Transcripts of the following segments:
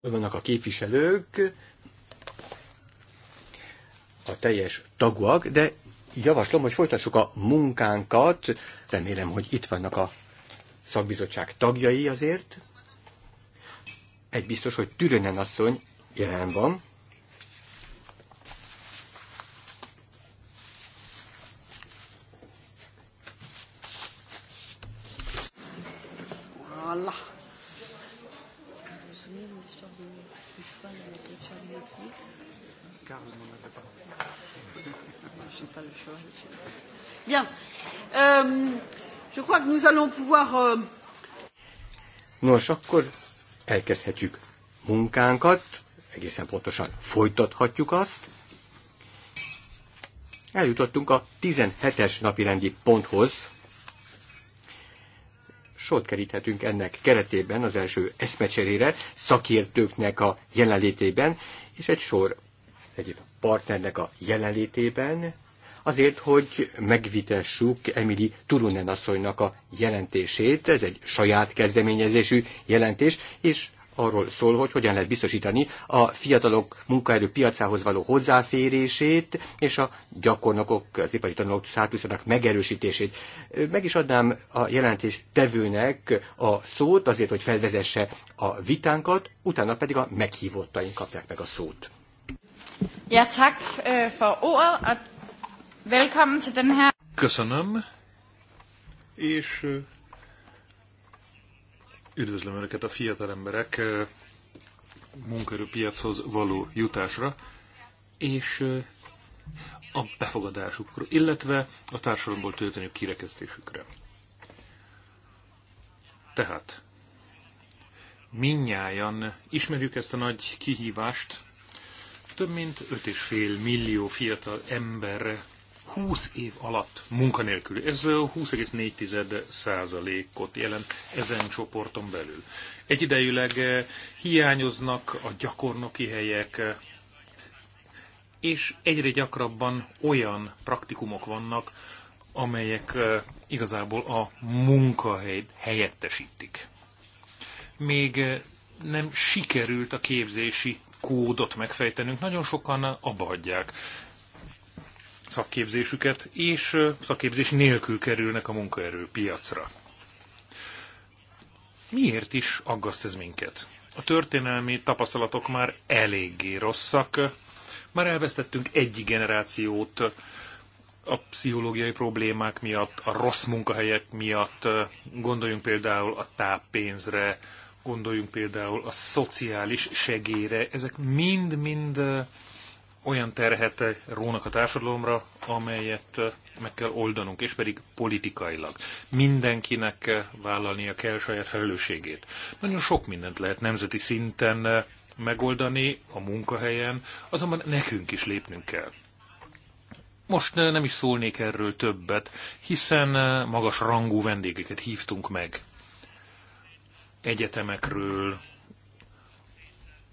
vannak a képviselők, a teljes tagúak, de javaslom, hogy folytassuk a munkánkat. Remélem, hogy itt vannak a szakbizottság tagjai azért. Egy biztos, hogy Türönen asszony jelen van. Nos, akkor elkezdhetjük munkánkat, egészen pontosan folytathatjuk azt. Eljutottunk a 17-es napirendi ponthoz. Sort keríthetünk ennek keretében az első eszmecserére, szakértőknek a jelenlétében, és egy sor egyéb partnernek a jelenlétében, azért, hogy megvitessük Emily Turunen asszonynak a jelentését. Ez egy saját kezdeményezésű jelentés, és arról szól, hogy hogyan lehet biztosítani a fiatalok munkaerő piacához való hozzáférését és a gyakornokok, az ipari tanulók státuszának megerősítését. Meg is adnám a jelentés tevőnek a szót azért, hogy felvezesse a vitánkat, utána pedig a meghívottaink kapják meg a szót. Ja, tak eh, for ordet, og Welcome to den her... Köszönöm, és üdvözlöm Önöket a fiatal emberek munkaerőpiachoz való jutásra, és a befogadásukra, illetve a társadalomból történő kirekesztésükre. Tehát minnyáján ismerjük ezt a nagy kihívást, több mint 5,5 millió fiatal ember 20 év alatt munkanélkül. Ez 20,4 százalékot jelent ezen csoporton belül. Egyidejűleg hiányoznak a gyakornoki helyek, és egyre gyakrabban olyan praktikumok vannak, amelyek igazából a munkahelyet helyettesítik. Még nem sikerült a képzési kódot megfejtenünk, nagyon sokan abba hagyják szakképzésüket, és szakképzés nélkül kerülnek a munkaerőpiacra. Miért is aggaszt ez minket? A történelmi tapasztalatok már eléggé rosszak, már elvesztettünk egy generációt a pszichológiai problémák miatt, a rossz munkahelyek miatt, gondoljunk például a táppénzre, gondoljunk például a szociális segélyre, ezek mind-mind olyan terhet rónak a társadalomra, amelyet meg kell oldanunk, és pedig politikailag. Mindenkinek vállalnia kell saját felelősségét. Nagyon sok mindent lehet nemzeti szinten megoldani a munkahelyen, azonban nekünk is lépnünk kell. Most nem is szólnék erről többet, hiszen magas rangú vendégeket hívtunk meg egyetemekről,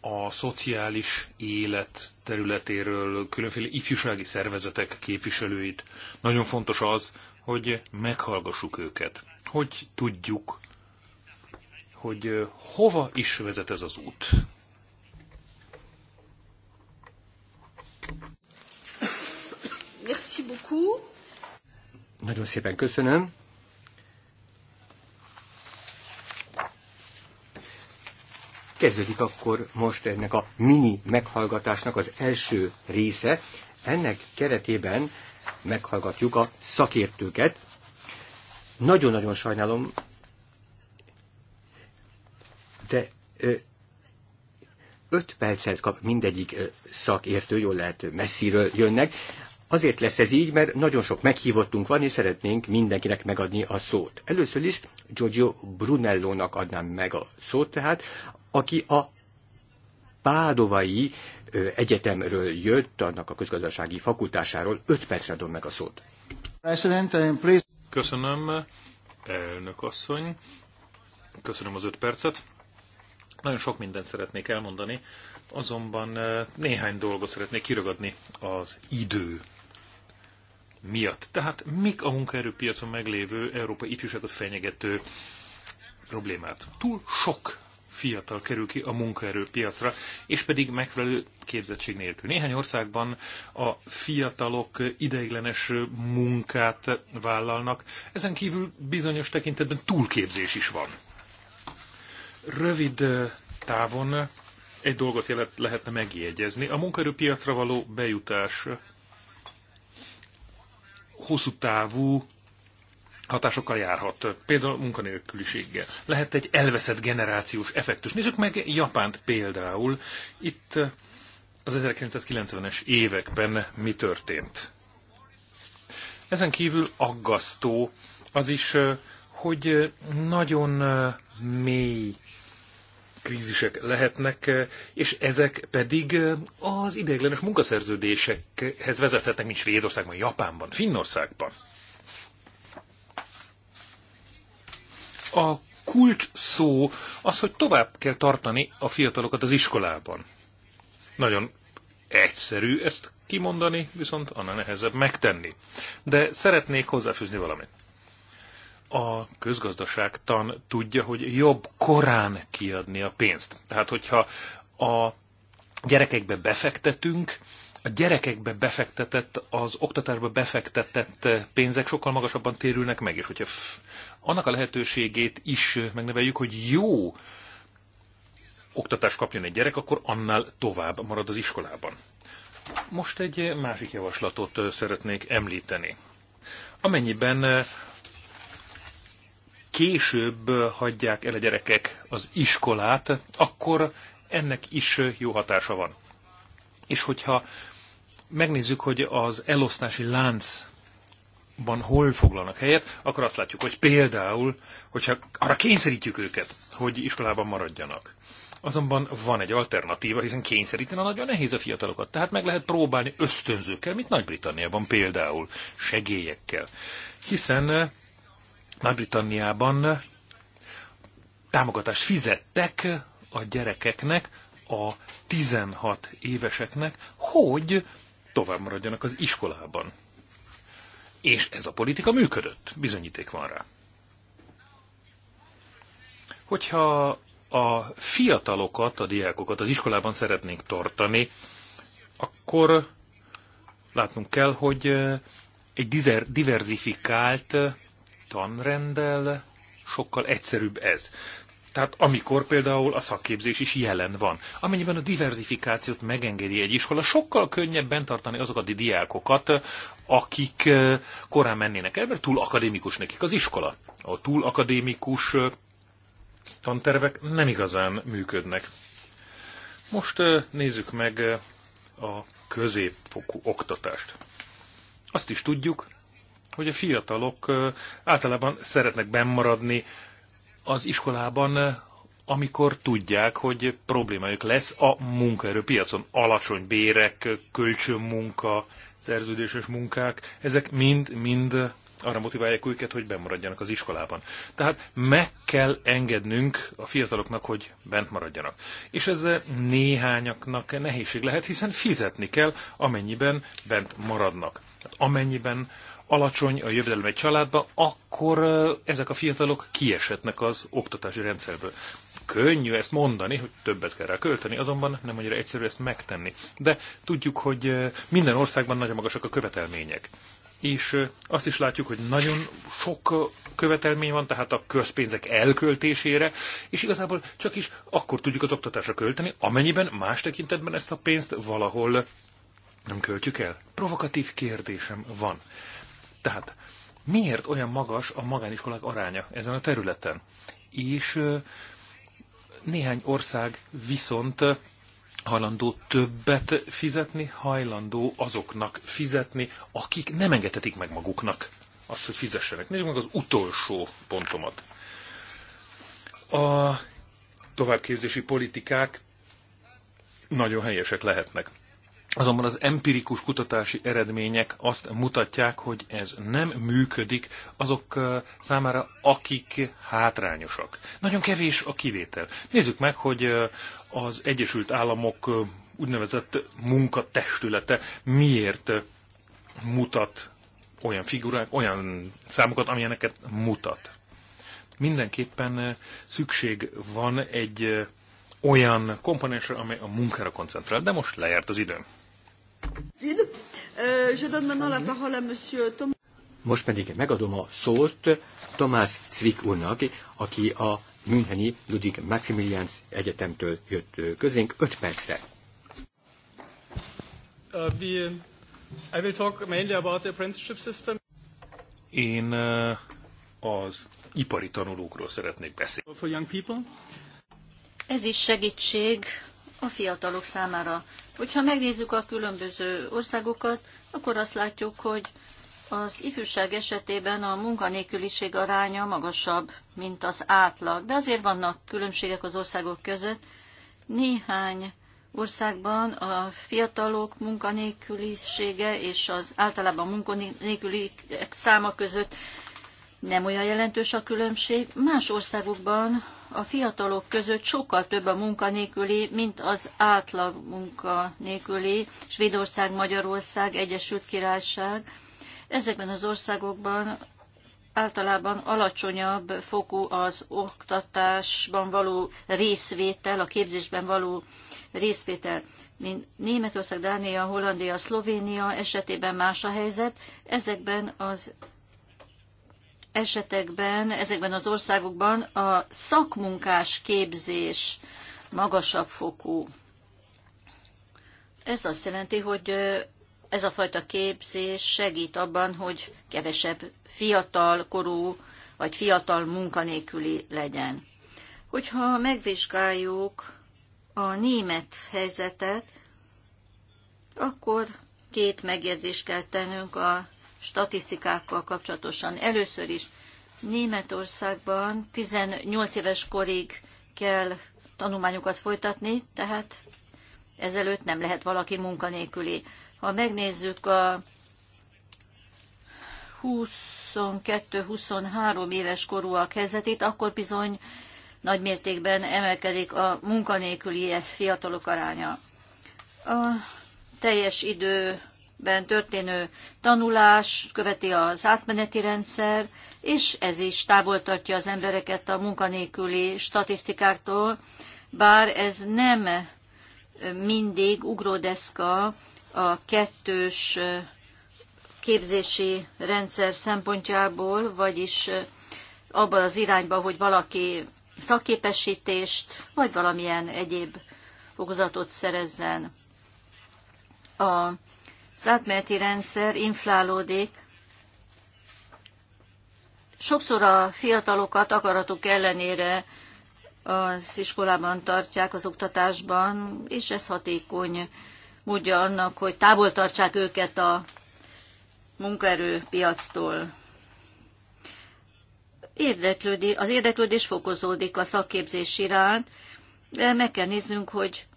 a szociális élet területéről különféle ifjúsági szervezetek képviselőit. Nagyon fontos az, hogy meghallgassuk őket, hogy tudjuk, hogy hova is vezet ez az út. Merci beaucoup. Nagyon szépen köszönöm. Kezdődik akkor most ennek a mini meghallgatásnak az első része. Ennek keretében meghallgatjuk a szakértőket. Nagyon-nagyon sajnálom, de öt percet kap mindegyik szakértő, jól lehet messziről jönnek. Azért lesz ez így, mert nagyon sok meghívottunk van, és szeretnénk mindenkinek megadni a szót. Először is Giorgio Brunellónak adnám meg a szót, tehát aki a Pádovai Egyetemről jött, annak a közgazdasági fakultásáról. Öt percre adom meg a szót. Köszönöm, elnök asszony. Köszönöm az öt percet. Nagyon sok mindent szeretnék elmondani, azonban néhány dolgot szeretnék kiragadni az idő miatt. Tehát mik a munkaerőpiacon meglévő európai ifjúságot fenyegető problémát? Túl sok fiatal kerül ki a munkaerőpiacra, és pedig megfelelő képzettség nélkül. Néhány országban a fiatalok ideiglenes munkát vállalnak, ezen kívül bizonyos tekintetben túlképzés is van. Rövid eh, távon egy dolgot lehetne megjegyezni. A munkaerőpiacra való bejutás hosszú távú hatásokkal járhat, például munkanélküliséggel. Lehet egy elveszett generációs effektus. Nézzük meg Japánt például. Itt eh, az 1990-es években mi történt. Ezen kívül aggasztó az is, eh, hogy eh, nagyon mély krízisek lehetnek, és ezek pedig az ideiglenes munkaszerződésekhez vezethetnek, mint Svédországban, Japánban, Finnországban. a kulcs szó az, hogy tovább kell tartani a fiatalokat az iskolában. Nagyon egyszerű ezt kimondani, viszont annál nehezebb megtenni. De szeretnék hozzáfűzni valamit. A közgazdaságtan tudja, hogy jobb korán kiadni a pénzt. Tehát, hogyha a gyerekekbe befektetünk, a gyerekekbe befektetett, az oktatásba befektetett pénzek sokkal magasabban térülnek meg, és hogyha annak a lehetőségét is megneveljük, hogy jó oktatást kapjon egy gyerek, akkor annál tovább marad az iskolában. Most egy másik javaslatot szeretnék említeni. Amennyiben később hagyják el a gyerekek az iskolát, akkor ennek is jó hatása van. És hogyha megnézzük, hogy az elosztási lánc hol foglalnak helyet, akkor azt látjuk, hogy például, hogyha arra kényszerítjük őket, hogy iskolában maradjanak. Azonban van egy alternatíva, hiszen kényszeríteni nagyon nehéz a fiatalokat. Tehát meg lehet próbálni ösztönzőkkel, mint Nagy-Britanniában például, segélyekkel. Hiszen eh, Nagy-Britanniában eh, támogatást fizettek eh, a gyerekeknek, a 16 éveseknek, hogy tovább maradjanak az iskolában. És ez a politika működött, bizonyíték van rá. Hogyha a fiatalokat, a diákokat az iskolában szeretnénk tartani, akkor látnunk kell, hogy egy diverzifikált tanrenddel sokkal egyszerűbb ez. Tehát amikor például a szakképzés is jelen van. Amennyiben a diversifikációt megengedi egy iskola, sokkal könnyebben tartani azokat a diákokat, akik korán mennének el, mert túl akadémikus nekik az iskola. A túl akadémikus tantervek nem igazán működnek. Most nézzük meg a középfokú oktatást. Azt is tudjuk, hogy a fiatalok általában szeretnek bennmaradni az iskolában, amikor tudják, hogy problémájuk lesz a munkaerőpiacon. Alacsony bérek, kölcsönmunka, szerződéses munkák, ezek mind-mind arra motiválják őket, hogy bemaradjanak az iskolában. Tehát meg kell engednünk a fiataloknak, hogy bent maradjanak. És ez néhányaknak nehézség lehet, hiszen fizetni kell, amennyiben bent maradnak. Hát amennyiben alacsony a jövedelem egy családba, akkor ezek a fiatalok kieshetnek az oktatási rendszerből. Könnyű ezt mondani, hogy többet kell rá költeni, azonban nem annyira egyszerű ezt megtenni. De tudjuk, hogy minden országban nagyon magasak a követelmények és azt is látjuk, hogy nagyon sok követelmény van, tehát a közpénzek elköltésére, és igazából csak is akkor tudjuk az oktatásra költeni, amennyiben más tekintetben ezt a pénzt valahol nem költjük el. Provokatív kérdésem van. Tehát miért olyan magas a magániskolák aránya ezen a területen? És néhány ország viszont hajlandó többet fizetni, hajlandó azoknak fizetni, akik nem engedhetik meg maguknak azt, hogy fizessenek. Nézzük meg az utolsó pontomat. A továbbképzési politikák nagyon helyesek lehetnek. Azonban az empirikus kutatási eredmények azt mutatják, hogy ez nem működik azok számára, akik hátrányosak. Nagyon kevés a kivétel. Nézzük meg, hogy az Egyesült Államok úgynevezett munkatestülete miért mutat olyan figurák, olyan számokat, amilyeneket mutat. Mindenképpen szükség van egy olyan komponensre, amely a munkára koncentrál. De most lejárt az időm. Euh, Most pedig megadom a szót Tomás Zwick úrnak, aki a Müncheni Ludwig Maximilians Egyetemtől jött közénk 5 percre. Äh, I will talk mainly about the apprenticeship system. Én äh, az ipari tanulókról szeretnék beszélni. For young people. Ez is segítség a fiatalok számára. Hogyha megnézzük a különböző országokat, akkor azt látjuk, hogy az ifjúság esetében a munkanélküliség aránya magasabb, mint az átlag, de azért vannak különbségek az országok között. Néhány országban a fiatalok munkanélkülisége és az általában munkanélküliek száma között nem olyan jelentős a különbség. Más országokban a fiatalok között sokkal több a munkanélküli, mint az átlag munkanélküli, Svédország, Magyarország, Egyesült Királyság. Ezekben az országokban általában alacsonyabb fokú az oktatásban való részvétel, a képzésben való részvétel, mint Németország, Dánia, Hollandia, Szlovénia esetében más a helyzet. Ezekben az esetekben, ezekben az országokban a szakmunkás képzés magasabb fokú. Ez azt jelenti, hogy ez a fajta képzés segít abban, hogy kevesebb fiatal korú vagy fiatal munkanélküli legyen. Hogyha megvizsgáljuk a német helyzetet, akkor két megjegyzést kell tennünk a statisztikákkal kapcsolatosan. Először is Németországban 18 éves korig kell tanulmányokat folytatni, tehát ezelőtt nem lehet valaki munkanélküli. Ha megnézzük a 22-23 éves korúak helyzetét, akkor bizony nagy mértékben emelkedik a munkanélküli fiatalok aránya. A teljes idő ben történő tanulás követi az átmeneti rendszer, és ez is távol tartja az embereket a munkanélküli statisztikáktól, bár ez nem mindig ugródeszka a kettős képzési rendszer szempontjából, vagyis abban az irányban, hogy valaki szakképesítést, vagy valamilyen egyéb fokozatot szerezzen. A az átmeneti rendszer inflálódik. Sokszor a fiatalokat akaratuk ellenére az iskolában tartják, az oktatásban, és ez hatékony módja annak, hogy távol tartsák őket a munkaerőpiactól. Érdeklődi, az érdeklődés fokozódik a szakképzés iránt, de meg kell néznünk, hogy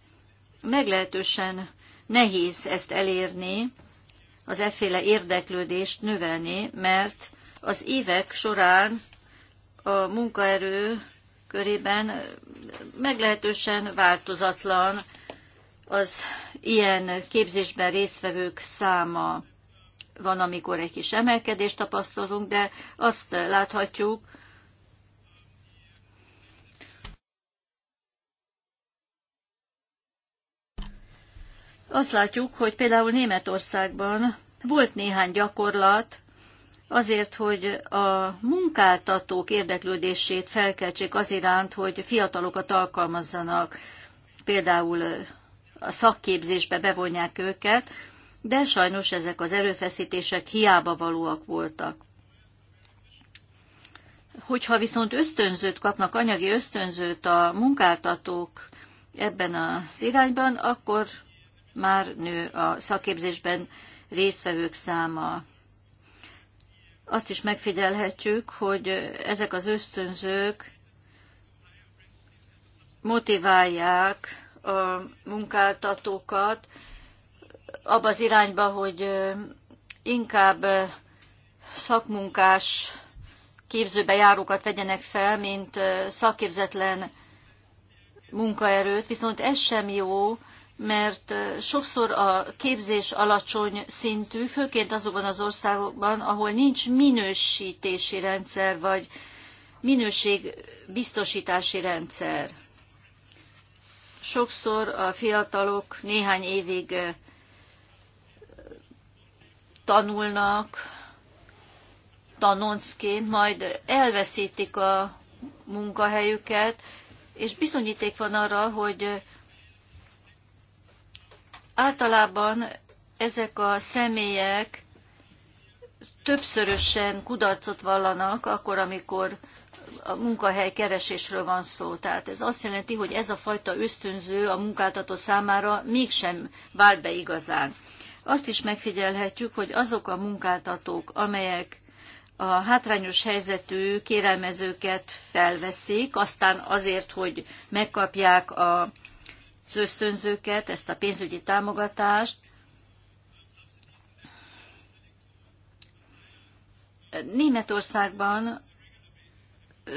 meglehetősen nehéz ezt elérni, az efféle érdeklődést növelni, mert az évek során a munkaerő körében meglehetősen változatlan az ilyen képzésben résztvevők száma. Van, amikor egy kis emelkedést tapasztalunk, de azt láthatjuk, azt látjuk, hogy például Németországban volt néhány gyakorlat azért, hogy a munkáltatók érdeklődését felkeltsék az iránt, hogy fiatalokat alkalmazzanak, például a szakképzésbe bevonják őket, de sajnos ezek az erőfeszítések hiába valóak voltak. Hogyha viszont ösztönzőt kapnak, anyagi ösztönzőt a munkáltatók ebben az irányban, akkor már nő a szakképzésben résztvevők száma. Azt is megfigyelhetjük, hogy ezek az ösztönzők motiválják a munkáltatókat abba az irányba, hogy inkább szakmunkás képzőbe járókat vegyenek fel, mint szakképzetlen munkaerőt, viszont ez sem jó, mert sokszor a képzés alacsony szintű, főként azokban az országokban, ahol nincs minősítési rendszer, vagy minőségbiztosítási rendszer. Sokszor a fiatalok néhány évig tanulnak, tanoncként, majd elveszítik a munkahelyüket, és bizonyíték van arra, hogy Általában ezek a személyek többszörösen kudarcot vallanak, akkor, amikor a munkahely keresésről van szó. Tehát ez azt jelenti, hogy ez a fajta ösztönző a munkáltató számára mégsem vált be igazán. Azt is megfigyelhetjük, hogy azok a munkáltatók, amelyek a hátrányos helyzetű kérelmezőket felveszik, aztán azért, hogy megkapják a az ösztönzőket, ezt a pénzügyi támogatást. Németországban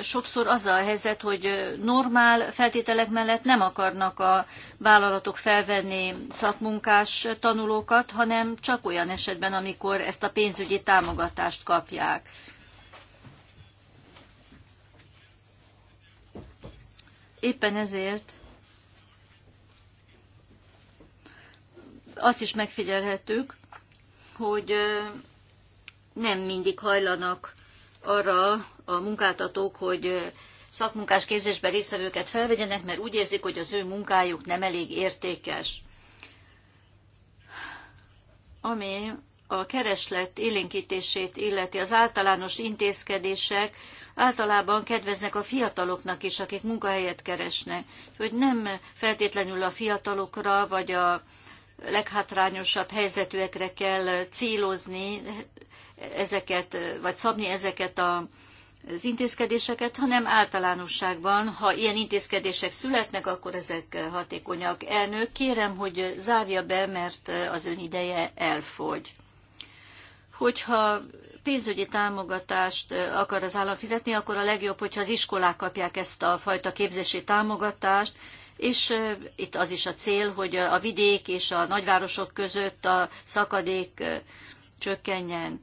sokszor az a helyzet, hogy normál feltételek mellett nem akarnak a vállalatok felvenni szakmunkás tanulókat, hanem csak olyan esetben, amikor ezt a pénzügyi támogatást kapják. Éppen ezért azt is megfigyelhetők, hogy nem mindig hajlanak arra a munkáltatók, hogy szakmunkás képzésben résztvevőket felvegyenek, mert úgy érzik, hogy az ő munkájuk nem elég értékes. Ami a kereslet élénkítését illeti az általános intézkedések általában kedveznek a fiataloknak is, akik munkahelyet keresnek. Hogy nem feltétlenül a fiatalokra vagy a leghátrányosabb helyzetűekre kell célozni ezeket, vagy szabni ezeket a az intézkedéseket, hanem általánosságban, ha ilyen intézkedések születnek, akkor ezek hatékonyak. Elnök, kérem, hogy zárja be, mert az ön ideje elfogy. Hogyha pénzügyi támogatást akar az állam fizetni, akkor a legjobb, hogyha az iskolák kapják ezt a fajta képzési támogatást, és itt az is a cél, hogy a vidék és a nagyvárosok között a szakadék csökkenjen.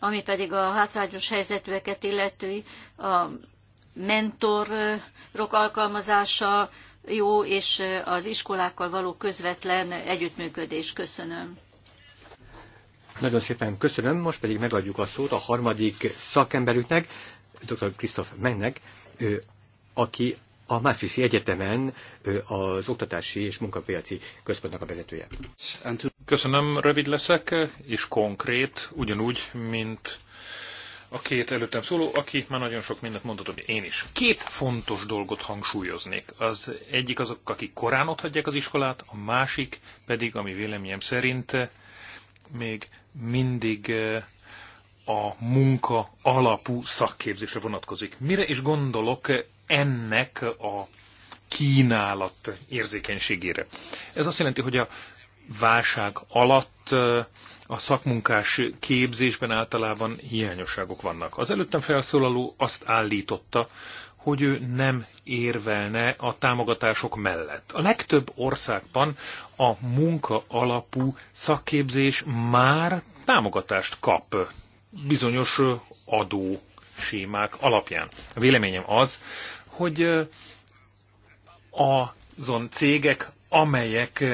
Ami pedig a hátrányos helyzetűeket illeti, a mentorok alkalmazása jó, és az iskolákkal való közvetlen együttműködés. Köszönöm. Nagyon szépen köszönöm, most pedig megadjuk a szót a harmadik szakemberüknek, dr. Krisztof Mennek, aki a Maastrichti Egyetemen az Oktatási és Munkapiaci Központnak a vezetője. Köszönöm, rövid leszek, és konkrét, ugyanúgy, mint a két előttem szóló, aki már nagyon sok mindent mondott, hogy én is. Két fontos dolgot hangsúlyoznék. Az egyik azok, akik korán otthagyják az iskolát, a másik pedig, ami véleményem szerint még mindig a munka alapú szakképzésre vonatkozik. Mire is gondolok ennek a kínálat érzékenységére. Ez azt jelenti, hogy a válság alatt a szakmunkás képzésben általában hiányosságok vannak. Az előttem felszólaló azt állította, hogy ő nem érvelne a támogatások mellett. A legtöbb országban a munka alapú szakképzés már támogatást kap bizonyos adó sémák alapján. A véleményem az, hogy azon cégek, amelyek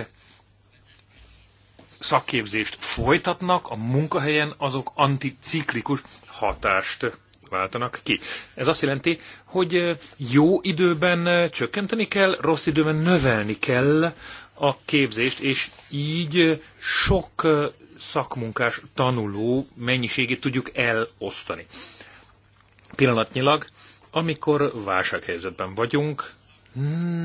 szakképzést folytatnak a munkahelyen, azok anticiklikus hatást váltanak ki. Ez azt jelenti, hogy jó időben csökkenteni kell, rossz időben növelni kell a képzést, és így sok szakmunkás tanuló mennyiségét tudjuk elosztani. Pillanatnyilag, amikor válsághelyzetben vagyunk,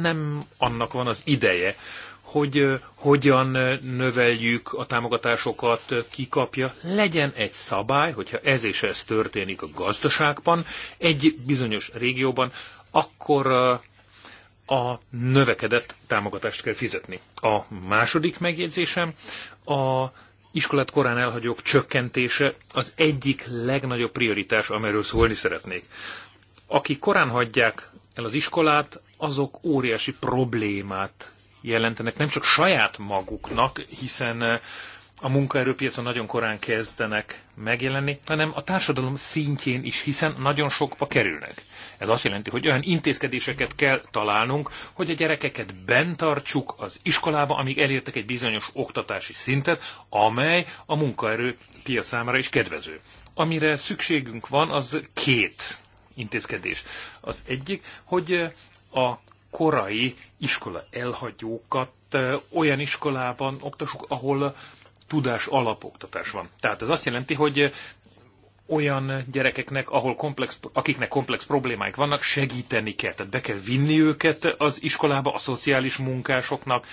nem annak van az ideje, hogy hogyan növeljük a támogatásokat, kikapja. Legyen egy szabály, hogyha ez és ez történik a gazdaságban, egy bizonyos régióban, akkor a növekedett támogatást kell fizetni. A második megjegyzésem a iskolát korán elhagyók csökkentése az egyik legnagyobb prioritás, amiről szólni szeretnék. Akik korán hagyják el az iskolát, azok óriási problémát jelentenek, nem csak saját maguknak, hiszen a munkaerőpiacon nagyon korán kezdenek megjelenni, hanem a társadalom szintjén is, hiszen nagyon sokba kerülnek. Ez azt jelenti, hogy olyan intézkedéseket kell találnunk, hogy a gyerekeket bentartsuk az iskolába, amíg elértek egy bizonyos oktatási szintet, amely a munkaerő piac számára is kedvező. Amire szükségünk van, az két intézkedés. Az egyik, hogy a korai iskola elhagyókat olyan iskolában oktassuk, ahol tudás alapoktatás van. Tehát ez azt jelenti, hogy olyan gyerekeknek, ahol komplex, akiknek komplex problémáik vannak, segíteni kell. Tehát be kell vinni őket az iskolába, a szociális munkásoknak,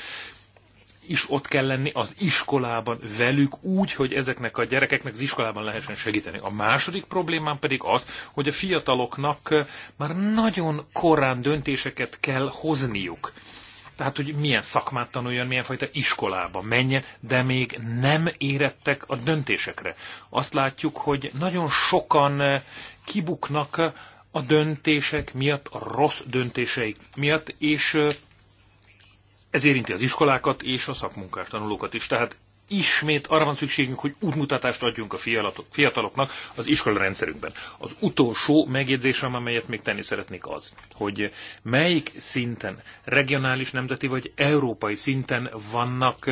is ott kell lenni az iskolában velük úgy, hogy ezeknek a gyerekeknek az iskolában lehessen segíteni. A második problémám pedig az, hogy a fiataloknak már nagyon korán döntéseket kell hozniuk tehát hogy milyen szakmát tanuljon, milyen fajta iskolába menjen, de még nem érettek a döntésekre. Azt látjuk, hogy nagyon sokan eh, kibuknak eh, a döntések miatt, a rossz döntéseik miatt, és eh, ez érinti az iskolákat és a szakmunkás tanulókat is. Tehát ismét arra van szükségünk, hogy útmutatást adjunk a fiataloknak az iskolarendszerünkben. Az utolsó megjegyzésem, amelyet még tenni szeretnék az, hogy melyik szinten, regionális, nemzeti vagy európai szinten vannak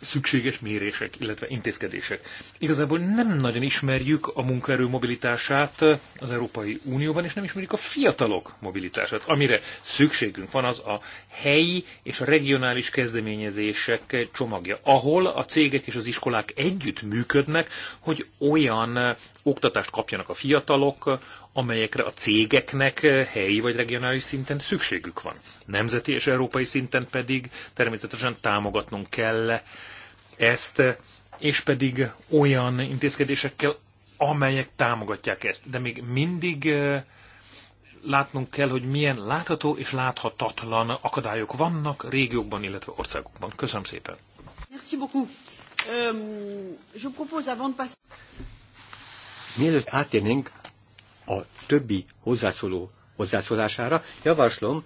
szükséges mérések, illetve intézkedések. Igazából nem nagyon ismerjük a munkaerő mobilitását az Európai Unióban, és nem ismerjük a fiatalok mobilitását. Amire szükségünk van, az a helyi és a regionális kezdeményezések csomagja, ahol a cégek és az iskolák együtt működnek, hogy olyan oktatást kapjanak a fiatalok, amelyekre a cégeknek eh, helyi vagy regionális szinten szükségük van. Nemzeti és európai szinten pedig természetesen támogatnunk kell ezt, és pedig olyan intézkedésekkel, amelyek támogatják ezt. De még mindig eh, látnunk kell, hogy milyen látható és láthatatlan akadályok vannak régiókban, illetve országokban. Köszönöm szépen. Merci beaucoup. Um, je propose avant de passer... Mielőtt átérnénk a többi hozzászóló hozzászólására, javaslom,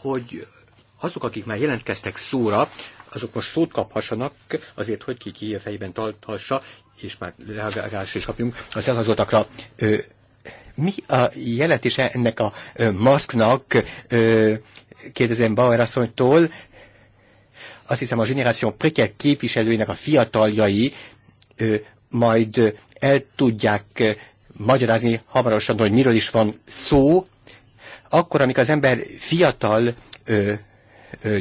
hogy azok, akik már jelentkeztek szóra, azok most szót kaphassanak, azért, hogy ki ki a fejében tarthassa, és már reagálás is kapjunk az elhazottakra. Mi a jelentése ennek a maszknak, kérdezem Bauer asszonytól, azt hiszem a generáció preker képviselőinek a fiataljai majd el tudják magyarázni hamarosan, hogy miről is van szó, akkor, amikor az ember fiatal ö,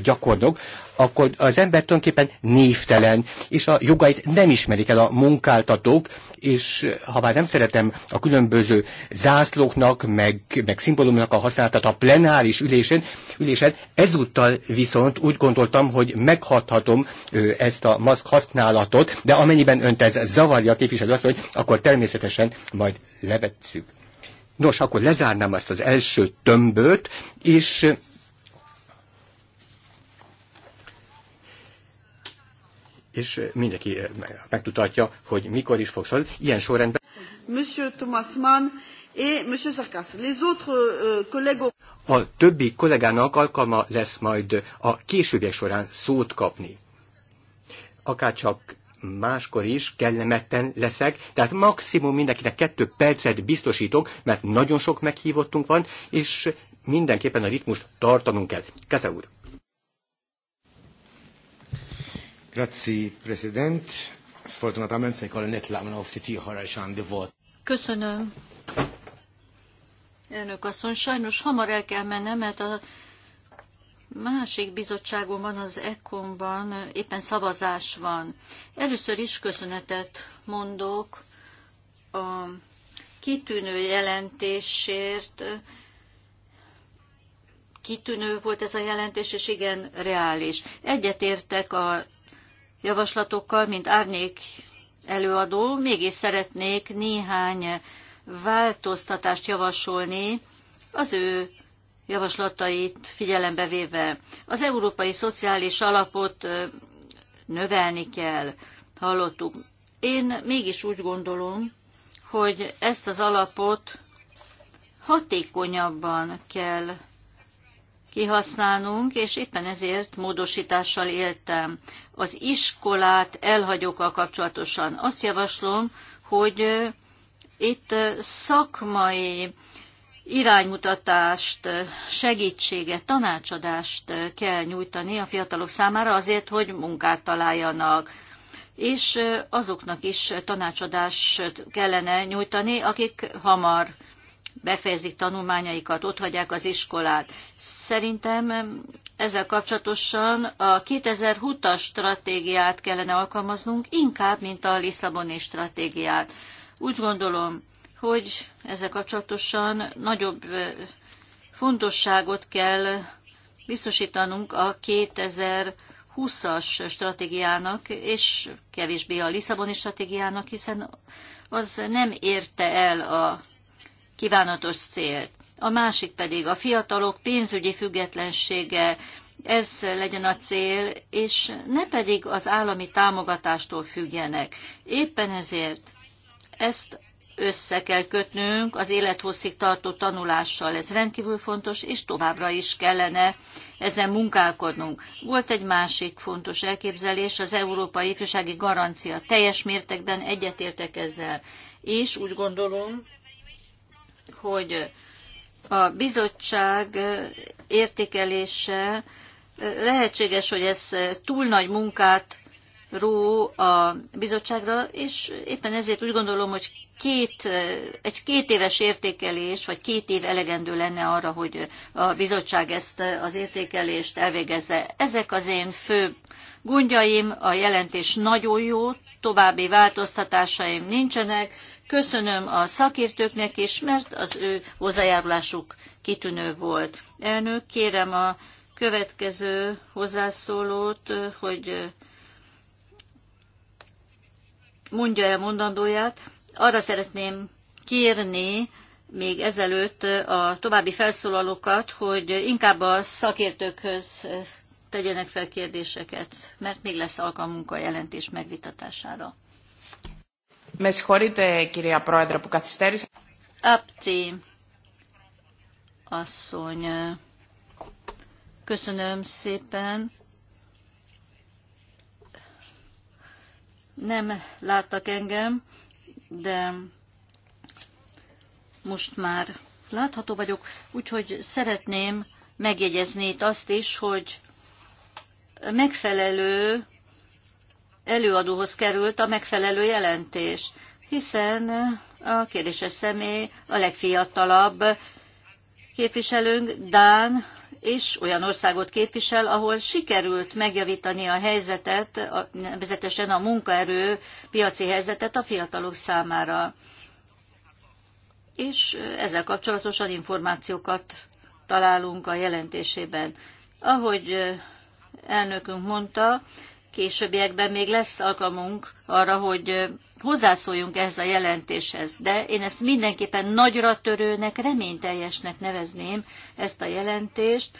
gyakornok, akkor az ember tulajdonképpen névtelen, és a jogait nem ismerik el a munkáltatók, és ha már nem szeretem a különböző zászlóknak, meg, meg szimbólumnak a használatát a plenáris ülésen, ülésen, ezúttal viszont úgy gondoltam, hogy meghathatom ezt a maszk használatot, de amennyiben önt ez zavarja a képviselő azt, hogy akkor természetesen majd levetszük. Nos, akkor lezárnám azt az első tömböt, és és mindenki eh, megtudhatja, hogy mikor is fogsz szólni. Ilyen sorrendben. Monsieur Thomas Mann et Monsieur Sarkas. Les autres euh, collègues... A többi kollégának alkalma lesz majd a későbbiek során szót kapni. Akárcsak máskor is kellemetten leszek, tehát maximum mindenkinek kettő percet biztosítok, mert nagyon sok meghívottunk van, és mindenképpen a ritmust tartanunk kell. Keze úr! Köszönöm. Elnök asszony, sajnos hamar el kell mennem, mert a másik bizottságomban, az ECOM-ban éppen szavazás van. Először is köszönetet mondok a kitűnő jelentésért. Kitűnő volt ez a jelentés, és igen, reális. Egyetértek a javaslatokkal, mint árnyék előadó, mégis szeretnék néhány változtatást javasolni az ő javaslatait figyelembe véve. Az európai szociális alapot növelni kell, hallottuk. Én mégis úgy gondolom, hogy ezt az alapot hatékonyabban kell kihasználnunk, és éppen ezért módosítással éltem. Az iskolát a kapcsolatosan azt javaslom, hogy itt szakmai iránymutatást, segítséget, tanácsadást kell nyújtani a fiatalok számára azért, hogy munkát találjanak. És azoknak is tanácsadást kellene nyújtani, akik hamar befejezik tanulmányaikat, ott hagyják az iskolát. Szerintem ezzel kapcsolatosan a 2020-as stratégiát kellene alkalmaznunk, inkább, mint a Lisszaboni stratégiát. Úgy gondolom, hogy ezzel kapcsolatosan nagyobb fontosságot kell biztosítanunk a 2000 20-as stratégiának, és kevésbé a Lisszaboni stratégiának, hiszen az nem érte el a kívánatos célt. A másik pedig a fiatalok pénzügyi függetlensége, ez legyen a cél, és ne pedig az állami támogatástól függjenek. Éppen ezért ezt össze kell kötnünk az élethosszig tartó tanulással. Ez rendkívül fontos, és továbbra is kellene ezen munkálkodnunk. Volt egy másik fontos elképzelés, az Európai Ifjúsági Garancia. Teljes mértékben egyetértek ezzel. És úgy gondolom, hogy a bizottság értékelése lehetséges, hogy ez túl nagy munkát ró a bizottságra, és éppen ezért úgy gondolom, hogy két, egy két éves értékelés, vagy két év elegendő lenne arra, hogy a bizottság ezt az értékelést elvégezze. Ezek az én fő gondjaim, a jelentés nagyon jó, további változtatásaim nincsenek, Köszönöm a szakértőknek is, mert az ő hozzájárulásuk kitűnő volt. Elnök, kérem a következő hozzászólót, hogy mondja el mondandóját. Arra szeretném kérni még ezelőtt a további felszólalókat, hogy inkább a szakértőkhöz tegyenek fel kérdéseket, mert még lesz alkalmunk a jelentés megvitatására. Με συγχωρείτε κυρία Πρόεδρε που καθυστέρησα. Απτή asszony, köszönöm szépen. Nem láttak engem, de most már látható vagyok, úgyhogy szeretném megjegyezni itt azt is, hogy megfelelő előadóhoz került a megfelelő jelentés, hiszen a kérdéses személy a legfiatalabb képviselőnk, Dán, és olyan országot képvisel, ahol sikerült megjavítani a helyzetet, nevezetesen a munkaerő piaci helyzetet a fiatalok számára. És ezzel kapcsolatosan információkat találunk a jelentésében. Ahogy elnökünk mondta, későbbiekben még lesz alkalmunk arra, hogy hozzászóljunk ehhez a jelentéshez, de én ezt mindenképpen nagyra törőnek, reményteljesnek nevezném ezt a jelentést,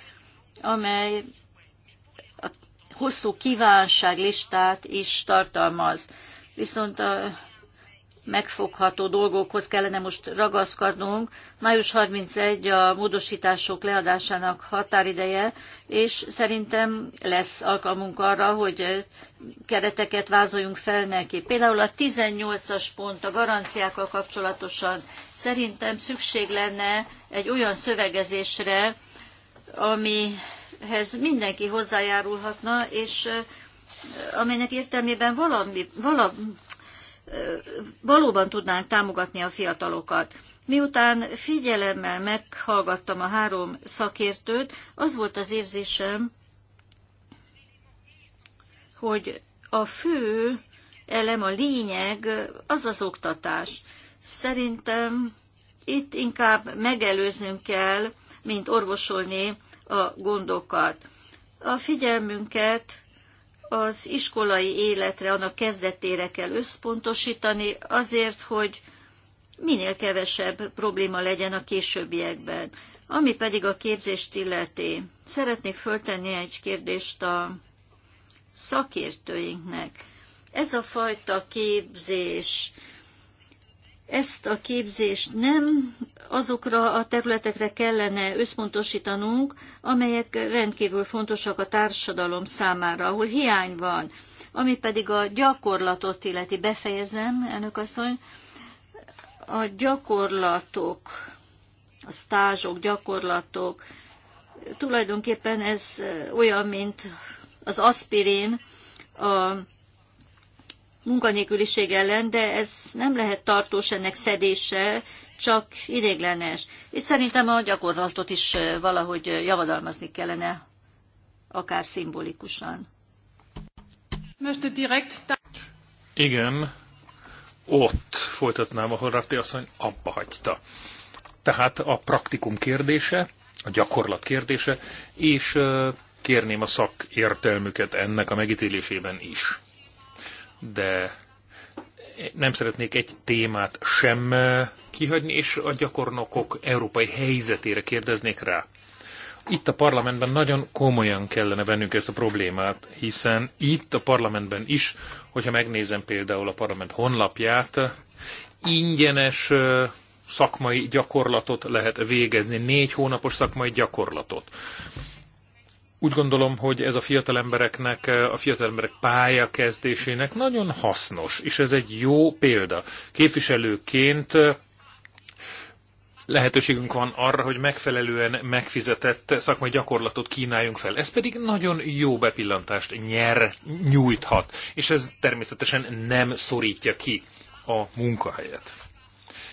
amely a hosszú kívánságlistát is tartalmaz. Viszont a megfogható dolgokhoz kellene most ragaszkodnunk. Május 31 a módosítások leadásának határideje, és szerintem lesz alkalmunk arra, hogy kereteket vázoljunk fel neki. Például a 18-as pont a garanciákkal kapcsolatosan szerintem szükség lenne egy olyan szövegezésre, amihez mindenki hozzájárulhatna, és amelynek értelmében valami, valami valóban tudnánk támogatni a fiatalokat. Miután figyelemmel meghallgattam a három szakértőt, az volt az érzésem, hogy a fő elem, a lényeg az az oktatás. Szerintem itt inkább megelőznünk kell, mint orvosolni a gondokat. A figyelmünket az iskolai életre, annak kezdetére kell összpontosítani, azért, hogy minél kevesebb probléma legyen a későbbiekben. Ami pedig a képzést illeti, szeretnék föltenni egy kérdést a szakértőinknek. Ez a fajta képzés, ezt a képzést nem azokra a területekre kellene összpontosítanunk, amelyek rendkívül fontosak a társadalom számára, ahol hiány van, ami pedig a gyakorlatot illeti. Befejezem, elnök asszony, a gyakorlatok, a stázsok, gyakorlatok, tulajdonképpen ez olyan, mint az aspirin a munkanélküliség ellen, de ez nem lehet tartós ennek szedése, csak idéglenes. És szerintem a gyakorlatot is valahogy javadalmazni kellene, akár szimbolikusan. Igen, ott folytatnám, ahol Ratti asszony abba hagyta. Tehát a praktikum kérdése, a gyakorlat kérdése, és kérném a szakértelmüket ennek a megítélésében is de nem szeretnék egy témát sem eh, kihagyni, és a gyakornokok európai helyzetére kérdeznék rá. Itt a parlamentben nagyon komolyan kellene vennünk ezt a problémát, hiszen itt a parlamentben is, hogyha megnézem például a parlament honlapját, ingyenes eh, szakmai gyakorlatot lehet végezni, négy hónapos szakmai gyakorlatot. Úgy gondolom, hogy ez a fiatal embereknek, a fiatal emberek pályakezdésének nagyon hasznos, és ez egy jó példa. Képviselőként lehetőségünk van arra, hogy megfelelően megfizetett szakmai gyakorlatot kínáljunk fel. Ez pedig nagyon jó bepillantást nyer, nyújthat, és ez természetesen nem szorítja ki a munkahelyet.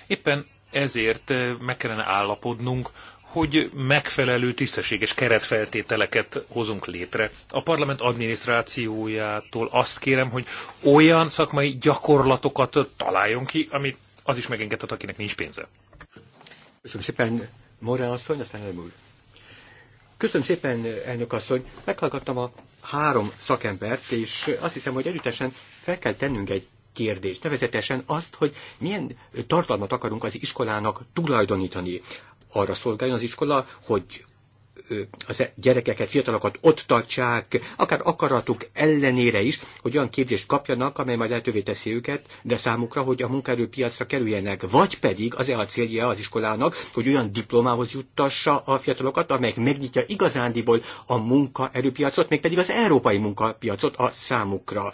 Éppen ezért meg kellene állapodnunk hogy megfelelő tisztességes keretfeltételeket hozunk létre. A parlament adminisztrációjától azt kérem, hogy olyan szakmai gyakorlatokat találjon ki, amit az is megengedhet, akinek nincs pénze. Köszönöm szépen, Morán asszony, aztán úr. Köszönöm szépen, elnök asszony. Meghallgattam a három szakembert, és azt hiszem, hogy együttesen fel kell tennünk egy kérdést, nevezetesen azt, hogy milyen tartalmat akarunk az iskolának tulajdonítani arra szolgáljon az iskola, hogy az e- gyerekeket, fiatalokat ott tartsák, akár akaratuk ellenére is, hogy olyan képzést kapjanak, amely majd lehetővé teszi őket, de számukra, hogy a munkaerőpiacra kerüljenek. Vagy pedig az -e a célja az iskolának, hogy olyan diplomához juttassa a fiatalokat, amelyek megnyitja igazándiból a munkaerőpiacot, mégpedig az európai munkapiacot a számukra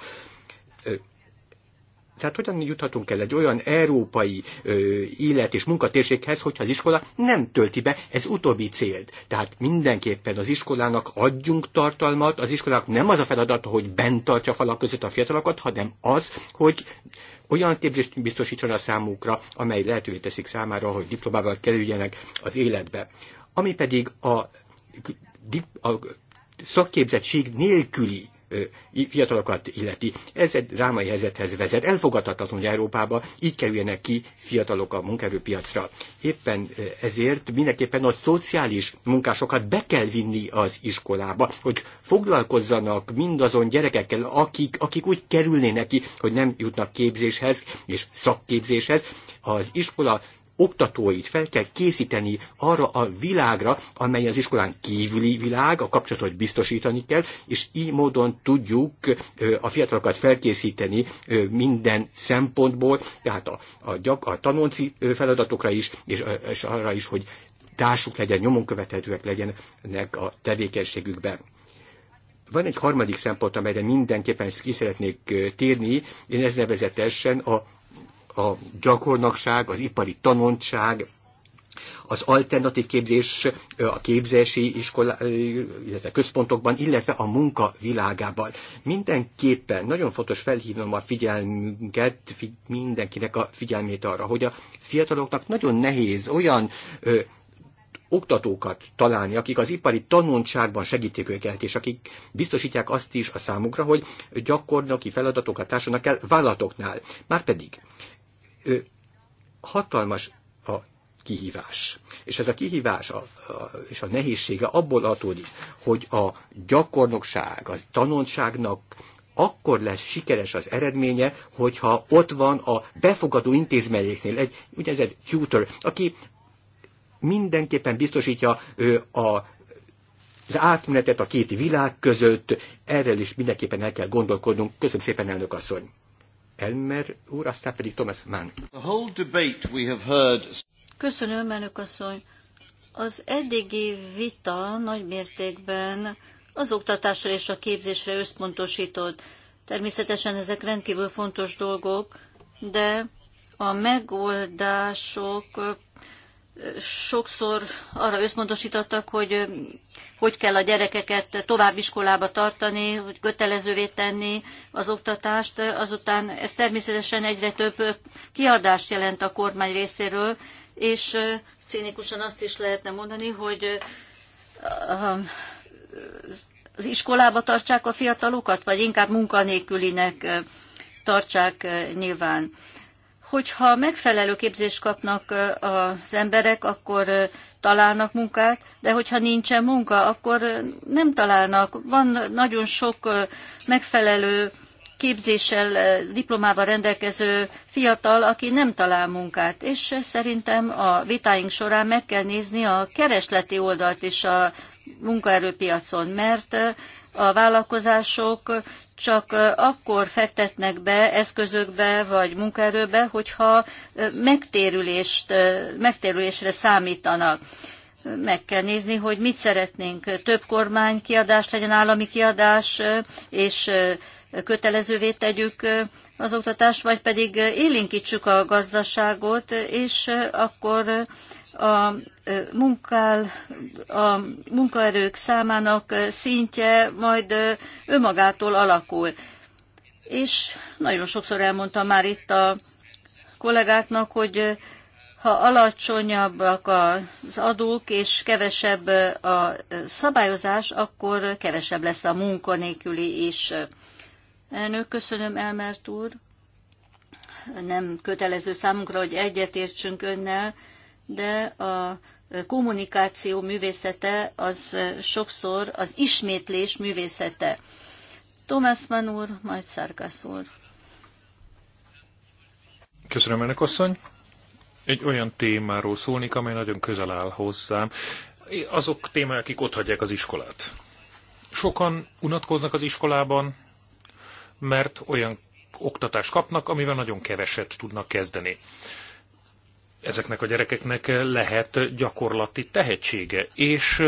tehát hogyan juthatunk el egy olyan európai ö, élet és munkatérséghez, hogyha az iskola nem tölti be ez utóbbi célt. Tehát mindenképpen az iskolának adjunk tartalmat, az iskolának nem az a feladata, hogy bent tartsa falak között a fiatalokat, hanem az, hogy olyan képzést biztosítson a számukra, amely lehetővé teszik számára, hogy diplomával kerüljenek az életbe. Ami pedig a, a szakképzettség nélküli fiatalokat illeti. Ez egy drámai helyzethez vezet. Elfogadhatatlan, hogy Európába így kerüljenek ki fiatalok a munkaerőpiacra. Éppen ezért mindenképpen a szociális munkásokat be kell vinni az iskolába, hogy foglalkozzanak mindazon gyerekekkel, akik, akik úgy kerülnének ki, hogy nem jutnak képzéshez és szakképzéshez. Az iskola oktatóit fel kell készíteni arra a világra, amely az iskolán kívüli világ, a kapcsolatot biztosítani kell, és így módon tudjuk a fiatalokat felkészíteni minden szempontból, tehát a, a, gyak, a tanulci feladatokra is, és, és arra is, hogy társuk legyen, nyomon követhetőek legyenek a tevékenységükben. Van egy harmadik szempont, amelyre mindenképpen ki szeretnék térni, én ez nevezetesen a a gyakornokság, az ipari tanontság, az alternatív képzés a képzési iskola, illetve központokban, illetve a munka világában. Mindenképpen nagyon fontos felhívnom a figyelmünket, mindenkinek a figyelmét arra, hogy a fiataloknak nagyon nehéz olyan ö, oktatókat találni, akik az ipari tanulságban segítik őket, és akik biztosítják azt is a számukra, hogy gyakornoki feladatokat társadnak el vállalatoknál. Márpedig hatalmas a kihívás. És ez a kihívás a, a, és a nehézsége abból adódik, hogy a gyakornokság, a tanulságnak akkor lesz sikeres az eredménye, hogyha ott van a befogadó intézményeknél egy úgynevezett tutor, aki mindenképpen biztosítja ő, a az átmenetet a két világ között, erről is mindenképpen el kell gondolkodnunk. Köszönöm szépen, elnök asszony! Elmer úr, aztán pedig Thomas Mann. The whole debate we have heard... Köszönöm, elnök asszony. Az eddigi vita nagy mértékben az oktatásra és a képzésre összpontosított. Természetesen ezek rendkívül fontos dolgok, de a megoldások sokszor arra összpontosítottak, hogy hogy kell a gyerekeket tovább iskolába tartani, hogy kötelezővé tenni az oktatást. Azután ez természetesen egyre több kiadást jelent a kormány részéről, és cínikusan azt is lehetne mondani, hogy az iskolába tartsák a fiatalokat, vagy inkább munkanélkülinek tartsák nyilván hogyha megfelelő képzést kapnak az emberek, akkor találnak munkát, de hogyha nincsen munka, akkor nem találnak. Van nagyon sok megfelelő képzéssel, diplomával rendelkező fiatal, aki nem talál munkát. És szerintem a vitáink során meg kell nézni a keresleti oldalt is a munkaerőpiacon, mert a vállalkozások csak akkor fektetnek be eszközökbe vagy munkaerőbe, hogyha megtérülést, megtérülésre számítanak. Meg kell nézni, hogy mit szeretnénk. Több kormány kiadást legyen állami kiadás, és kötelezővé tegyük az oktatást, vagy pedig élénkítsük a gazdaságot, és akkor a, munkál, a munkaerők számának szintje majd önmagától alakul. És nagyon sokszor elmondtam már itt a kollégáknak, hogy ha alacsonyabbak az adók és kevesebb a szabályozás, akkor kevesebb lesz a munkanélküli is. Elnök, köszönöm, Elmert úr. Nem kötelező számunkra, hogy egyetértsünk önnel, de a kommunikáció művészete az sokszor az ismétlés művészete. Thomas Mann úr, majd Szárkász úr. Köszönöm, Önök asszony. Egy olyan témáról szólnék, amely nagyon közel áll hozzám. Azok témák, akik ott hagyják az iskolát. Sokan unatkoznak az iskolában, mert olyan oktatást kapnak, amivel nagyon keveset tudnak kezdeni ezeknek a gyerekeknek lehet gyakorlati tehetsége, és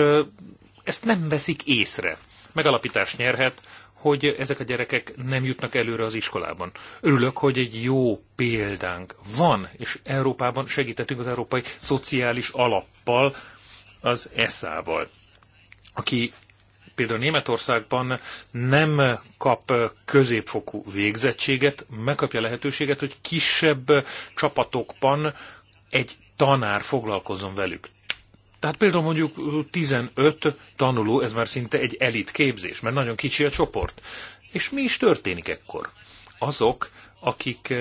ezt nem veszik észre. Megalapítást nyerhet, hogy ezek a gyerekek nem jutnak előre az iskolában. Örülök, hogy egy jó példánk van, és Európában segítettünk az Európai Szociális Alappal, az ESZÁ-val, aki például Németországban nem kap középfokú végzettséget, megkapja lehetőséget, hogy kisebb csapatokban egy tanár foglalkozom velük. Tehát például mondjuk 15 tanuló, ez már szinte egy elit képzés, mert nagyon kicsi a csoport. És mi is történik ekkor? Azok, akik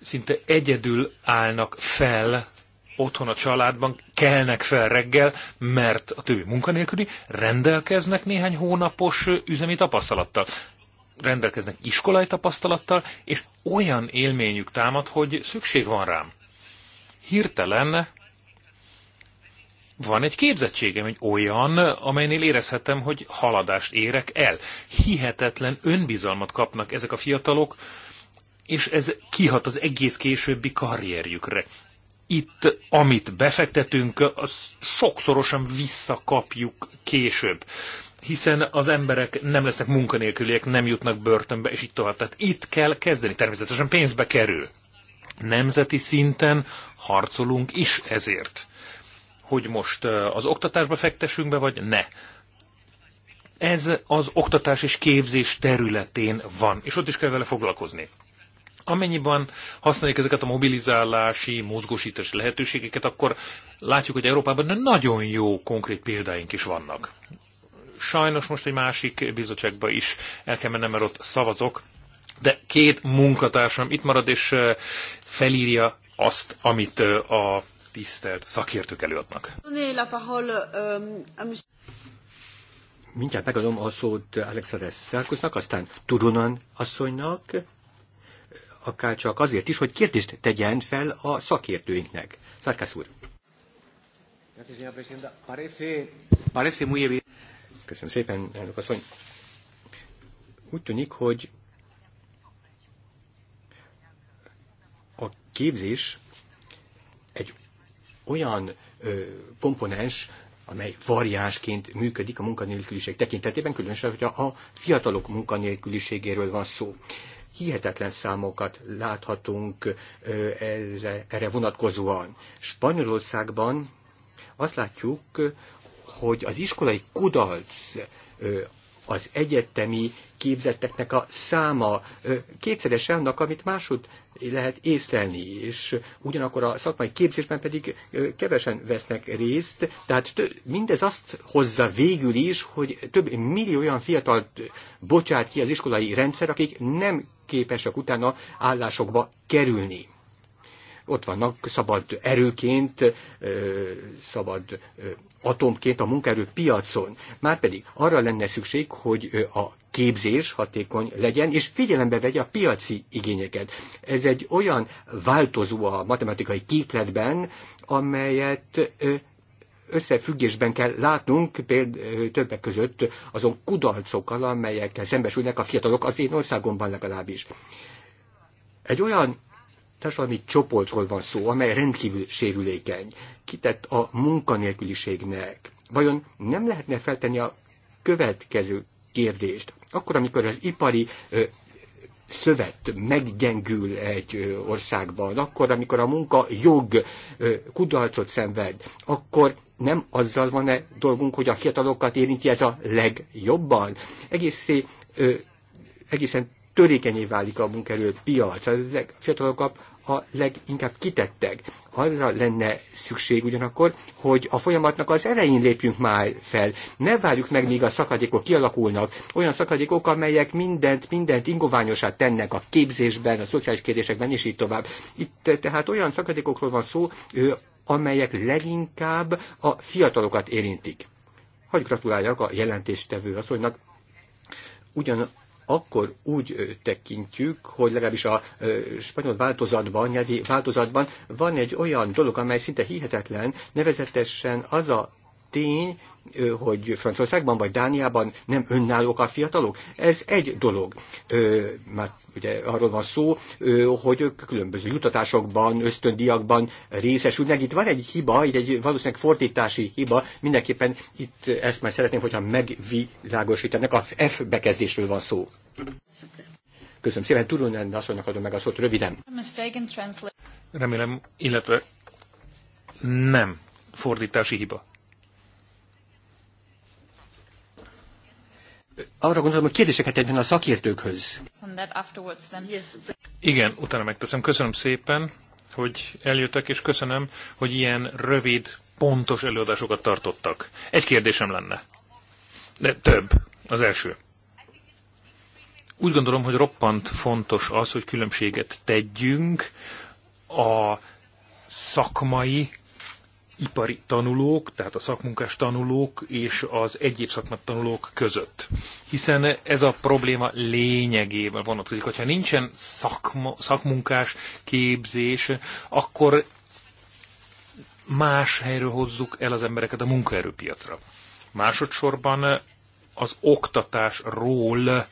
szinte egyedül állnak fel otthon a családban, kelnek fel reggel, mert a többi munkanélküli rendelkeznek néhány hónapos üzemi tapasztalattal rendelkeznek iskolai tapasztalattal, és olyan élményük támad, hogy szükség van rám hirtelen van egy képzettségem, egy olyan, amelynél érezhetem, hogy haladást érek el. Hihetetlen önbizalmat kapnak ezek a fiatalok, és ez kihat az egész későbbi karrierjükre. Itt, amit befektetünk, az sokszorosan visszakapjuk később hiszen az emberek nem lesznek munkanélküliek, nem jutnak börtönbe, és itt tovább. Tehát itt kell kezdeni. Természetesen pénzbe kerül nemzeti szinten harcolunk is ezért. Hogy most az oktatásba fektessünk be, vagy ne. Ez az oktatás és képzés területén van, és ott is kell vele foglalkozni. Amennyiben használjuk ezeket a mobilizálási, mozgósítási lehetőségeket, akkor látjuk, hogy Európában nagyon jó konkrét példáink is vannak. Sajnos most egy másik bizottságba is el kell mennem, mert ott szavazok, de két munkatársam itt marad, és felírja azt, amit a tisztelt szakértők előadnak. Euh, Mindjárt megadom a szót Alexander Szárkusznak, aztán Turunan asszonynak, akár csak azért is, hogy kérdést tegyen fel a szakértőinknek. Szárkász úr. Köszönöm szépen, elnök asszony. Úgy tűnik, hogy képzés egy olyan ö, komponens, amely variásként működik a munkanélküliség tekintetében, különösen, hogyha a fiatalok munkanélküliségéről van szó. Hihetetlen számokat láthatunk ö, ez, erre vonatkozóan. Spanyolországban azt látjuk, hogy az iskolai kudarc az egyetemi képzetteknek a száma kétszerese annak, amit másod lehet észlelni, és ugyanakkor a szakmai képzésben pedig kevesen vesznek részt, tehát mindez azt hozza végül is, hogy több millió olyan fiatal bocsát ki az iskolai rendszer, akik nem képesek utána állásokba kerülni ott vannak szabad erőként, szabad atomként a munkaerő piacon. Márpedig arra lenne szükség, hogy a képzés hatékony legyen, és figyelembe vegye a piaci igényeket. Ez egy olyan változó a matematikai képletben, amelyet összefüggésben kell látnunk Például többek között azon kudarcokkal, amelyekkel szembesülnek a fiatalok az én országomban legalábbis. Egy olyan társadalmi csoportról van szó, amely rendkívül sérülékeny, kitett a munkanélküliségnek. Vajon nem lehetne feltenni a következő kérdést? Akkor, amikor az ipari ö, szövet meggyengül egy országban, akkor, amikor a munka jog kudarcot szenved, akkor nem azzal van-e dolgunk, hogy a fiatalokat érinti ez a legjobban? Egészé, egészen törékenyé válik a piac, A fiatalokat a leginkább kitettek. Arra lenne szükség ugyanakkor, hogy a folyamatnak az elején lépjünk már fel. Ne várjuk meg, míg a szakadékok kialakulnak. Olyan szakadékok, amelyek mindent, mindent ingoványosát tennek a képzésben, a szociális kérdésekben, és így tovább. Itt tehát olyan szakadékokról van szó, amelyek leginkább a fiatalokat érintik. Hogy gratuláljak a jelentéstevő asszonynak, ugyan akkor úgy tekintjük, hogy legalábbis a spanyol változatban, nyelvi változatban van egy olyan dolog, amely szinte hihetetlen, nevezetesen az a tény, hogy Franciaországban vagy Dániában nem önállók a fiatalok? Ez egy dolog. Már ugye arról van szó, hogy ők különböző jutatásokban, ösztöndiakban részesülnek. Itt van egy hiba, itt egy valószínűleg fordítási hiba. Mindenképpen itt ezt már szeretném, hogyha megvilágosítanak. A F bekezdésről van szó. Köszönöm szépen. Turunen asszonynak adom meg a szót röviden. Remélem, illetve nem fordítási hiba. arra gondolom, hogy kérdéseket tegyen a szakértőkhöz. Igen, utána megteszem. Köszönöm szépen, hogy eljöttek, és köszönöm, hogy ilyen rövid, pontos előadásokat tartottak. Egy kérdésem lenne. De több. Az első. Úgy gondolom, hogy roppant fontos az, hogy különbséget tegyünk a szakmai ipari tanulók, tehát a szakmunkás tanulók és az egyéb szakmat tanulók között. Hiszen ez a probléma lényegében vonatkozik. Hogyha nincsen szakma, szakmunkás képzés, akkor más helyről hozzuk el az embereket a munkaerőpiacra. Másodszorban az oktatásról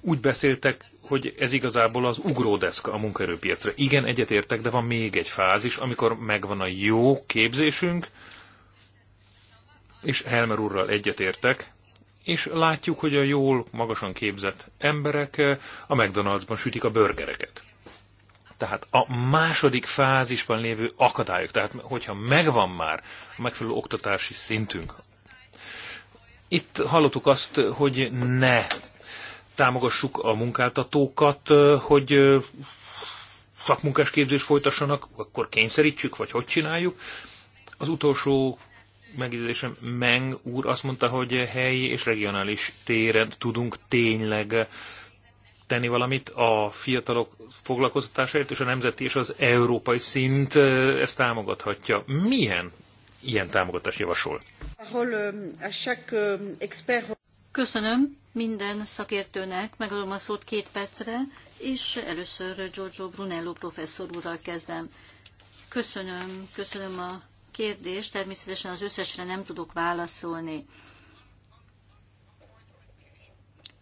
úgy beszéltek hogy ez igazából az ugródeszka a munkaerőpiacra. Igen, egyetértek, de van még egy fázis, amikor megvan a jó képzésünk, és Helmer úrral egyetértek, és látjuk, hogy a jól, magasan képzett emberek eh, a McDonald'sban sütik a burgereket. Tehát a második fázisban lévő akadályok, tehát hogyha megvan már a megfelelő oktatási szintünk, itt hallottuk azt, hogy ne támogassuk a munkáltatókat, hogy szakmunkás képzést folytassanak, akkor kényszerítsük, vagy hogy csináljuk. Az utolsó megjegyzésem, Meng úr azt mondta, hogy helyi és regionális téren tudunk tényleg tenni valamit a fiatalok foglalkoztatásáért, és a nemzeti és az európai szint ezt támogathatja. Milyen ilyen támogatás javasol? Köszönöm. Minden szakértőnek megadom a szót két percre, és először Giorgio Brunello professzor úrral kezdem. Köszönöm, köszönöm a kérdést, természetesen az összesre nem tudok válaszolni.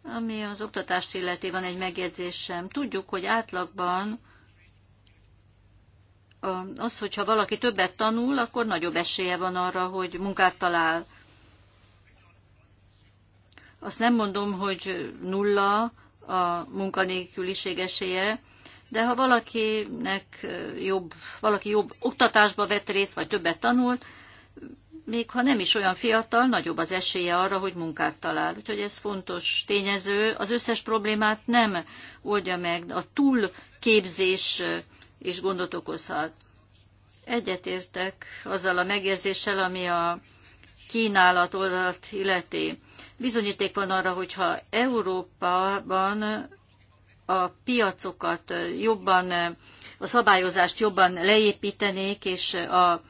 Ami az oktatást illeti, van egy megjegyzésem. Tudjuk, hogy átlagban az, hogyha valaki többet tanul, akkor nagyobb esélye van arra, hogy munkát talál. Azt nem mondom, hogy nulla a munkanélküliség esélye, de ha valakinek jobb, valaki jobb oktatásba vett részt, vagy többet tanult, még ha nem is olyan fiatal, nagyobb az esélye arra, hogy munkát talál. Úgyhogy ez fontos tényező. Az összes problémát nem oldja meg, a túlképzés is gondot okozhat. Egyetértek azzal a megjegyzéssel, ami a kínálat oldalt illeti. Bizonyíték van arra, hogyha Európában a piacokat jobban, a szabályozást jobban leépítenék, és a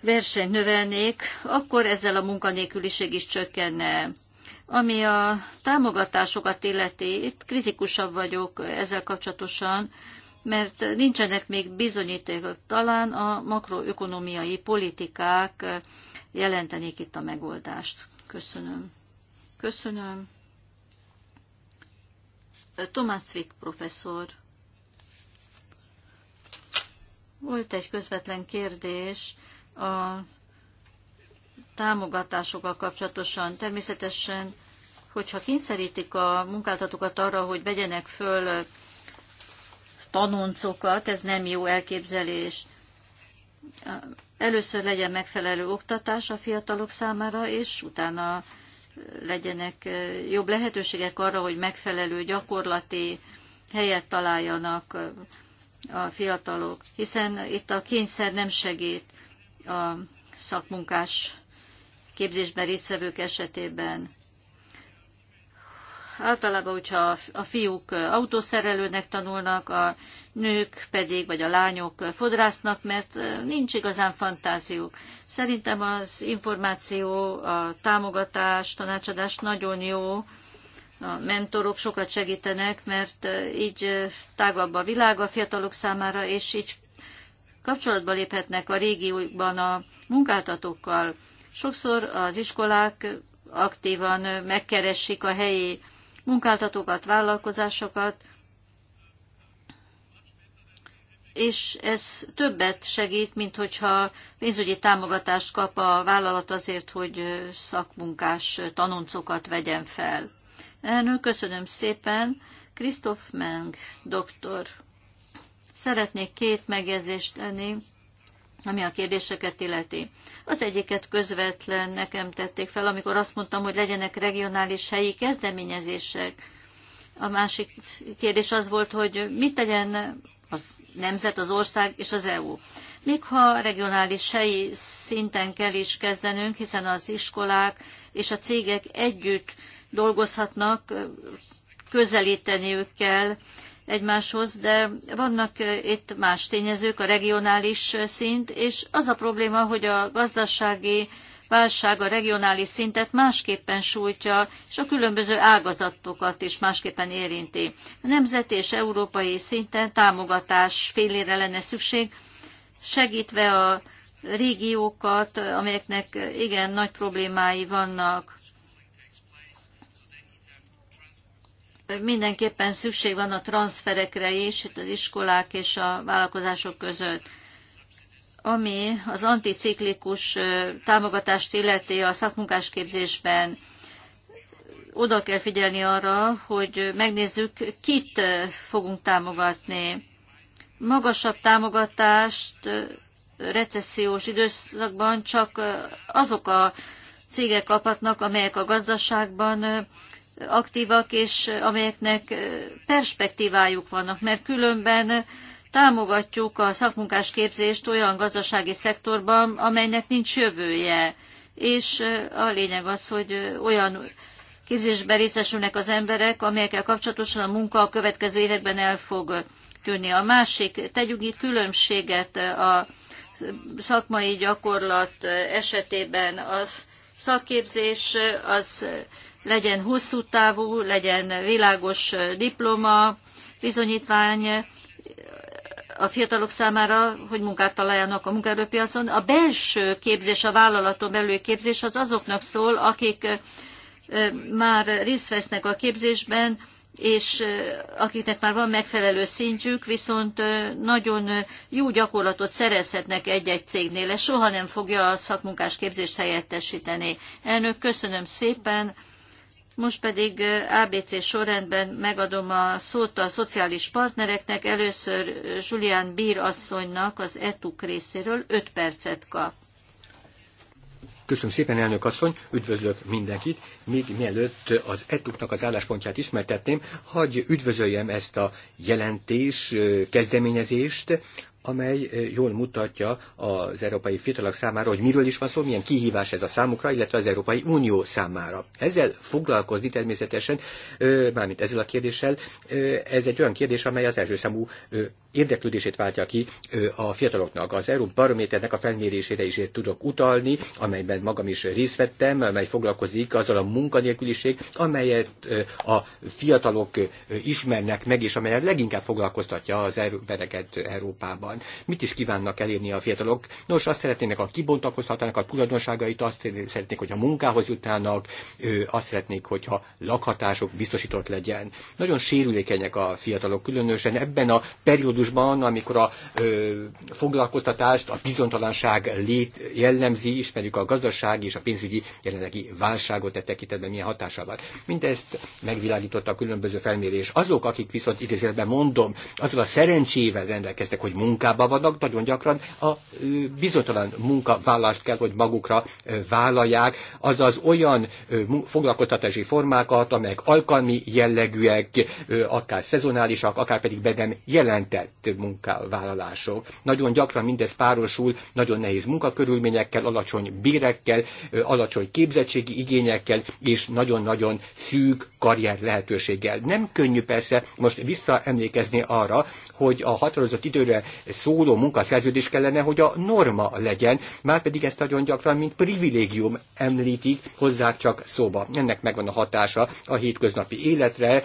versenyt növelnék, akkor ezzel a munkanélküliség is csökkenne. Ami a támogatásokat illeti, itt kritikusabb vagyok ezzel kapcsolatosan, mert nincsenek még bizonyítékok. Talán a makroökonomiai politikák jelentenék itt a megoldást. Köszönöm. Köszönöm. Tomás Zwick professzor. Volt egy közvetlen kérdés a támogatásokkal kapcsolatosan. Természetesen, hogyha kényszerítik a munkáltatókat arra, hogy vegyenek föl tanoncokat, ez nem jó elképzelés először legyen megfelelő oktatás a fiatalok számára, és utána legyenek jobb lehetőségek arra, hogy megfelelő gyakorlati helyet találjanak a fiatalok, hiszen itt a kényszer nem segít a szakmunkás képzésben résztvevők esetében. Általában, hogyha a fiúk autószerelőnek tanulnak, a nők pedig, vagy a lányok fodrásznak, mert nincs igazán fantáziuk. Szerintem az információ, a támogatás, tanácsadás nagyon jó, a mentorok sokat segítenek, mert így tágabb a világ a fiatalok számára, és így kapcsolatba léphetnek a régióban a munkáltatókkal. Sokszor az iskolák aktívan megkeresik a helyi munkáltatókat, vállalkozásokat, és ez többet segít, mint hogyha pénzügyi támogatást kap a vállalat azért, hogy szakmunkás tanoncokat vegyen fel. Elnök, köszönöm szépen. Christoph Meng, doktor. Szeretnék két megjegyzést tenni ami a kérdéseket illeti. Az egyiket közvetlen nekem tették fel, amikor azt mondtam, hogy legyenek regionális helyi kezdeményezések. A másik kérdés az volt, hogy mit tegyen az nemzet, az ország és az EU. Még ha regionális helyi szinten kell is kezdenünk, hiszen az iskolák és a cégek együtt dolgozhatnak, ők kell egymáshoz, de vannak itt más tényezők, a regionális szint, és az a probléma, hogy a gazdasági válság a regionális szintet másképpen sújtja, és a különböző ágazatokat is másképpen érinti. A nemzeti és európai szinten támogatás félére lenne szükség, segítve a régiókat, amelyeknek igen nagy problémái vannak mindenképpen szükség van a transferekre is, itt az iskolák és a vállalkozások között. Ami az anticiklikus támogatást illeti a szakmunkásképzésben, oda kell figyelni arra, hogy megnézzük, kit fogunk támogatni. Magasabb támogatást recessziós időszakban csak azok a cégek kaphatnak, amelyek a gazdaságban aktívak, és amelyeknek perspektívájuk vannak, mert különben támogatjuk a szakmunkás képzést olyan gazdasági szektorban, amelynek nincs jövője. És a lényeg az, hogy olyan képzésben részesülnek az emberek, amelyekkel kapcsolatosan a munka a következő években el fog tűnni. A másik, tegyük itt különbséget a szakmai gyakorlat esetében. az szakképzés az legyen hosszú távú, legyen világos diploma, bizonyítvány a fiatalok számára, hogy munkát találjanak a munkaerőpiacon. A belső képzés, a vállalaton belül képzés az azoknak szól, akik már részt vesznek a képzésben, és akiknek már van megfelelő szintjük, viszont nagyon jó gyakorlatot szerezhetnek egy-egy cégnél, és soha nem fogja a szakmunkás képzést helyettesíteni. Elnök, köszönöm szépen! Most pedig ABC sorrendben megadom a szót a szociális partnereknek. Először Julián Bír asszonynak az ETUK részéről 5 percet kap. Köszönöm szépen, elnök asszony, üdvözlök mindenkit. Még mielőtt az etuknak az álláspontját ismertetném, hagy üdvözöljem ezt a jelentés kezdeményezést, amely jól mutatja az európai fiatalok számára, hogy miről is van szó, milyen kihívás ez a számukra, illetve az Európai Unió számára. Ezzel foglalkozni természetesen, mármint ezzel a kérdéssel, ez egy olyan kérdés, amely az első számú érdeklődését váltja ki a fiataloknak. Az Európa Barométernek a felmérésére is tudok utalni, amelyben magam is részt vettem, amely foglalkozik azzal a munkanélküliség, amelyet a fiatalok ismernek meg, és amelyet leginkább foglalkoztatja az embereket Európában van. Mit is kívánnak elérni a fiatalok? Nos, azt szeretnének, a kibontakozhatnának a tulajdonságait, azt szeretnék, hogy a munkához jutnának, azt szeretnék, hogyha lakhatások biztosított legyen. Nagyon sérülékenyek a fiatalok, különösen ebben a periódusban, amikor a ö, foglalkoztatást a bizonytalanság lét jellemzi, ismerjük a gazdaság és a pénzügyi jelenlegi válságot e tekintetben milyen hatással van. Mindezt megvilágította a különböző felmérés. Azok, akik viszont idézetben mondom, azzal a szerencsével rendelkeztek, hogy munka munkában vannak, nagyon gyakran a bizonytalan munkavállást kell, hogy magukra vállalják, azaz olyan foglalkoztatási formákat, amelyek alkalmi jellegűek, akár szezonálisak, akár pedig be nem jelentett munkavállalások. Nagyon gyakran mindez párosul nagyon nehéz munkakörülményekkel, alacsony bérekkel, alacsony képzettségi igényekkel, és nagyon-nagyon szűk karrier lehetőséggel. Nem könnyű persze most visszaemlékezni arra, hogy a határozott időre szóló munkaszerződés kellene, hogy a norma legyen, már pedig ezt nagyon gyakran, mint privilégium említik hozzá csak szóba. Ennek megvan a hatása a hétköznapi életre,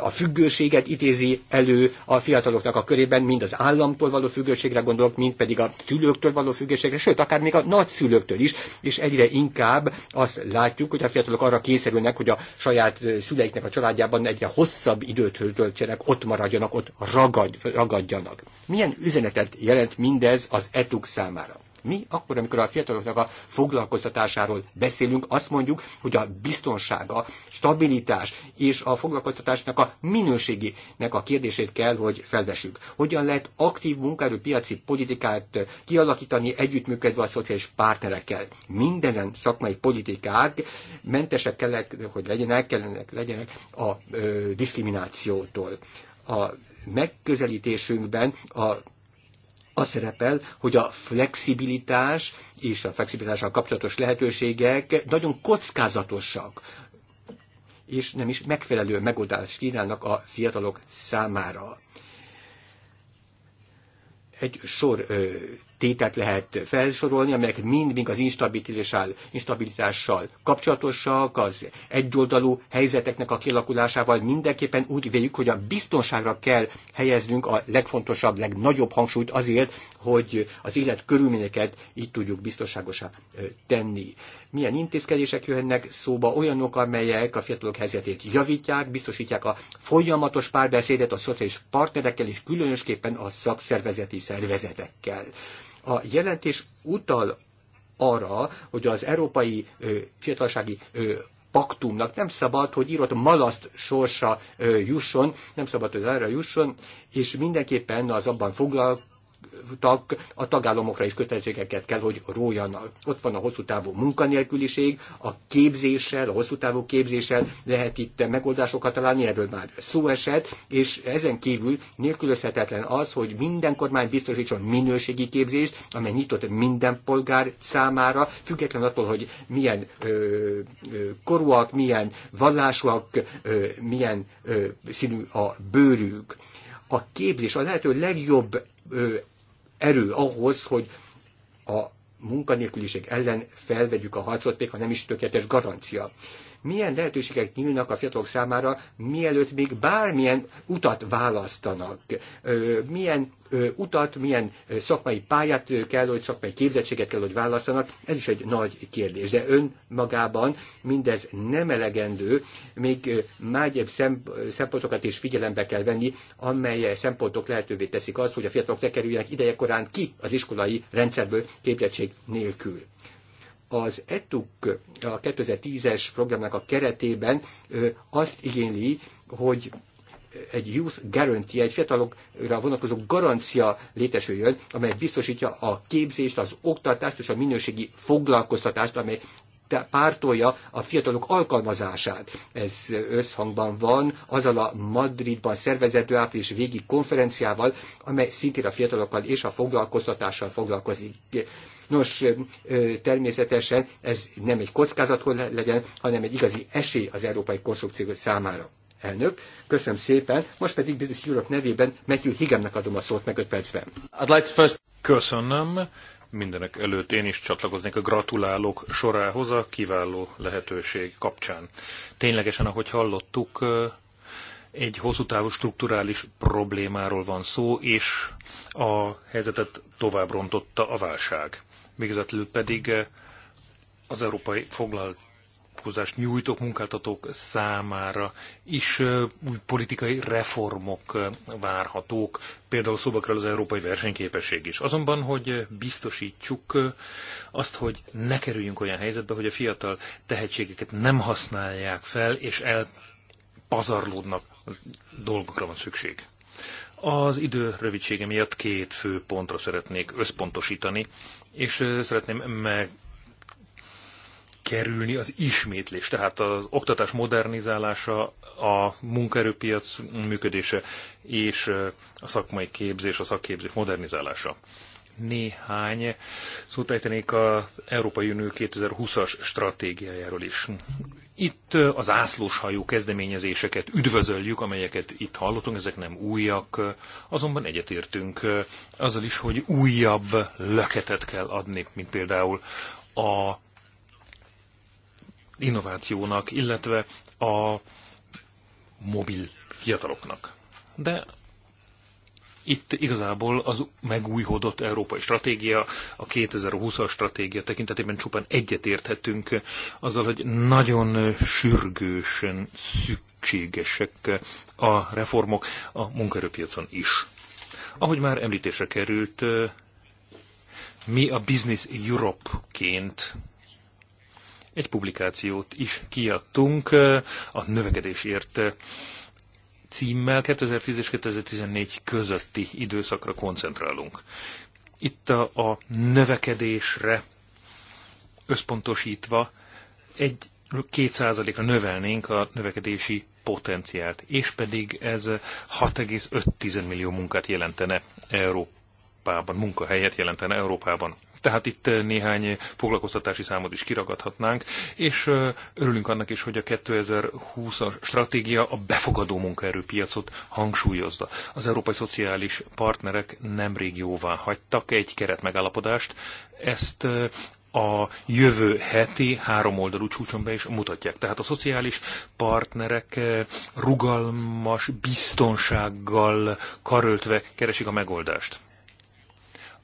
a függőséget idézi elő a fiataloknak a körében, mind az államtól való függőségre gondolok, mind pedig a szülőktől való függőségre, sőt, akár még a nagyszülőktől is, és egyre inkább azt látjuk, hogy a fiatalok arra kényszerülnek, hogy a saját szüleiknek a családjában egyre hosszabb időt töltsenek, ott maradjanak, ott ragad, ragadjanak. Milyen üzenetet jelent mindez az etuk számára. Mi akkor, amikor a fiataloknak a foglalkoztatásáról beszélünk, azt mondjuk, hogy a biztonsága, stabilitás és a foglalkoztatásnak a minőségének a kérdését kell, hogy felvessük. Hogyan lehet aktív munkaerőpiaci politikát kialakítani együttműködve a szociális partnerekkel? Mindenen szakmai politikák mentesek kell, hogy legyenek, kellenek legyenek a ö, diszkriminációtól. A megközelítésünkben a az szerepel, hogy a flexibilitás és a flexibilitással kapcsolatos lehetőségek nagyon kockázatosak, és nem is megfelelő megoldást kínálnak a fiatalok számára. Egy sor ö, tétet lehet felsorolni, amelyek mind-mind az instabilitással, instabilitással kapcsolatosak, az egyoldalú helyzeteknek a kialakulásával mindenképpen úgy véljük, hogy a biztonságra kell helyeznünk a legfontosabb, legnagyobb hangsúlyt azért, hogy az élet körülményeket így tudjuk biztonságosá tenni. Milyen intézkedések jöhetnek szóba, olyanok, amelyek a fiatalok helyzetét javítják, biztosítják a folyamatos párbeszédet a szociális partnerekkel és különösképpen a szakszervezeti szervezetekkel. A jelentés utal arra, hogy az európai ö, fiatalsági ö, paktumnak nem szabad, hogy írott malaszt sorsa ö, jusson, nem szabad, hogy arra jusson, és mindenképpen az abban foglalkozik a tagállamokra is kötelezettségeket kell, hogy rójanak. Ott van a hosszú távú munkanélküliség, a képzéssel, a hosszú távú képzéssel lehet itt megoldásokat találni, erről már szó esett, és ezen kívül nélkülözhetetlen az, hogy minden kormány biztosítson minőségi képzést, amely nyitott minden polgár számára, független attól, hogy milyen ö, ö, korúak, milyen vallásúak, ö, milyen ö, színű a bőrük. A képzés a lehető legjobb erő ahhoz, hogy a munkanélküliség ellen felvegyük a harcot, még ha nem is tökéletes garancia milyen lehetőségek nyílnak a fiatalok számára, mielőtt még bármilyen utat választanak, milyen utat, milyen szakmai pályát kell, hogy szakmai képzettséget kell, hogy választanak, ez is egy nagy kérdés. De önmagában mindez nem elegendő, még mágyebb szempontokat is figyelembe kell venni, amely szempontok lehetővé teszik azt, hogy a fiatalok ne kerüljenek idejekorán ki az iskolai rendszerből képzettség nélkül az ETUK a 2010-es programnak a keretében azt igényli, hogy egy youth guarantee, egy fiatalokra vonatkozó garancia létesüljön, amely biztosítja a képzést, az oktatást és a minőségi foglalkoztatást, amely pártolja a fiatalok alkalmazását. Ez összhangban van azzal a Madridban szervezett április végi konferenciával, amely szintén a fiatalokkal és a foglalkoztatással foglalkozik. Nos, természetesen ez nem egy kockázat legyen, hanem egy igazi esély az európai konstrukció számára. Elnök, köszönöm szépen, most pedig Business Europe nevében Matthew Higemnek adom a szót meg 5 percben. I'd like to first... Köszönöm. Mindenek előtt én is csatlakoznék a gratulálók sorához a kiváló lehetőség kapcsán. Ténylegesen, ahogy hallottuk, egy hosszú távú strukturális problémáról van szó, és a helyzetet tovább rontotta a válság végezetül pedig eh, az európai foglalkozást nyújtók munkáltatók számára is eh, új politikai reformok eh, várhatók, például szóba kerül az európai versenyképesség is. Azonban, hogy biztosítsuk azt, hogy ne kerüljünk olyan helyzetbe, hogy a fiatal tehetségeket nem használják fel, és elpazarlódnak dolgokra van szükség. Az idő rövidsége miatt két fő pontra szeretnék összpontosítani, és szeretném meg kerülni az ismétlés, tehát az oktatás modernizálása, a munkaerőpiac működése és a szakmai képzés, a szakképzés modernizálása. Néhány szót ejtenék az Európai Unió 2020-as stratégiájáról is. Itt az ászlóshajó kezdeményezéseket üdvözöljük, amelyeket itt hallottunk, ezek nem újak, azonban egyetértünk azzal is, hogy újabb löketet kell adni, mint például a innovációnak, illetve a mobil fiataloknak. De itt igazából az megújhodott európai stratégia, a 2020-as stratégia tekintetében csupán egyetérthetünk azzal, hogy nagyon sürgősen szükségesek a reformok a munkaerőpiacon is. Ahogy már említésre került, mi a Business Europe-ként egy publikációt is kiadtunk a növekedésért címmel 2010 és 2014 közötti időszakra koncentrálunk. Itt a, a növekedésre összpontosítva egy két százalékra növelnénk a növekedési potenciált, és pedig ez 6,5 millió munkát jelentene Európában, munkahelyet jelentene Európában. Tehát itt eh, néhány foglalkoztatási számot is kiragadhatnánk, és eh, örülünk annak is, hogy a 2020-as stratégia a befogadó munkaerőpiacot hangsúlyozza. Az európai szociális partnerek nemrég jóvá hagytak egy keretmegállapodást, ezt eh, a jövő heti háromoldalú csúcson be is mutatják. Tehát a szociális partnerek rugalmas, biztonsággal karöltve keresik a megoldást.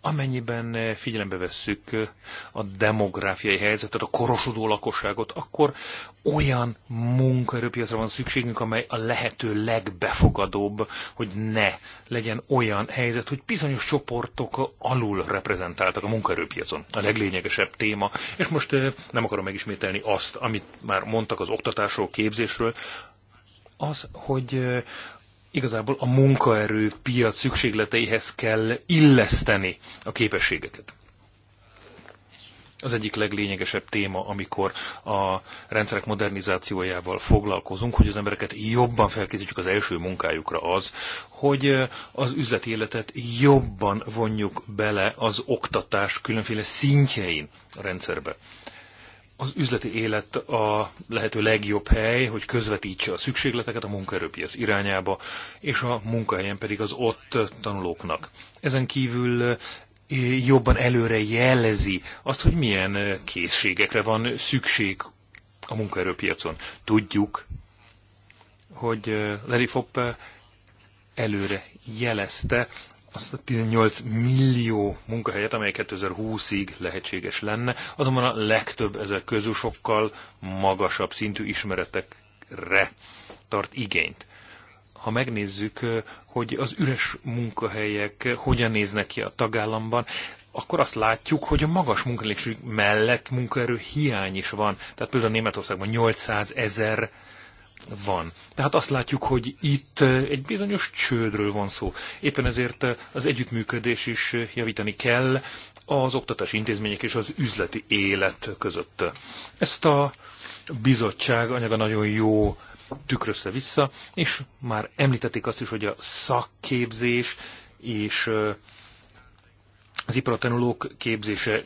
Amennyiben eh, figyelembe vesszük eh, a demográfiai helyzetet, a korosodó lakosságot, akkor olyan munkaerőpiacra van szükségünk, amely a lehető legbefogadóbb, hogy ne legyen olyan helyzet, hogy bizonyos csoportok alul reprezentáltak a munkaerőpiacon. A leglényegesebb téma, és most eh, nem akarom megismételni azt, amit már mondtak az oktatásról, képzésről, az, hogy igazából a munkaerő piac szükségleteihez kell illeszteni a képességeket. Az egyik leglényegesebb téma, amikor a rendszerek modernizációjával foglalkozunk, hogy az embereket jobban felkészítsük az első munkájukra az, hogy az üzleti életet jobban vonjuk bele az oktatás különféle szintjein a rendszerbe az üzleti élet a lehető legjobb hely, hogy közvetítse a szükségleteket a munkaerőpiac irányába, és a munkahelyen pedig az ott tanulóknak. Ezen kívül eh, jobban előre jelzi azt, hogy milyen készségekre van szükség a munkaerőpiacon. Tudjuk, hogy eh, Larry Foppe eh, előre jelezte azt a 18 millió munkahelyet, amely 2020-ig lehetséges lenne, azonban a legtöbb ezek közül sokkal magasabb szintű ismeretekre tart igényt. Ha megnézzük, hogy az üres munkahelyek hogyan néznek ki a tagállamban, akkor azt látjuk, hogy a magas munkanélküliség mellett munkaerő hiány is van. Tehát például Németországban 800 ezer van. Tehát azt látjuk, hogy itt eh, egy bizonyos csődről van szó. Éppen ezért eh, az együttműködés is eh, javítani kell az oktatási intézmények és az üzleti élet között. Ezt a bizottság anyaga nagyon jó tükrözte vissza, és már említették azt is, hogy a szakképzés és az iparatanulók képzése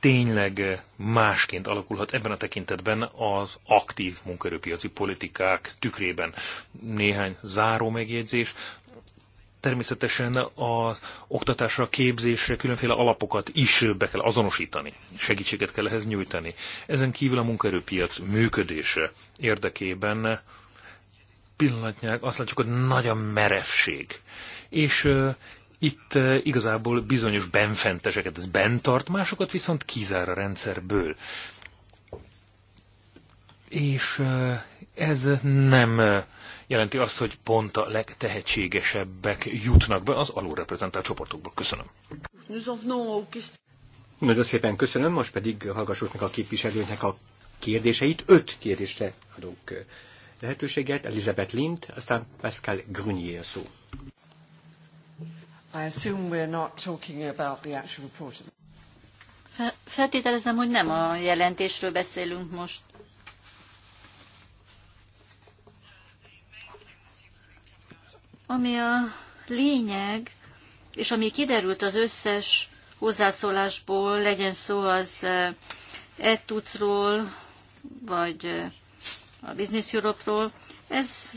tényleg másként alakulhat ebben a tekintetben az aktív munkaerőpiaci politikák tükrében. Néhány záró megjegyzés. Természetesen az oktatásra, képzésre különféle alapokat is be kell azonosítani, segítséget kell ehhez nyújtani. Ezen kívül a munkaerőpiac működése érdekében pillanatnyilag azt látjuk, hogy nagy a merevség. És itt eh, igazából bizonyos benfenteseket ez bentart másokat viszont kizár a rendszerből. És eh, ez nem eh, jelenti azt, hogy pont a legtehetségesebbek jutnak be az alulreprezentált csoportokból. Köszönöm. Nagyon szépen köszönöm, most pedig hallgassuk meg a képviselőnek a kérdéseit. Öt kérdésre adunk lehetőséget. Elizabeth Lind, aztán Pascal Grunier szó. I assume we're not talking about the actual report. Feltételezem, hogy nem a jelentésről beszélünk most. Ami a lényeg, és ami kiderült az összes hozzászólásból, legyen szó az Etucról, eh, vagy eh, a Business Europe-ról, ez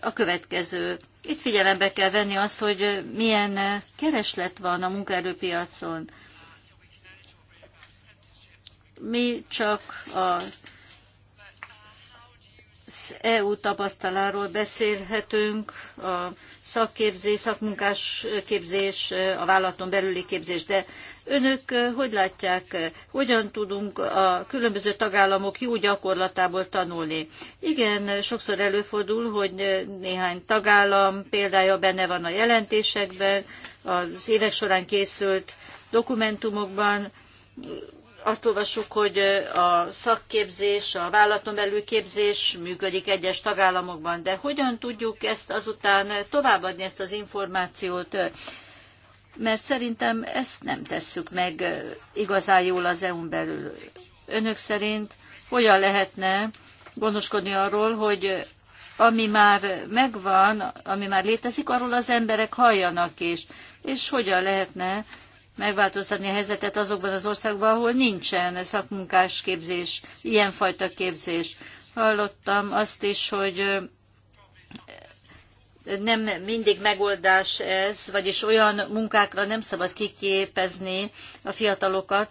a következő. Itt figyelembe kell venni azt, hogy milyen kereslet van a munkaerőpiacon. Mi csak a az e EU tapasztaláról beszélhetünk, a szakképzés, szakmunkás képzés, a vállalaton belüli képzés, de Önök hogy látják, hogyan tudunk a különböző tagállamok jó gyakorlatából tanulni? Igen, sokszor előfordul, hogy néhány tagállam példája benne van a jelentésekben, az évek során készült dokumentumokban, azt olvassuk, hogy a szakképzés, a vállalaton belül képzés működik egyes tagállamokban, de hogyan tudjuk ezt azután továbbadni, ezt az információt mert szerintem ezt nem tesszük meg igazán jól az EU-n belül. Önök szerint hogyan lehetne gondoskodni arról, hogy ami már megvan, ami már létezik, arról az emberek halljanak is, és hogyan lehetne megváltoztatni a helyzetet azokban az országban, ahol nincsen szakmunkás képzés, ilyenfajta képzés. Hallottam azt is, hogy nem mindig megoldás ez, vagyis olyan munkákra nem szabad kiképezni a fiatalokat,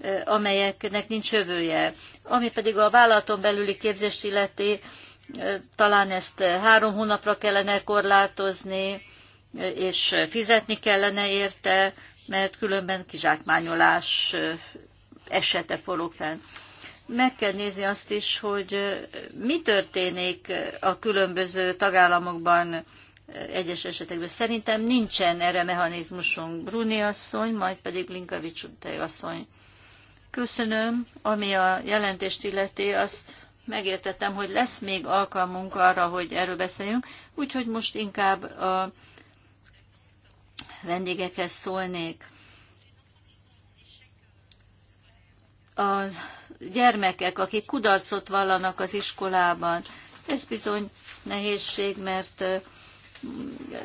eh, amelyeknek nincs jövője. Ami pedig a vállalaton belüli képzést illeti, eh, talán ezt három hónapra kellene korlátozni, eh, és fizetni kellene érte, mert különben kizsákmányolás esete forog fenn meg kell nézni azt is, hogy mi történik a különböző tagállamokban egyes esetekben. Szerintem nincsen erre mechanizmusunk. Bruni asszony, majd pedig Blinkavics asszony. Köszönöm, ami a jelentést illeti, azt megértettem, hogy lesz még alkalmunk arra, hogy erről beszéljünk, úgyhogy most inkább a vendégekhez szólnék. A gyermekek, akik kudarcot vallanak az iskolában. Ez bizony nehézség, mert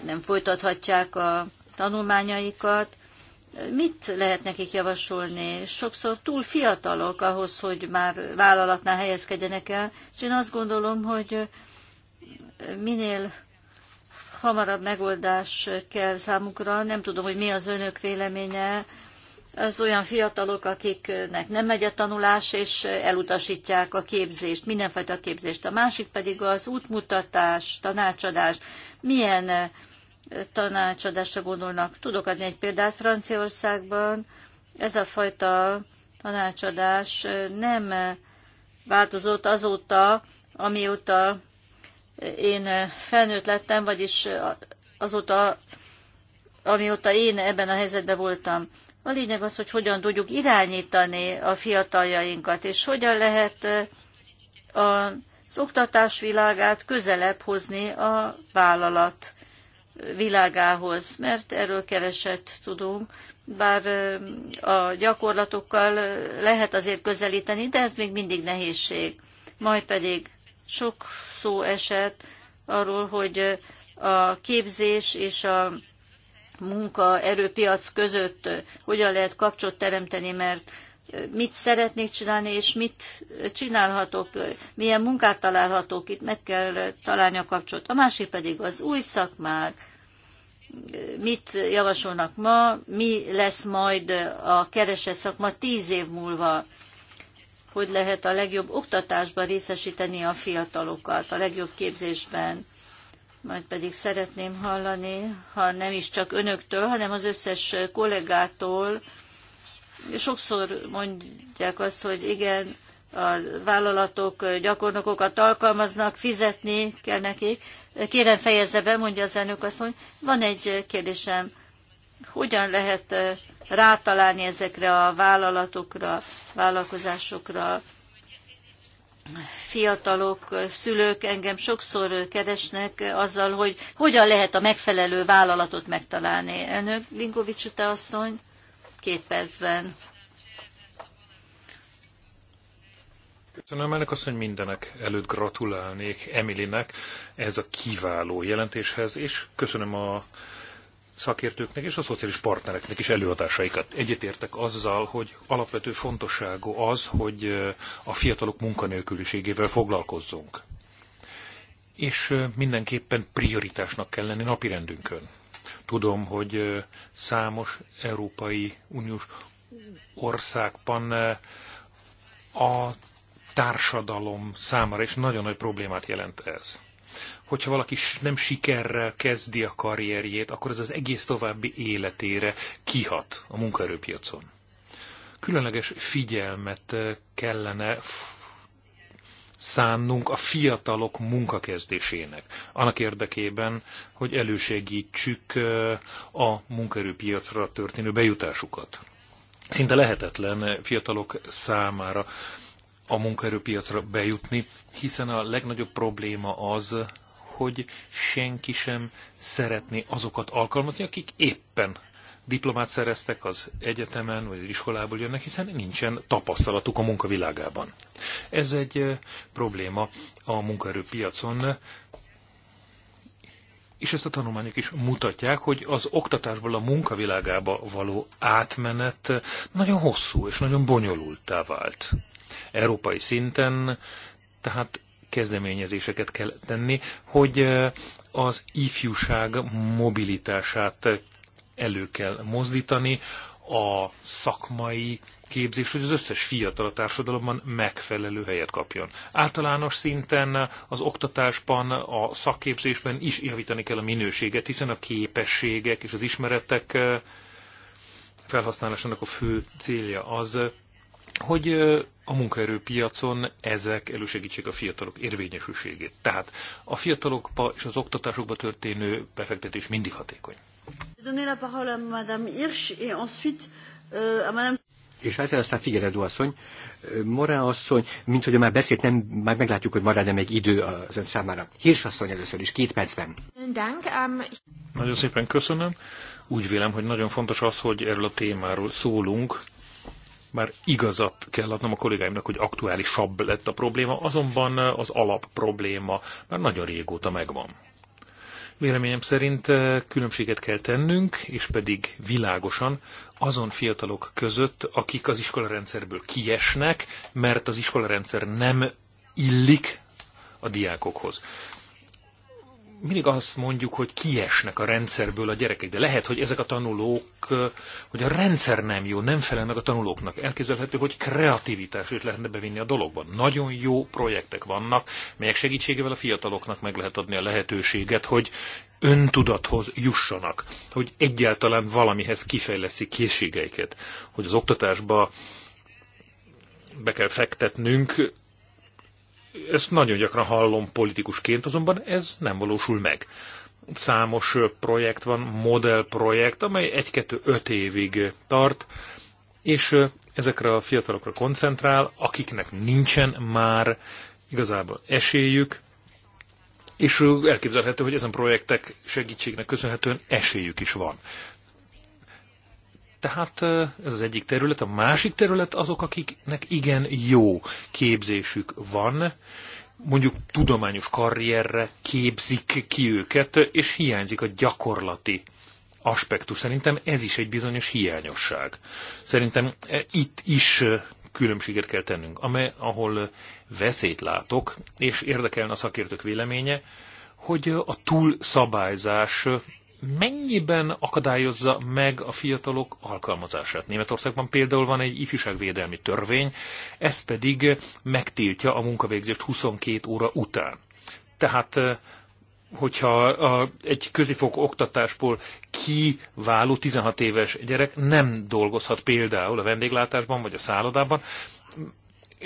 nem folytathatják a tanulmányaikat. Mit lehet nekik javasolni? Sokszor túl fiatalok ahhoz, hogy már vállalatnál helyezkedjenek el, és én azt gondolom, hogy minél hamarabb megoldás kell számukra. Nem tudom, hogy mi az önök véleménye az olyan fiatalok, akiknek nem megy a tanulás, és elutasítják a képzést, mindenfajta képzést. A másik pedig az útmutatás, tanácsadás. Milyen eh, tanácsadásra gondolnak? Tudok adni egy példát Franciaországban. Ez a fajta tanácsadás eh, nem eh, változott azóta, amióta én felnőtt lettem, vagyis azóta, amióta én ebben a helyzetben voltam. A lényeg az, hogy hogyan tudjuk irányítani a fiataljainkat, és hogyan lehet az oktatás világát közelebb hozni a vállalat világához, mert erről keveset tudunk, bár a gyakorlatokkal lehet azért közelíteni, de ez még mindig nehézség. Majd pedig sok szó esett arról, hogy a képzés és a erőpiac között hogyan lehet kapcsot teremteni, mert mit szeretnék csinálni, és mit csinálhatok, milyen munkát találhatok, itt meg kell találni a kapcsot. A másik pedig az új szakmák, mit javasolnak ma, mi lesz majd a keresett szakma tíz év múlva, hogy lehet a legjobb oktatásban részesíteni a fiatalokat, a legjobb képzésben, majd pedig szeretném hallani, ha nem is csak önöktől, hanem az összes kollégától. Sokszor mondják azt, hogy igen, a vállalatok gyakornokokat alkalmaznak, fizetni kell nekik. Kérem fejezze be, mondja az elnök hogy Van egy kérdésem, hogyan lehet rátalálni ezekre a vállalatokra, vállalkozásokra, fiatalok, szülők engem sokszor keresnek azzal, hogy hogyan lehet a megfelelő vállalatot megtalálni. Elnök Linkovics Uta asszony, két percben. Köszönöm ennek azt, hogy mindenek előtt gratulálnék Emilinek ez a kiváló jelentéshez, és köszönöm a szakértőknek és a szociális partnereknek is előadásaikat. Egyetértek azzal, hogy alapvető fontosságú az, hogy eh, a fiatalok munkanélküliségével foglalkozzunk. És eh, mindenképpen prioritásnak kell lenni napirendünkön. Tudom, hogy eh, számos Európai Uniós országban a társadalom számára is nagyon nagy problémát jelent ez hogyha valaki nem sikerrel kezdi a karrierjét, akkor ez az egész további életére kihat a munkaerőpiacon. Különleges figyelmet eh, kellene szánnunk a fiatalok munkakezdésének. Annak érdekében, hogy elősegítsük eh, a munkaerőpiacra történő bejutásukat. Szinte lehetetlen eh, fiatalok számára a munkaerőpiacra bejutni, hiszen a legnagyobb probléma az, hogy senki sem szeretné azokat alkalmazni, akik éppen diplomát szereztek az egyetemen, vagy az iskolából jönnek, hiszen nincsen tapasztalatuk a munkavilágában. Ez egy eh, probléma a munkaerőpiacon, és ezt a tanulmányok is mutatják, hogy az oktatásból a munkavilágába való átmenet nagyon hosszú és nagyon bonyolultá vált. Európai szinten tehát kezdeményezéseket kell tenni, hogy az ifjúság mobilitását elő kell mozdítani, a szakmai képzés, hogy az összes fiatal a társadalomban megfelelő helyet kapjon. Általános szinten az oktatásban, a szakképzésben is javítani kell a minőséget, hiszen a képességek és az ismeretek felhasználásának a fő célja az, hogy a munkaerőpiacon ezek elősegítsék a fiatalok érvényesülségét. Tehát a fiatalokba és az oktatásokba történő befektetés mindig hatékony. Euh, és ezzel hát aztán Figueredo asszony, euh, Morá asszony, mint hogy már beszélt, nem, már meglátjuk, hogy marad-e még idő az ön számára. Hirs asszony először is, két percben. Ähm, nagyon szépen köszönöm. Úgy vélem, hogy nagyon fontos az, hogy erről a témáról szólunk, már igazat kell adnom a kollégáimnak, hogy aktuálisabb lett a probléma, azonban az alap probléma már nagyon régóta megvan. Véleményem szerint eh, különbséget kell tennünk, és pedig világosan azon fiatalok között, akik az iskolarendszerből kiesnek, mert az iskolarendszer nem illik a diákokhoz mindig azt mondjuk, hogy kiesnek a rendszerből a gyerekek, de lehet, hogy ezek a tanulók, hogy a rendszer nem jó, nem felel meg a tanulóknak. Elképzelhető, hogy kreativitás is lehetne bevinni a dologban. Nagyon jó projektek vannak, melyek segítségével a fiataloknak meg lehet adni a lehetőséget, hogy öntudathoz jussanak, hogy egyáltalán valamihez kifejleszik készségeiket, hogy az oktatásba be kell fektetnünk ezt nagyon gyakran hallom politikusként, azonban ez nem valósul meg. Számos projekt van, modellprojekt, amely 1-2-5 évig tart, és ezekre a fiatalokra koncentrál, akiknek nincsen már igazából esélyük, és elképzelhető, hogy ezen projektek segítségnek köszönhetően esélyük is van. Tehát ez az egyik terület. A másik terület azok, akiknek igen jó képzésük van, mondjuk tudományos karrierre képzik ki őket, és hiányzik a gyakorlati aspektus. Szerintem ez is egy bizonyos hiányosság. Szerintem e, itt is különbséget kell tennünk, amely, ahol veszélyt látok, és érdekelne a szakértők véleménye, hogy a túlszabályzás mennyiben akadályozza meg a fiatalok alkalmazását? Németországban például van egy ifjúságvédelmi törvény, ez pedig megtiltja a munkavégzést 22 óra után. Tehát eh, hogyha a, egy közifok oktatásból kiváló 16 éves gyerek nem dolgozhat például a vendéglátásban vagy a szállodában,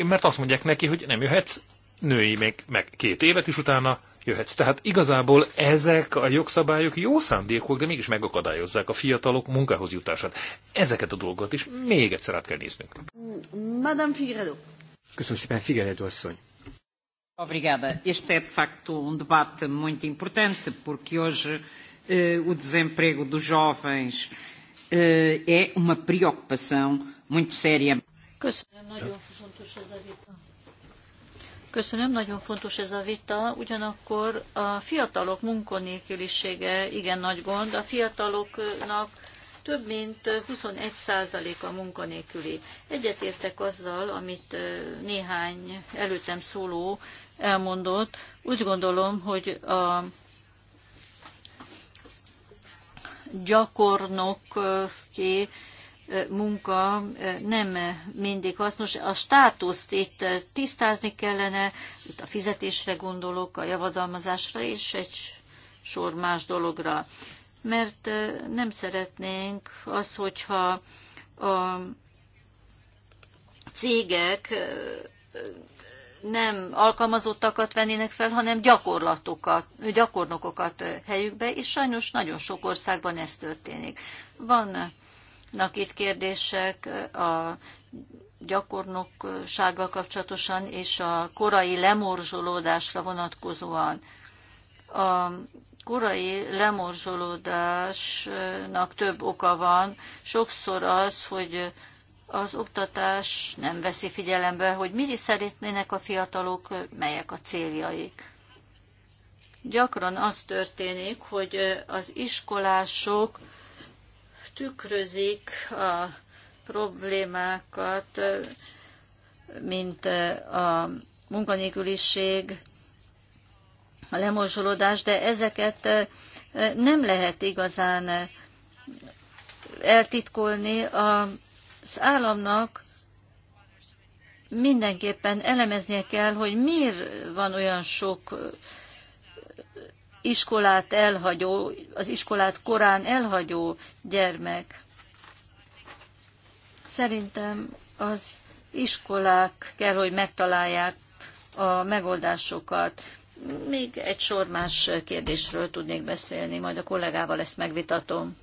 mert azt mondják neki, hogy nem jöhetsz női még meg két évet, is utána jöhetsz. Tehát igazából ezek a jogszabályok jó szándékok, de mégis megakadályozzák a fiatalok munkához jutását. Ezeket a dolgokat is még egyszer át kell néznünk. Madame Figueredo. Köszönöm szépen, Figueredo asszony. Obrigada. Este é de facto um debate muito importante, porque hoje eh, o desemprego dos jovens eh, é uma preocupação muito séria. Köszönöm, nagyon fontos ez a vita. Köszönöm, nagyon fontos ez a vita, ugyanakkor a fiatalok munkanélkülisége igen nagy gond. A fiataloknak több mint 21% a munkanélküli. Egyetértek azzal, amit néhány előttem szóló elmondott. Úgy gondolom, hogy a ki, munka eh, nem mindig hasznos. A státuszt itt eh, tisztázni kellene, itt a fizetésre gondolok, a javadalmazásra és egy sor más dologra. Mert eh, nem szeretnénk az, hogyha a cégek nem alkalmazottakat vennének fel, hanem gyakorlatokat, gyakornokokat helyükbe, és sajnos nagyon sok országban ez történik. Van vannak itt kérdések a gyakornoksággal kapcsolatosan és a korai lemorzsolódásra vonatkozóan. A korai lemorzsolódásnak több oka van. Sokszor az, hogy az oktatás nem veszi figyelembe, hogy mit is szeretnének a fiatalok, melyek a céljaik. Gyakran az történik, hogy az iskolások tükrözik a problémákat, mint a munkanélküliség, a lemorzsolódás, de ezeket nem lehet igazán eltitkolni. Az államnak mindenképpen elemeznie kell, hogy miért van olyan sok iskolát elhagyó, az iskolát korán elhagyó gyermek. Szerintem az iskolák kell, hogy megtalálják a megoldásokat. Még egy sor más kérdésről tudnék beszélni, majd a kollégával ezt megvitatom.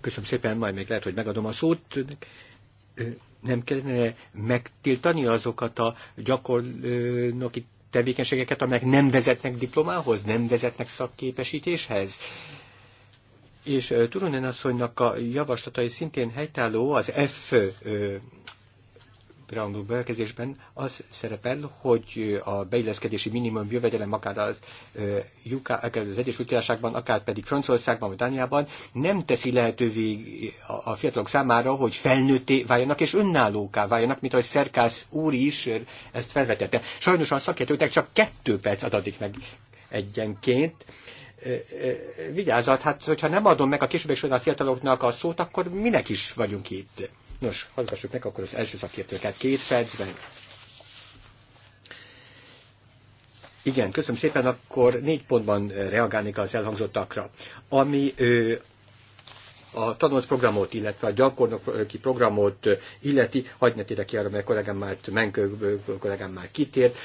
Köszönöm szépen, majd még lehet, hogy megadom a szót. Nem kellene megtiltani azokat a gyakornoki tevékenységeket, amelyek nem vezetnek diplomához, nem vezetnek szakképesítéshez. És Turunen asszonynak a javaslatai szintén helytálló az F preambul bekezdésben az szerepel, hogy a beilleszkedési minimum jövedelem akár az, akár az Egyesült Királyságban, akár pedig Franciaországban vagy Dániában nem teszi lehetővé a fiatalok számára, hogy felnőtté váljanak és önállóká váljanak, mint ahogy Szerkász úr is ezt felvetette. Sajnos a szakértőknek csak kettő perc adatik meg egyenként vigyázat, hát hogyha nem adom meg a későbbi során a fiataloknak a szót, akkor minek is vagyunk itt? Nos, hallgassuk meg akkor az első szakértőket két percben. Igen, köszönöm szépen, akkor négy pontban reagálnék az elhangzottakra. Ami ő, a programot, illetve a gyakornoki programot illeti, hagyd ne ki arra, mert kollégám már, Menkő kollégám már kitért,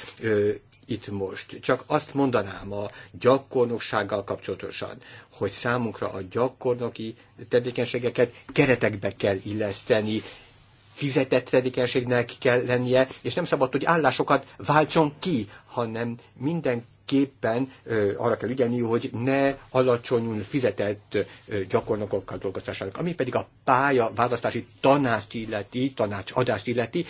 itt most. Csak azt mondanám a gyakornoksággal kapcsolatosan, hogy számunkra a gyakornoki tevékenységeket keretekbe kell illeszteni, fizetett tevékenységnek kell lennie, és nem szabad, hogy állásokat váltson ki, hanem minden képpen ö, arra kell ügyelni, hogy ne alacsonyul fizetett ö, gyakornokokkal dolgoztassanak. Ami pedig a pálya választási tanács illeti, tanácsadást illeti,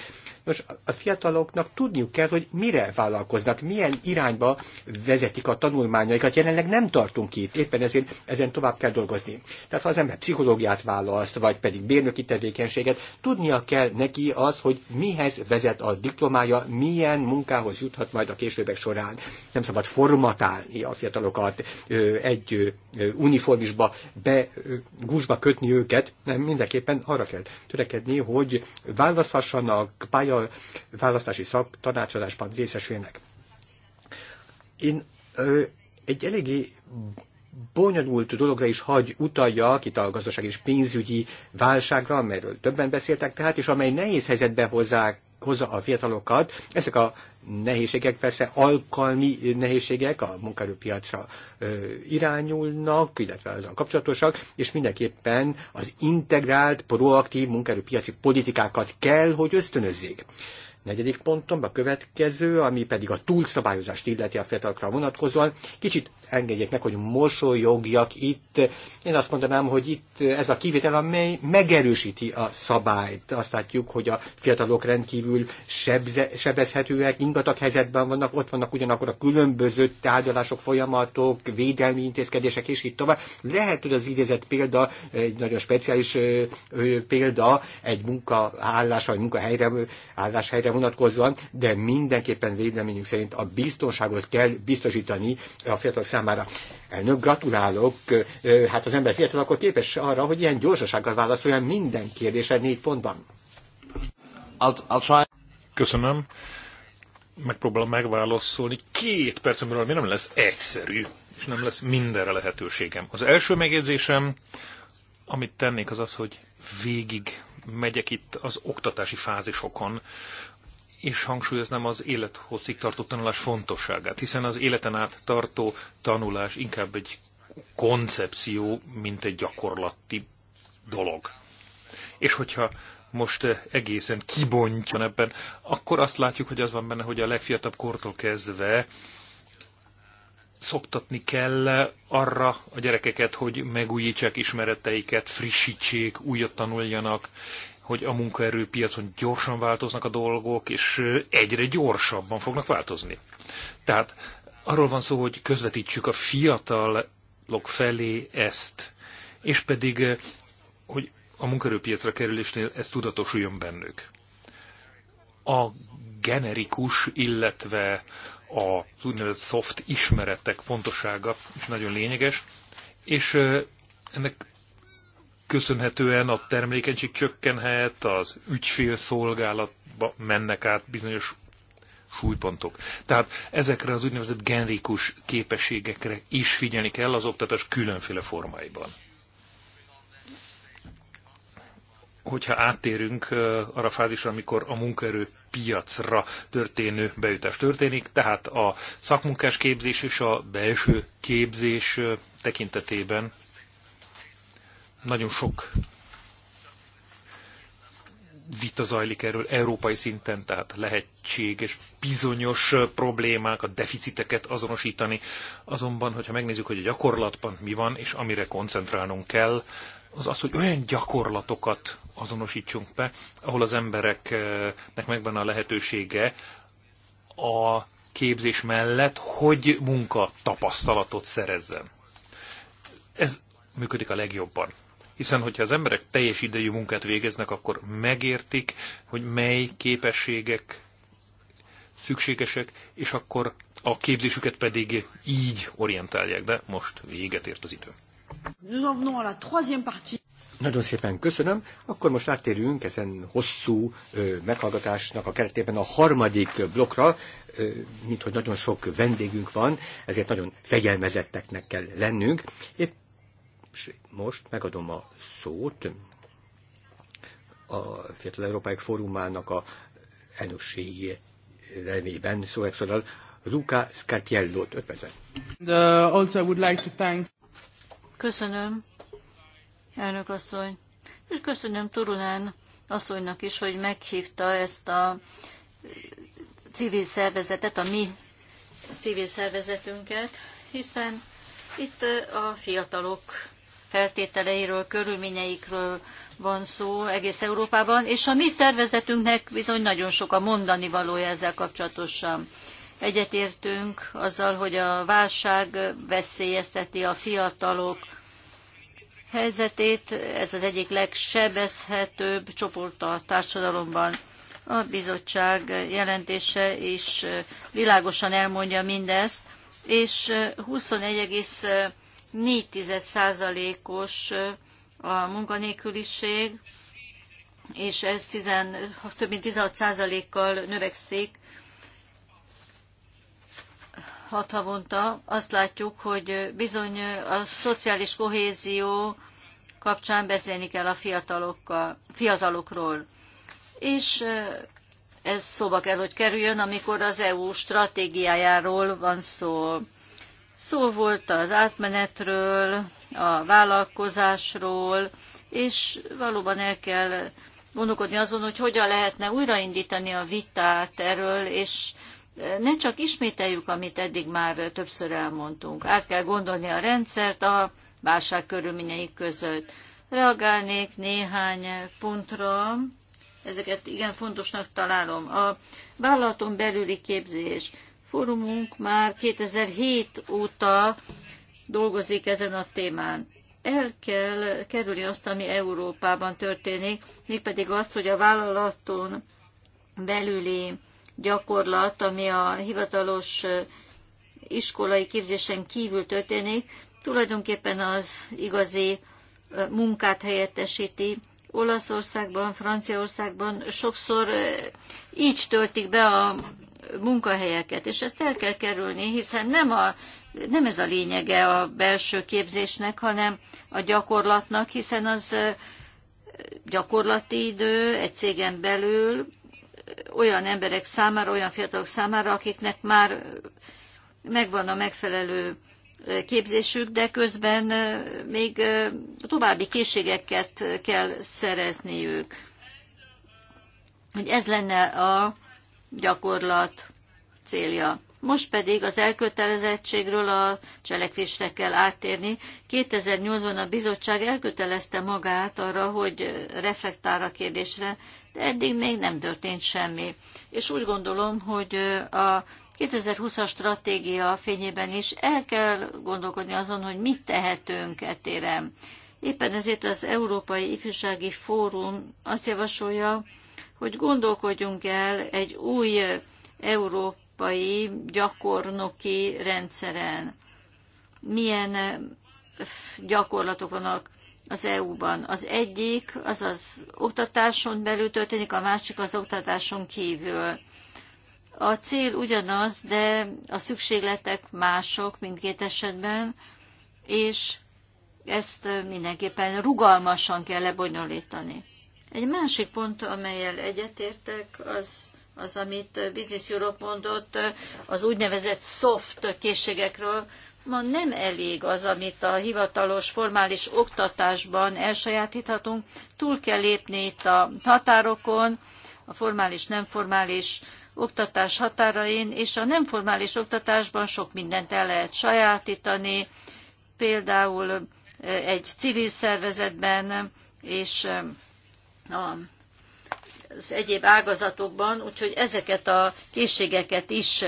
most a fiataloknak tudniuk kell, hogy mire vállalkoznak, milyen irányba vezetik a tanulmányaikat. Jelenleg nem tartunk itt, éppen ezért ezen tovább kell dolgozni. Tehát ha az ember pszichológiát választ, vagy pedig bérnöki tevékenységet, tudnia kell neki az, hogy mihez vezet a diplomája, milyen munkához juthat majd a későbbek során. Nem szabad formatálni a fiatalokat, egy uniformisba, be, gúzsba kötni őket, nem, mindenképpen arra kell törekedni, hogy választhassanak pálya a választási szaktanácsadásban részesülnek. Én ö, egy eléggé bonyolult dologra is hagy utalja, itt a gazdaság és pénzügyi válságra, amelyről többen beszéltek tehát, és amely nehéz helyzetbe hozzák hozza a fiatalokat. Ezek a nehézségek persze alkalmi nehézségek a munkaerőpiacra irányulnak, illetve a kapcsolatosak, és mindenképpen az integrált, proaktív munkaerőpiaci politikákat kell, hogy ösztönözzék negyedik pontom, a következő, ami pedig a túlszabályozást illeti a fiatalokra vonatkozóan. Kicsit engedjék meg, hogy mosolyogjak itt. Én azt mondanám, hogy itt ez a kivétel, amely megerősíti a szabályt. Azt látjuk, hogy a fiatalok rendkívül sebze, sebezhetőek, ingatak helyzetben vannak, ott vannak ugyanakkor a különböző tárgyalások, folyamatok, védelmi intézkedések, és így tovább. Lehet, hogy az idézett példa, egy nagyon speciális példa, egy munkaállás vagy munkahelyre, álláshelyre vonatkozóan, de mindenképpen véleményünk szerint a biztonságot kell biztosítani a fiatalok számára. Elnök, gratulálok, hát az ember fiatal akkor képes arra, hogy ilyen gyorsasággal válaszoljon minden kérdésre négy pontban. I'll, I'll try. Köszönöm. Megpróbálom megválaszolni. Két percem mi nem lesz egyszerű, és nem lesz mindenre lehetőségem. Az első megjegyzésem, amit tennék, az az, hogy végig megyek itt az oktatási fázisokon, és hangsúlyoznám az élethosszig tartó tanulás fontosságát, hiszen az életen át tartó tanulás inkább egy koncepció, mint egy gyakorlati dolog. És hogyha most egészen kibontjon ebben, akkor azt látjuk, hogy az van benne, hogy a legfiatalabb kortól kezdve szoktatni kell arra a gyerekeket, hogy megújítsák ismereteiket, frissítsék, újat tanuljanak, hogy a munkaerőpiacon gyorsan változnak a dolgok, és egyre gyorsabban fognak változni. Tehát arról van szó, hogy közvetítsük a fiatalok felé ezt, és pedig, hogy a munkaerőpiacra kerülésnél ez tudatosuljon bennük. A generikus, illetve a úgynevezett soft ismeretek fontossága is nagyon lényeges, és ennek köszönhetően a termelékenység csökkenhet, az ügyfélszolgálatba mennek át bizonyos súlypontok. Tehát ezekre az úgynevezett generikus képességekre is figyelni kell az oktatás különféle formáiban. Hogyha áttérünk arra a fázisra, amikor a munkaerő piacra történő bejutás történik, tehát a szakmunkás képzés és a belső képzés tekintetében nagyon sok vita zajlik erről európai szinten, tehát lehetséges bizonyos problémák, a deficiteket azonosítani. Azonban, hogyha megnézzük, hogy a gyakorlatban mi van, és amire koncentrálnunk kell, az az, hogy olyan gyakorlatokat azonosítsunk be, ahol az embereknek megvan a lehetősége a képzés mellett, hogy munka tapasztalatot szerezzen. Ez működik a legjobban hiszen hogyha az emberek teljes idejű munkát végeznek, akkor megértik, hogy mely képességek szükségesek, és akkor a képzésüket pedig így orientálják, de most véget ért az idő. Nagyon szépen köszönöm. Akkor most áttérünk ezen hosszú ö, meghallgatásnak a keretében a harmadik blokkra, mint hogy nagyon sok vendégünk van, ezért nagyon fegyelmezetteknek kell lennünk. Épp és most megadom a szót a Fiatal Európai Fórumának a elnökségi remében szóval, szóval Luca Scarpiellót ötvezet. Uh, also would like to thank... Köszönöm, elnök asszony, és köszönöm Turunán asszonynak is, hogy meghívta ezt a uh, civil szervezetet, a mi civil szervezetünket, hiszen itt uh, a fiatalok feltételeiről, körülményeikről van szó egész Európában, és a mi szervezetünknek bizony nagyon sok a mondani valója ezzel kapcsolatosan. Egyetértünk azzal, hogy a válság veszélyezteti a fiatalok helyzetét, ez az egyik legsebezhetőbb csoport a társadalomban. A bizottság jelentése is világosan elmondja mindezt, és 21 4%-os a munkanélküliség, és ez 10, több mint 16%-kal növekszik hat havonta. Azt látjuk, hogy bizony a szociális kohézió kapcsán beszélni kell a fiatalokkal, fiatalokról. És ez szóba kell, hogy kerüljön, amikor az EU stratégiájáról van szó. Szó volt az átmenetről, a vállalkozásról, és valóban el kell gondolkodni azon, hogy hogyan lehetne újraindítani a vitát erről, és e, ne csak ismételjük, amit eddig már többször elmondtunk. Át kell gondolni a rendszert a válság körülményei között. Reagálnék néhány pontra, ezeket igen fontosnak találom. A vállalaton belüli képzés fórumunk már 2007 óta dolgozik ezen a témán. El kell kerülni azt, ami Európában történik, mégpedig azt, hogy a vállalaton belüli gyakorlat, ami a hivatalos iskolai képzésen kívül történik, tulajdonképpen az igazi munkát helyettesíti. Olaszországban, Franciaországban sokszor így töltik be a munkahelyeket, és ezt el kell kerülni, hiszen nem, a, nem ez a lényege a belső képzésnek, hanem a gyakorlatnak, hiszen az gyakorlati idő egy cégen belül olyan emberek számára, olyan fiatalok számára, akiknek már megvan a megfelelő képzésük, de közben még további készségeket kell szerezniük. Hogy ez lenne a gyakorlat célja. Most pedig az elkötelezettségről a cselekvésre kell áttérni. 2008-ban a bizottság elkötelezte magát arra, hogy reflektál a kérdésre, de eddig még nem történt semmi. És úgy gondolom, hogy a 2020-as stratégia fényében is el kell gondolkodni azon, hogy mit tehetünk etérem. Éppen ezért az Európai Ifjúsági Fórum azt javasolja, hogy gondolkodjunk el egy új európai gyakornoki rendszeren. Milyen eh, gyakorlatok vannak az EU-ban. Az egyik az az oktatáson belül történik, a másik az oktatáson kívül. A cél ugyanaz, de a szükségletek mások mindkét esetben, és ezt eh, mindenképpen rugalmasan kell lebonyolítani. Egy másik pont, amelyel egyetértek, az az, amit Business Europe mondott, az úgynevezett soft készségekről, ma nem elég az, amit a hivatalos, formális oktatásban elsajátíthatunk. Túl kell lépni itt a határokon, a formális, nem formális oktatás határain, és a nem formális oktatásban sok mindent el lehet sajátítani, például egy civil szervezetben, és az egyéb ágazatokban, úgyhogy ezeket a készségeket is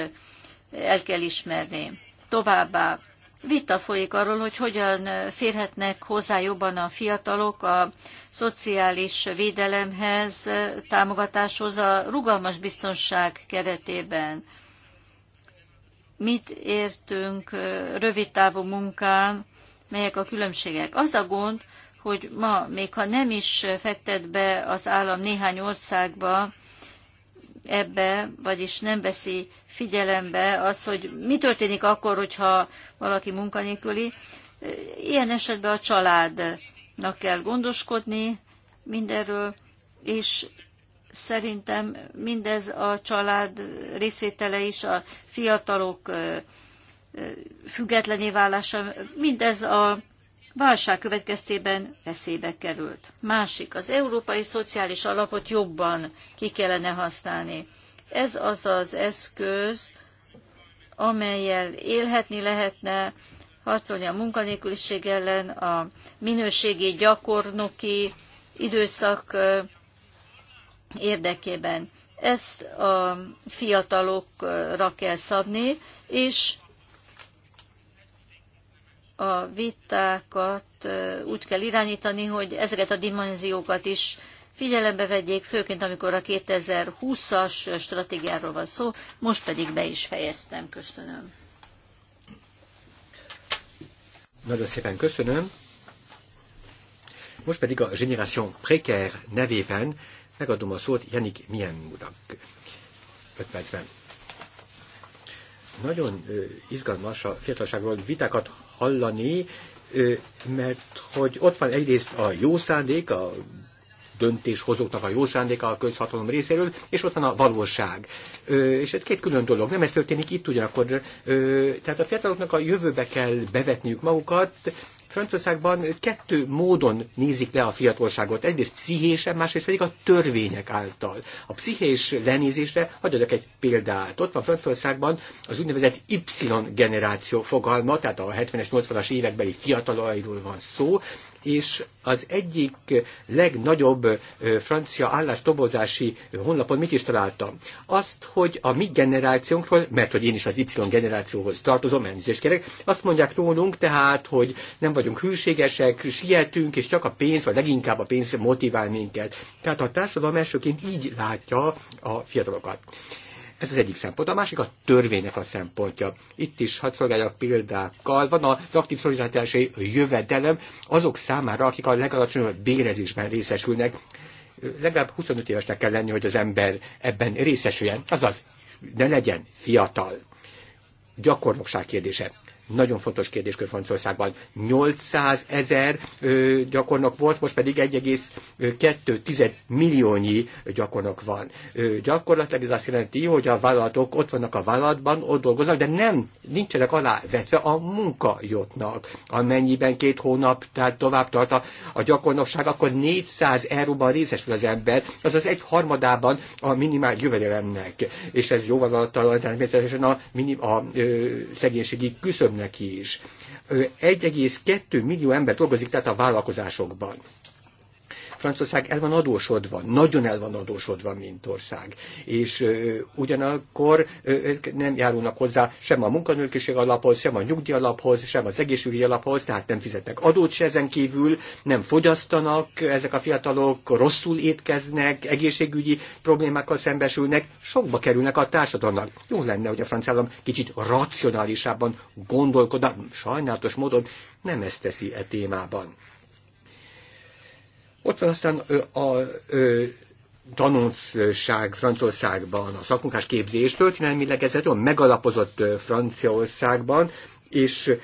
el kell ismerni. Továbbá vita folyik arról, hogy hogyan férhetnek hozzá jobban a fiatalok a szociális védelemhez, támogatáshoz a rugalmas biztonság keretében. Mit értünk rövidtávú munkán, melyek a különbségek? Az a gond, hogy ma, még ha nem is fektet be az állam néhány országba ebbe, vagyis nem veszi figyelembe az, hogy mi történik akkor, hogyha valaki munkanélküli, ilyen esetben a családnak kell gondoskodni mindenről, és szerintem mindez a család részvétele is, a fiatalok függetlené válása, mindez a válság következtében veszélybe került. Másik, az európai szociális alapot jobban ki kellene használni. Ez az az eszköz, amelyel élhetni lehetne, harcolni a munkanélküliség ellen, a minőségi gyakornoki időszak érdekében. Ezt a fiatalokra kell szabni, és a vitákat úgy kell irányítani, hogy ezeket a dimenziókat is figyelembe vegyék, főként amikor a 2020-as stratégiáról van szó, most pedig be is fejeztem. Köszönöm. Nagyon szépen köszönöm. Most pedig a Generation Précaire nevében megadom a szót Janik Milyen urak. 5 percben. Nagyon izgalmas a fiatalságról vitákat hallani, mert hogy ott van egyrészt a jó szándék, a döntéshozóknak a jó szándéka a közhatalom részéről, és ott van a valóság. Ö, és ez két külön dolog. Nem ez történik itt ugyanakkor. Ö, tehát a fiataloknak a jövőbe kell bevetniük magukat, Franciaországban kettő módon nézik le a fiatalságot. Egyrészt pszichésen, másrészt pedig a törvények által. A pszichés lenézésre hagyjanak egy példát. Ott van Franciaországban az úgynevezett Y generáció fogalma, tehát a 70-es, 80-as évekbeli fiatalairól van szó, és az egyik legnagyobb francia állástobozási honlapon mit is találtam? Azt, hogy a mi generációnkról, mert hogy én is az Y generációhoz tartozom, elnézést kérek, azt mondják rólunk tehát, hogy nem vagyunk hűségesek, sietünk, és csak a pénz, vagy leginkább a pénz motivál minket. Tehát a társadalom elsőként így látja a fiatalokat. Ez az egyik szempont. A másik a törvénynek a szempontja. Itt is hadd szolgáljak példákkal. Van az aktív szolidaritási jövedelem azok számára, akik a legalacsonyabb bérezésben részesülnek. Legalább 25 évesnek kell lenni, hogy az ember ebben részesüljen. Azaz, ne legyen fiatal. Gyakornokság kérdése. Nagyon fontos kérdéskör Franciaországban. 800 ezer gyakornok volt, most pedig 1,2 milliónyi gyakornok van. Ö, gyakorlatilag ez azt jelenti, hogy a vállalatok ott vannak a vállalatban, ott dolgoznak, de nem, nincsenek alávetve a munkajotnak. Amennyiben két hónap, tehát tovább tart a, a gyakornokság, akkor 400 euróban részesül az ember, azaz egy harmadában a minimál jövedelemnek. És ez jóval alatt természetesen a, minim, a a szegénységi küszöbnek neki is. 1,2 millió ember dolgozik tehát a vállalkozásokban. Franciaország el van adósodva, nagyon el van adósodva, mint ország. És uh, ugyanakkor uh, ők nem járulnak hozzá sem a munkanőkiség alaphoz, sem a nyugdíj alaphoz, sem az egészségügyi alaphoz, tehát nem fizetnek adót se ezen kívül, nem fogyasztanak ezek a fiatalok, rosszul étkeznek, egészségügyi problémákkal szembesülnek, sokba kerülnek a társadalomnak. Jó lenne, hogy a francia állam kicsit racionálisabban gondolkodna, sajnálatos módon nem ezt teszi e témában. Ott van aztán a, a, tanulság Franciaországban, a szakmunkás képzés történelmileg ez egy olyan megalapozott Franciaországban, és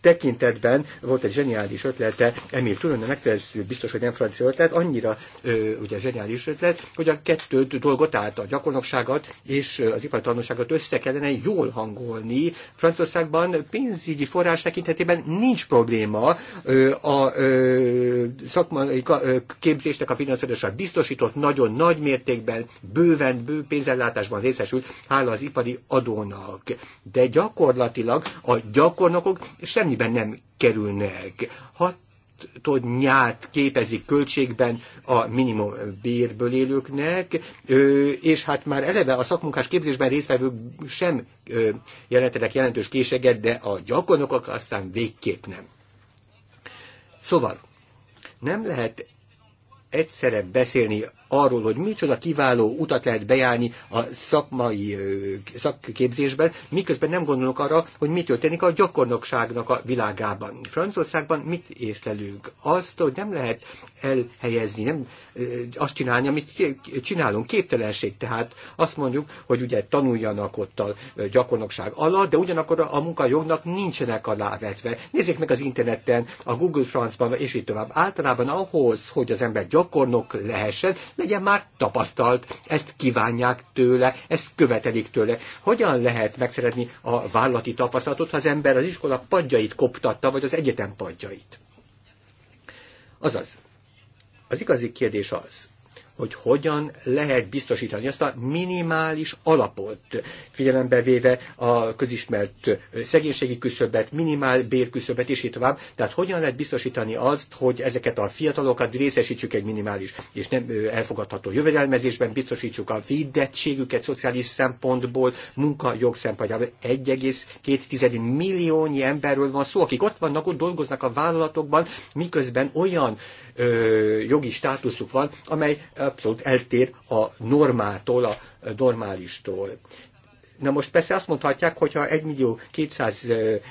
tekintetben volt egy zseniális ötlete, Emil Turönnek, de ez biztos, hogy nem francia ötlet, annyira ö, ugye zseniális ötlet, hogy a kettő dolgot, állt, a gyakornokságot és az ipartanulságot össze kellene jól hangolni. Franciaországban pénzügyi forrás tekintetében nincs probléma ö, a ö, szakmai ö, képzésnek a finanszírozása biztosított nagyon nagy mértékben, bőven, bő pénzellátásban részesült, hála az ipari adónak. De gyakorlatilag a gyakornokok sem mennyiben nem kerülnek. Hat nyát képezik költségben a minimum bérből élőknek, és hát már eleve a szakmunkás képzésben résztvevők sem jelentenek jelentős késeget, de a gyakornokok aztán végképp nem. Szóval nem lehet egyszerre beszélni arról, hogy micsoda kiváló utat lehet bejárni a szakmai szakképzésben, miközben nem gondolok arra, hogy mi történik a gyakornokságnak a világában. Franciaországban mit észlelünk? Azt, hogy nem lehet elhelyezni, nem azt csinálni, amit csinálunk, képtelenség. Tehát azt mondjuk, hogy ugye tanuljanak ott a gyakornokság alatt, de ugyanakkor a munkajognak nincsenek alávetve. Nézzék meg az interneten, a Google France-ban, és így tovább. Általában ahhoz, hogy az ember gyakornok lehessen, legyen már tapasztalt, ezt kívánják tőle, ezt követelik tőle. Hogyan lehet megszerezni a vállati tapasztalatot, ha az ember az iskola padjait koptatta, vagy az egyetem padjait? Azaz, az igazi kérdés az, hogy hogyan lehet biztosítani azt a minimális alapot, figyelembe véve a közismert szegénységi küszöbet, minimál bérküszöbet és így tovább. Tehát hogyan lehet biztosítani azt, hogy ezeket a fiatalokat részesítsük egy minimális és nem elfogadható jövedelmezésben, biztosítsuk a védettségüket szociális szempontból, munkajog szempontjából. 1,2 milliónyi emberről van szó, akik ott vannak, ott dolgoznak a vállalatokban, miközben olyan ö, jogi státuszuk van, amely ö, abszolút eltér a normától, a normálistól. Na most persze azt mondhatják, hogy ha 1 millió 200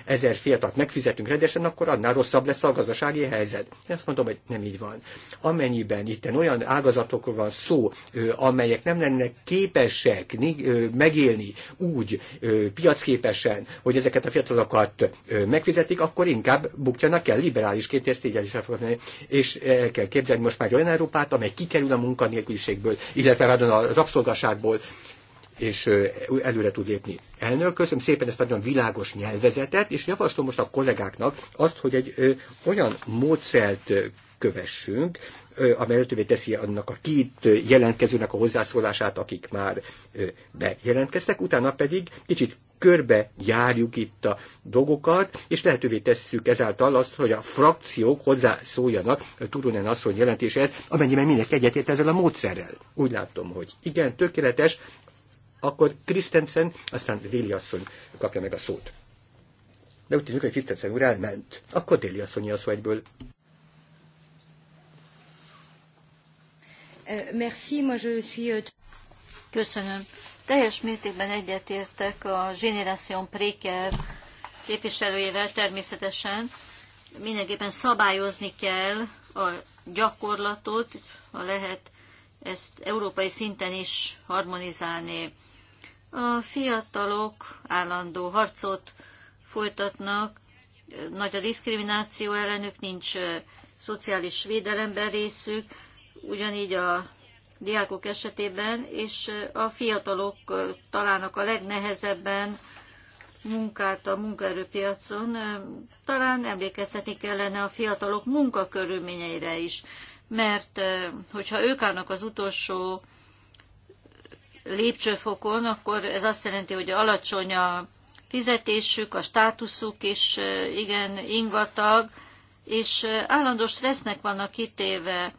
ezer fiatalt megfizetünk rendesen, akkor annál rosszabb lesz a gazdasági helyzet. Én azt mondom, hogy nem így van. Amennyiben itt olyan ágazatokról van szó, amelyek nem lennének képesek megélni úgy piacképesen, hogy ezeket a fiatalokat megfizetik, akkor inkább bukjanak el. Liberálisként ezt így el is elfogadni. És el kell képzelni most már olyan Európát, amely kikerül a munkanélküliségből, illetve a rabszolgaságból, és előre tud lépni. Elnök, köszönöm szépen ezt a nagyon világos nyelvezetet, és javaslom most a kollégáknak azt, hogy egy ö, olyan módszert kövessünk, amely lehetővé teszi annak a két jelentkezőnek a hozzászólását, akik már bejelentkeztek, utána pedig kicsit körbe járjuk itt a dolgokat, és lehetővé tesszük ezáltal azt, hogy a frakciók hozzászóljanak Turunen asszony jelentéséhez, amennyiben mindenki egyetért ezzel a módszerrel. Úgy látom, hogy igen, tökéletes, akkor Krisztensen, aztán Déli asszony kapja meg a szót. De úgy tűnik, hogy Krisztensen úr elment. Akkor Déli asszonyi a szó egyből. Merci, moi je suis... Köszönöm. Teljes mértékben egyetértek a Generation Préker képviselőjével természetesen. Mindenképpen szabályozni kell a gyakorlatot, ha lehet ezt európai szinten is harmonizálni. A fiatalok állandó harcot folytatnak, nagy a diszkrimináció ellenük, nincs szociális védelemben részük, ugyanígy a diákok esetében, és a fiatalok találnak a legnehezebben munkát a munkaerőpiacon. Talán emlékeztetni kellene a fiatalok munkakörülményeire is, mert hogyha ők állnak az utolsó lépcsőfokon, akkor ez azt jelenti, hogy alacsony a fizetésük, a státuszuk is igen ingatag, és állandó stressznek vannak kitéve,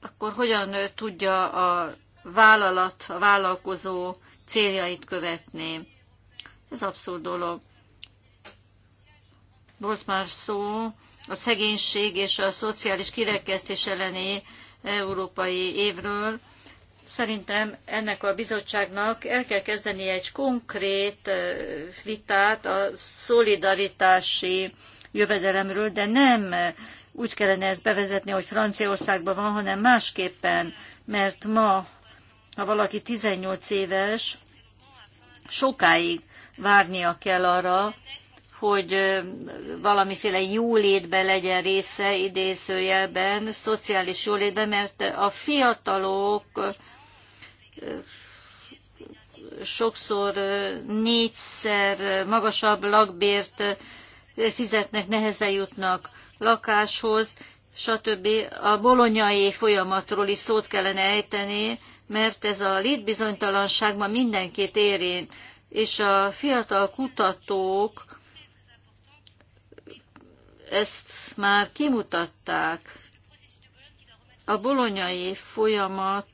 akkor hogyan tudja a vállalat, a vállalkozó céljait követni? Ez abszurd dolog. Volt már szó a szegénység és a szociális kirekesztés elleni európai évről, szerintem ennek a bizottságnak el kell kezdeni egy konkrét vitát a szolidaritási jövedelemről, de nem úgy kellene ezt bevezetni, hogy Franciaországban van, hanem másképpen, mert ma, ha valaki 18 éves, sokáig várnia kell arra, hogy valamiféle jólétben legyen része idézőjelben, szociális jólétben, mert a fiatalok sokszor négyszer magasabb lakbért fizetnek, nehezen jutnak lakáshoz, stb. A bolonyai folyamatról is szót kellene ejteni, mert ez a létbizonytalanság ma mindenkit érint, és a fiatal kutatók ezt már kimutatták. A bolonyai folyamat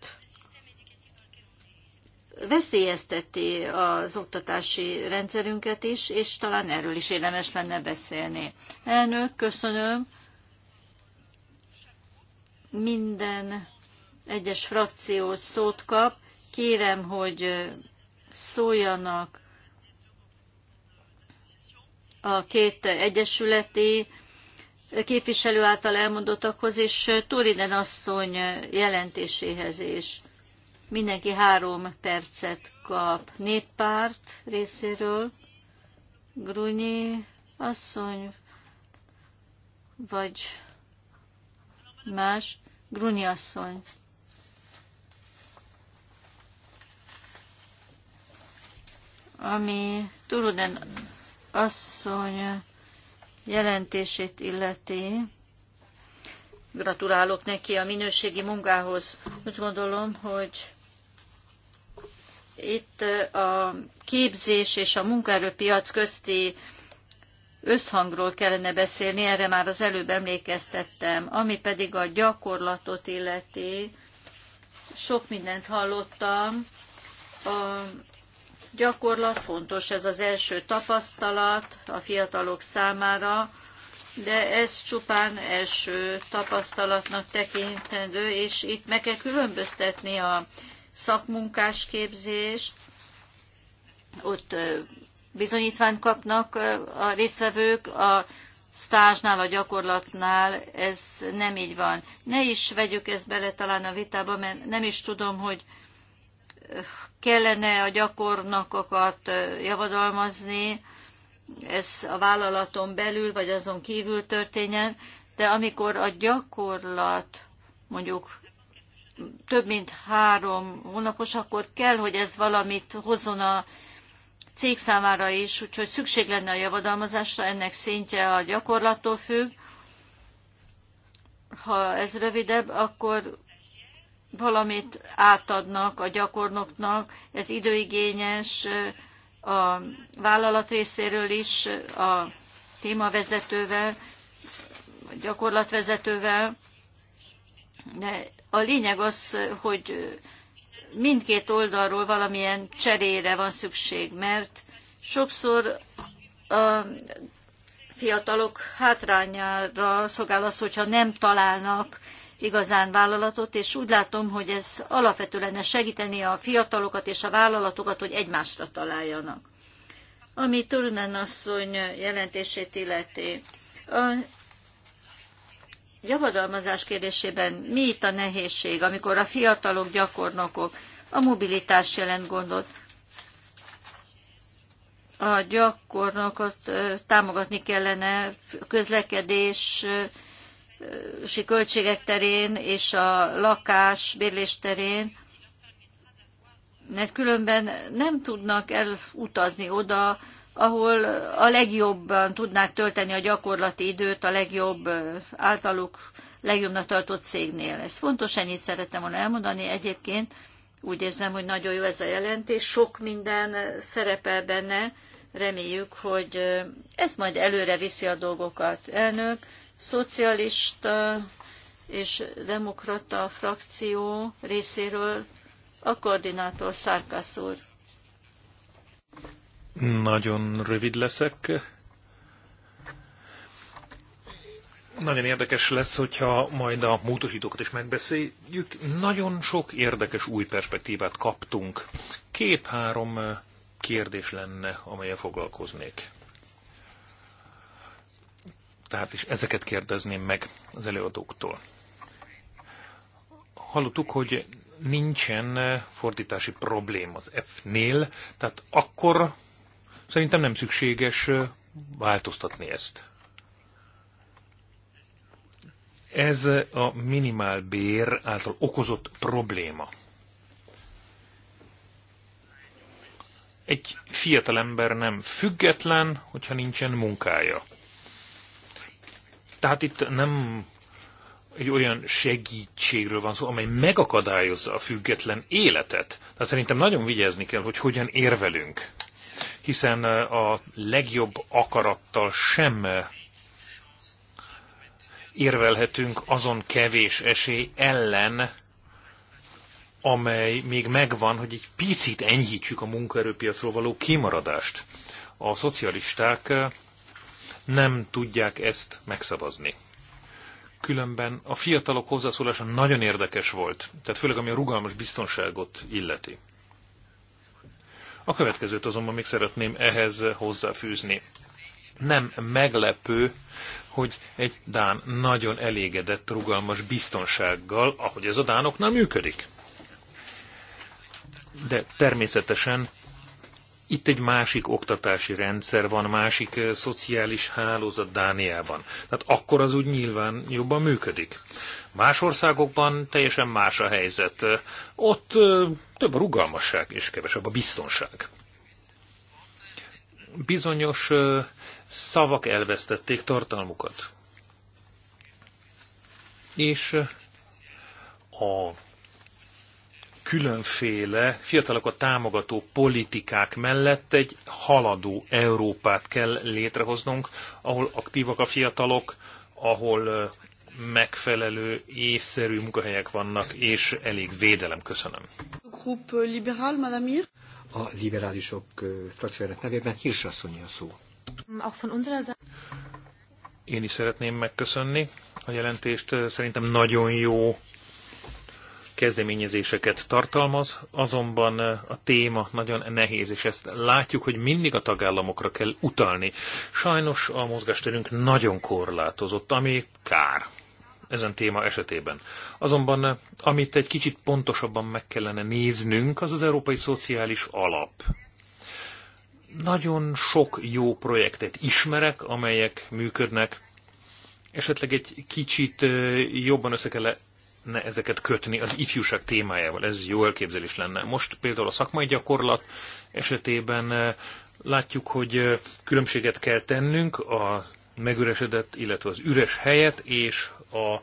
veszélyezteti az oktatási rendszerünket is, és talán erről is érdemes lenne beszélni. Elnök, köszönöm. Minden egyes frakció szót kap. Kérem, hogy szóljanak a két egyesületi képviselő által elmondottakhoz, és Turinen asszony jelentéséhez is. Mindenki három percet kap néppárt részéről. Grunyi asszony, vagy más. Grunyi asszony. Ami Turunen asszony jelentését illeti, gratulálok neki a minőségi munkához. Úgy gondolom, hogy itt a képzés és a munkaerőpiac közti összhangról kellene beszélni, erre már az előbb emlékeztettem. Ami pedig a gyakorlatot illeti, sok mindent hallottam a gyakorlat fontos, ez az első tapasztalat a fiatalok számára, de ez csupán első tapasztalatnak tekintendő, és itt meg kell különböztetni a szakmunkás képzést, ott bizonyítványt kapnak a résztvevők, a stázsnál, a gyakorlatnál ez nem így van. Ne is vegyük ezt bele talán a vitába, mert nem is tudom, hogy kellene a gyakornokokat javadalmazni, ez a vállalaton belül vagy azon kívül történjen, de amikor a gyakorlat mondjuk több mint három hónapos, akkor kell, hogy ez valamit hozzon a cég számára is, úgyhogy szükség lenne a javadalmazásra, ennek szintje a gyakorlattól függ. Ha ez rövidebb, akkor valamit átadnak a gyakornoknak, ez időigényes a vállalat részéről is, a témavezetővel, a gyakorlatvezetővel, de a lényeg az, hogy mindkét oldalról valamilyen cserére van szükség, mert sokszor a fiatalok hátrányára szolgál az, hogyha nem találnak igazán vállalatot, és úgy látom, hogy ez alapvetően segíteni a fiatalokat és a vállalatokat, hogy egymásra találjanak. Ami Turunen asszony jelentését illeti. A javadalmazás kérdésében mi itt a nehézség, amikor a fiatalok, gyakornokok, a mobilitás jelent gondot, a gyakornokot támogatni kellene, közlekedés, költségek terén és a lakás bérlés terén, mert különben nem tudnak elutazni oda, ahol a legjobban tudnák tölteni a gyakorlati időt a legjobb általuk legjobbnak tartott cégnél. Ez fontos, ennyit szerettem volna elmondani. Egyébként úgy érzem, hogy nagyon jó ez a jelentés, sok minden szerepel benne, reméljük, hogy ez majd előre viszi a dolgokat. Elnök, szocialista és demokrata frakció részéről a koordinátor Szárkász úr. Nagyon rövid leszek. Nagyon érdekes lesz, hogyha majd a módosítókat is megbeszéljük. Nagyon sok érdekes új perspektívát kaptunk. Két-három kérdés lenne, amelyel foglalkoznék. Tehát is ezeket kérdezném meg az előadóktól. Hallottuk, hogy nincsen eh, fordítási probléma az F-nél, tehát akkor szerintem nem szükséges eh, változtatni ezt. Ez eh, a minimálbér által okozott probléma. Egy fiatalember nem független, hogyha nincsen munkája. Tehát itt nem egy olyan segítségről van szó, amely megakadályozza a független életet. Tehát szerintem nagyon vigyázni kell, hogy hogyan érvelünk. Hiszen eh, a legjobb akarattal sem eh, érvelhetünk azon kevés esély ellen, amely még megvan, hogy egy picit enyhítsük a munkaerőpiacról való kimaradást. A szocialisták eh, nem tudják ezt megszavazni. Különben a fiatalok hozzászólása nagyon érdekes volt, tehát főleg ami a rugalmas biztonságot illeti. A következőt azonban még szeretném ehhez hozzáfűzni. Nem meglepő, hogy egy Dán nagyon elégedett rugalmas biztonsággal, ahogy ez a Dánoknál működik. De természetesen itt egy másik oktatási rendszer van, másik eh, szociális hálózat Dániában. Tehát akkor az úgy nyilván jobban működik. Más országokban teljesen más a helyzet. Eh, ott eh, több a rugalmasság és kevesebb a biztonság. Bizonyos szavak elvesztették tartalmukat. És a különféle fiatalokat támogató politikák mellett egy haladó Európát kell létrehoznunk, ahol aktívak a fiatalok, ahol megfelelő, észszerű munkahelyek vannak, és elég védelem. Köszönöm. A liberálisok frakciójának nevében Hirsasszonyi a szó. Én is szeretném megköszönni a jelentést. Szerintem nagyon jó kezdeményezéseket tartalmaz, azonban eh, a téma nagyon nehéz, és ezt látjuk, hogy mindig a tagállamokra kell utalni. Sajnos a mozgásterünk nagyon korlátozott, ami kár ezen téma esetében. Azonban, eh, amit egy kicsit pontosabban meg kellene néznünk, az az Európai Szociális Alap. Nagyon sok jó projektet ismerek, amelyek működnek, esetleg egy kicsit eh, jobban össze kell lehetne ezeket kötni az ifjúság témájával. Ez jó elképzelés lenne. Most például a szakmai gyakorlat esetében eh, látjuk, hogy eh, különbséget kell tennünk a megüresedett, illetve az üres helyet és a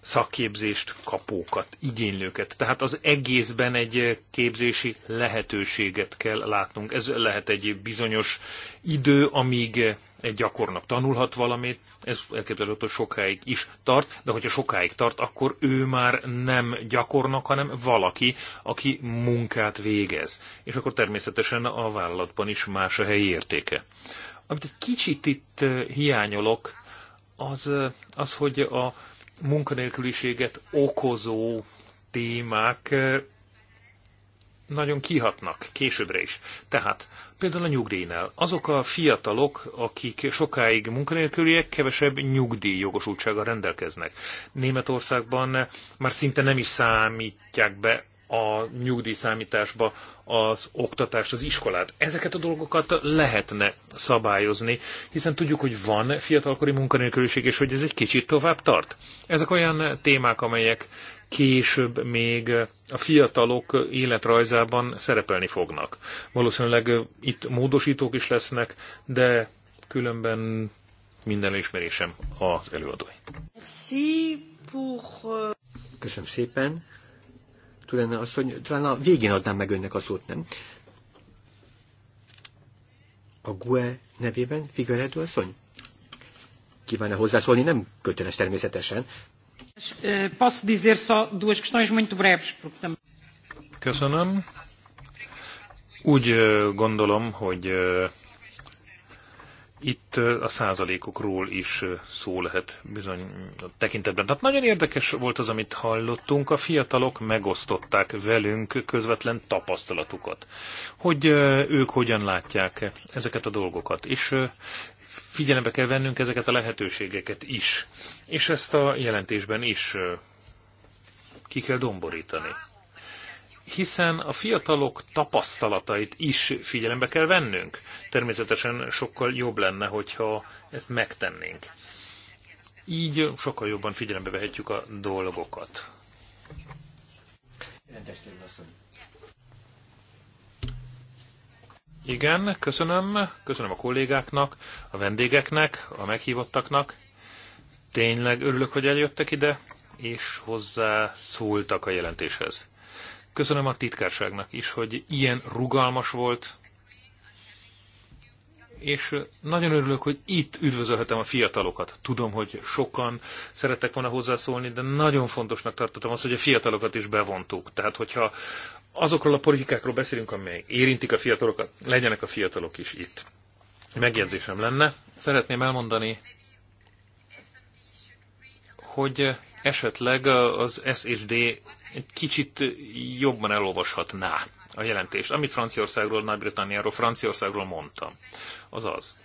szakképzést kapókat, igénylőket. Tehát az egészben egy eh, képzési lehetőséget kell látnunk. Ez lehet egy bizonyos idő, amíg egy gyakornok tanulhat valamit, ez elképzelhető, hogy sokáig is tart, de hogyha sokáig tart, akkor ő már nem gyakornok, hanem valaki, aki munkát végez. És akkor természetesen a vállalatban is más a helyi értéke. Amit egy kicsit itt eh, hiányolok, az, eh, az hogy a munkanélküliséget okozó témák eh, nagyon kihatnak későbbre is. Tehát például a nyugdíjnál azok a fiatalok, akik sokáig munkanélküliek, kevesebb nyugdíj rendelkeznek. Németországban már szinte nem is számítják be a nyugdíjszámításba az oktatást, az iskolát. Ezeket a dolgokat lehetne szabályozni, hiszen tudjuk, hogy van fiatalkori munkanélküliség, és hogy ez egy kicsit tovább tart. Ezek olyan témák, amelyek később még a fiatalok életrajzában szerepelni fognak. Valószínűleg itt módosítók is lesznek, de különben minden ismerésem az előadói. Euh, Köszönöm szépen. azt, hogy, talán a végén adnám meg önnek a szót, nem? A GUE nevében Figueredo asszony? Kívánna hozzászólni? Nem köteles természetesen. Eh, posso dizer só duas questões muito breves, porque também... Köszönöm. Úgy eh, gondolom, hogy eh, itt a százalékokról is szó lehet bizony a tekintetben. Tehát nagyon érdekes volt az, amit hallottunk. A fiatalok megosztották velünk közvetlen tapasztalatukat, hogy ők hogyan látják ezeket a dolgokat. És figyelembe kell vennünk ezeket a lehetőségeket is. És ezt a jelentésben is ki kell domborítani. Hiszen a fiatalok tapasztalatait is figyelembe kell vennünk. Természetesen sokkal jobb lenne, hogyha ezt megtennénk. Így sokkal jobban figyelembe vehetjük a dolgokat. Rendestőr Igen, köszönöm. Köszönöm a kollégáknak, a vendégeknek, a meghívottaknak. Tényleg örülök, hogy eljöttek ide, és hozzá szóltak a jelentéshez. Köszönöm a titkárságnak is, hogy ilyen rugalmas volt, és nagyon örülök, hogy itt üdvözölhetem a fiatalokat. Tudom, hogy sokan szerettek volna hozzászólni, de nagyon fontosnak tartottam azt, hogy a fiatalokat is bevontuk. Tehát, hogyha azokról a politikákról beszélünk, amelyek érintik a fiatalokat, legyenek a fiatalok is itt. Megjegyzésem lenne, szeretném elmondani, hogy esetleg az SSD egy kicsit jobban elolvashatná a jelentést. Amit Franciaországról, Nagy-Britanniáról, Franciaországról mondtam, az az,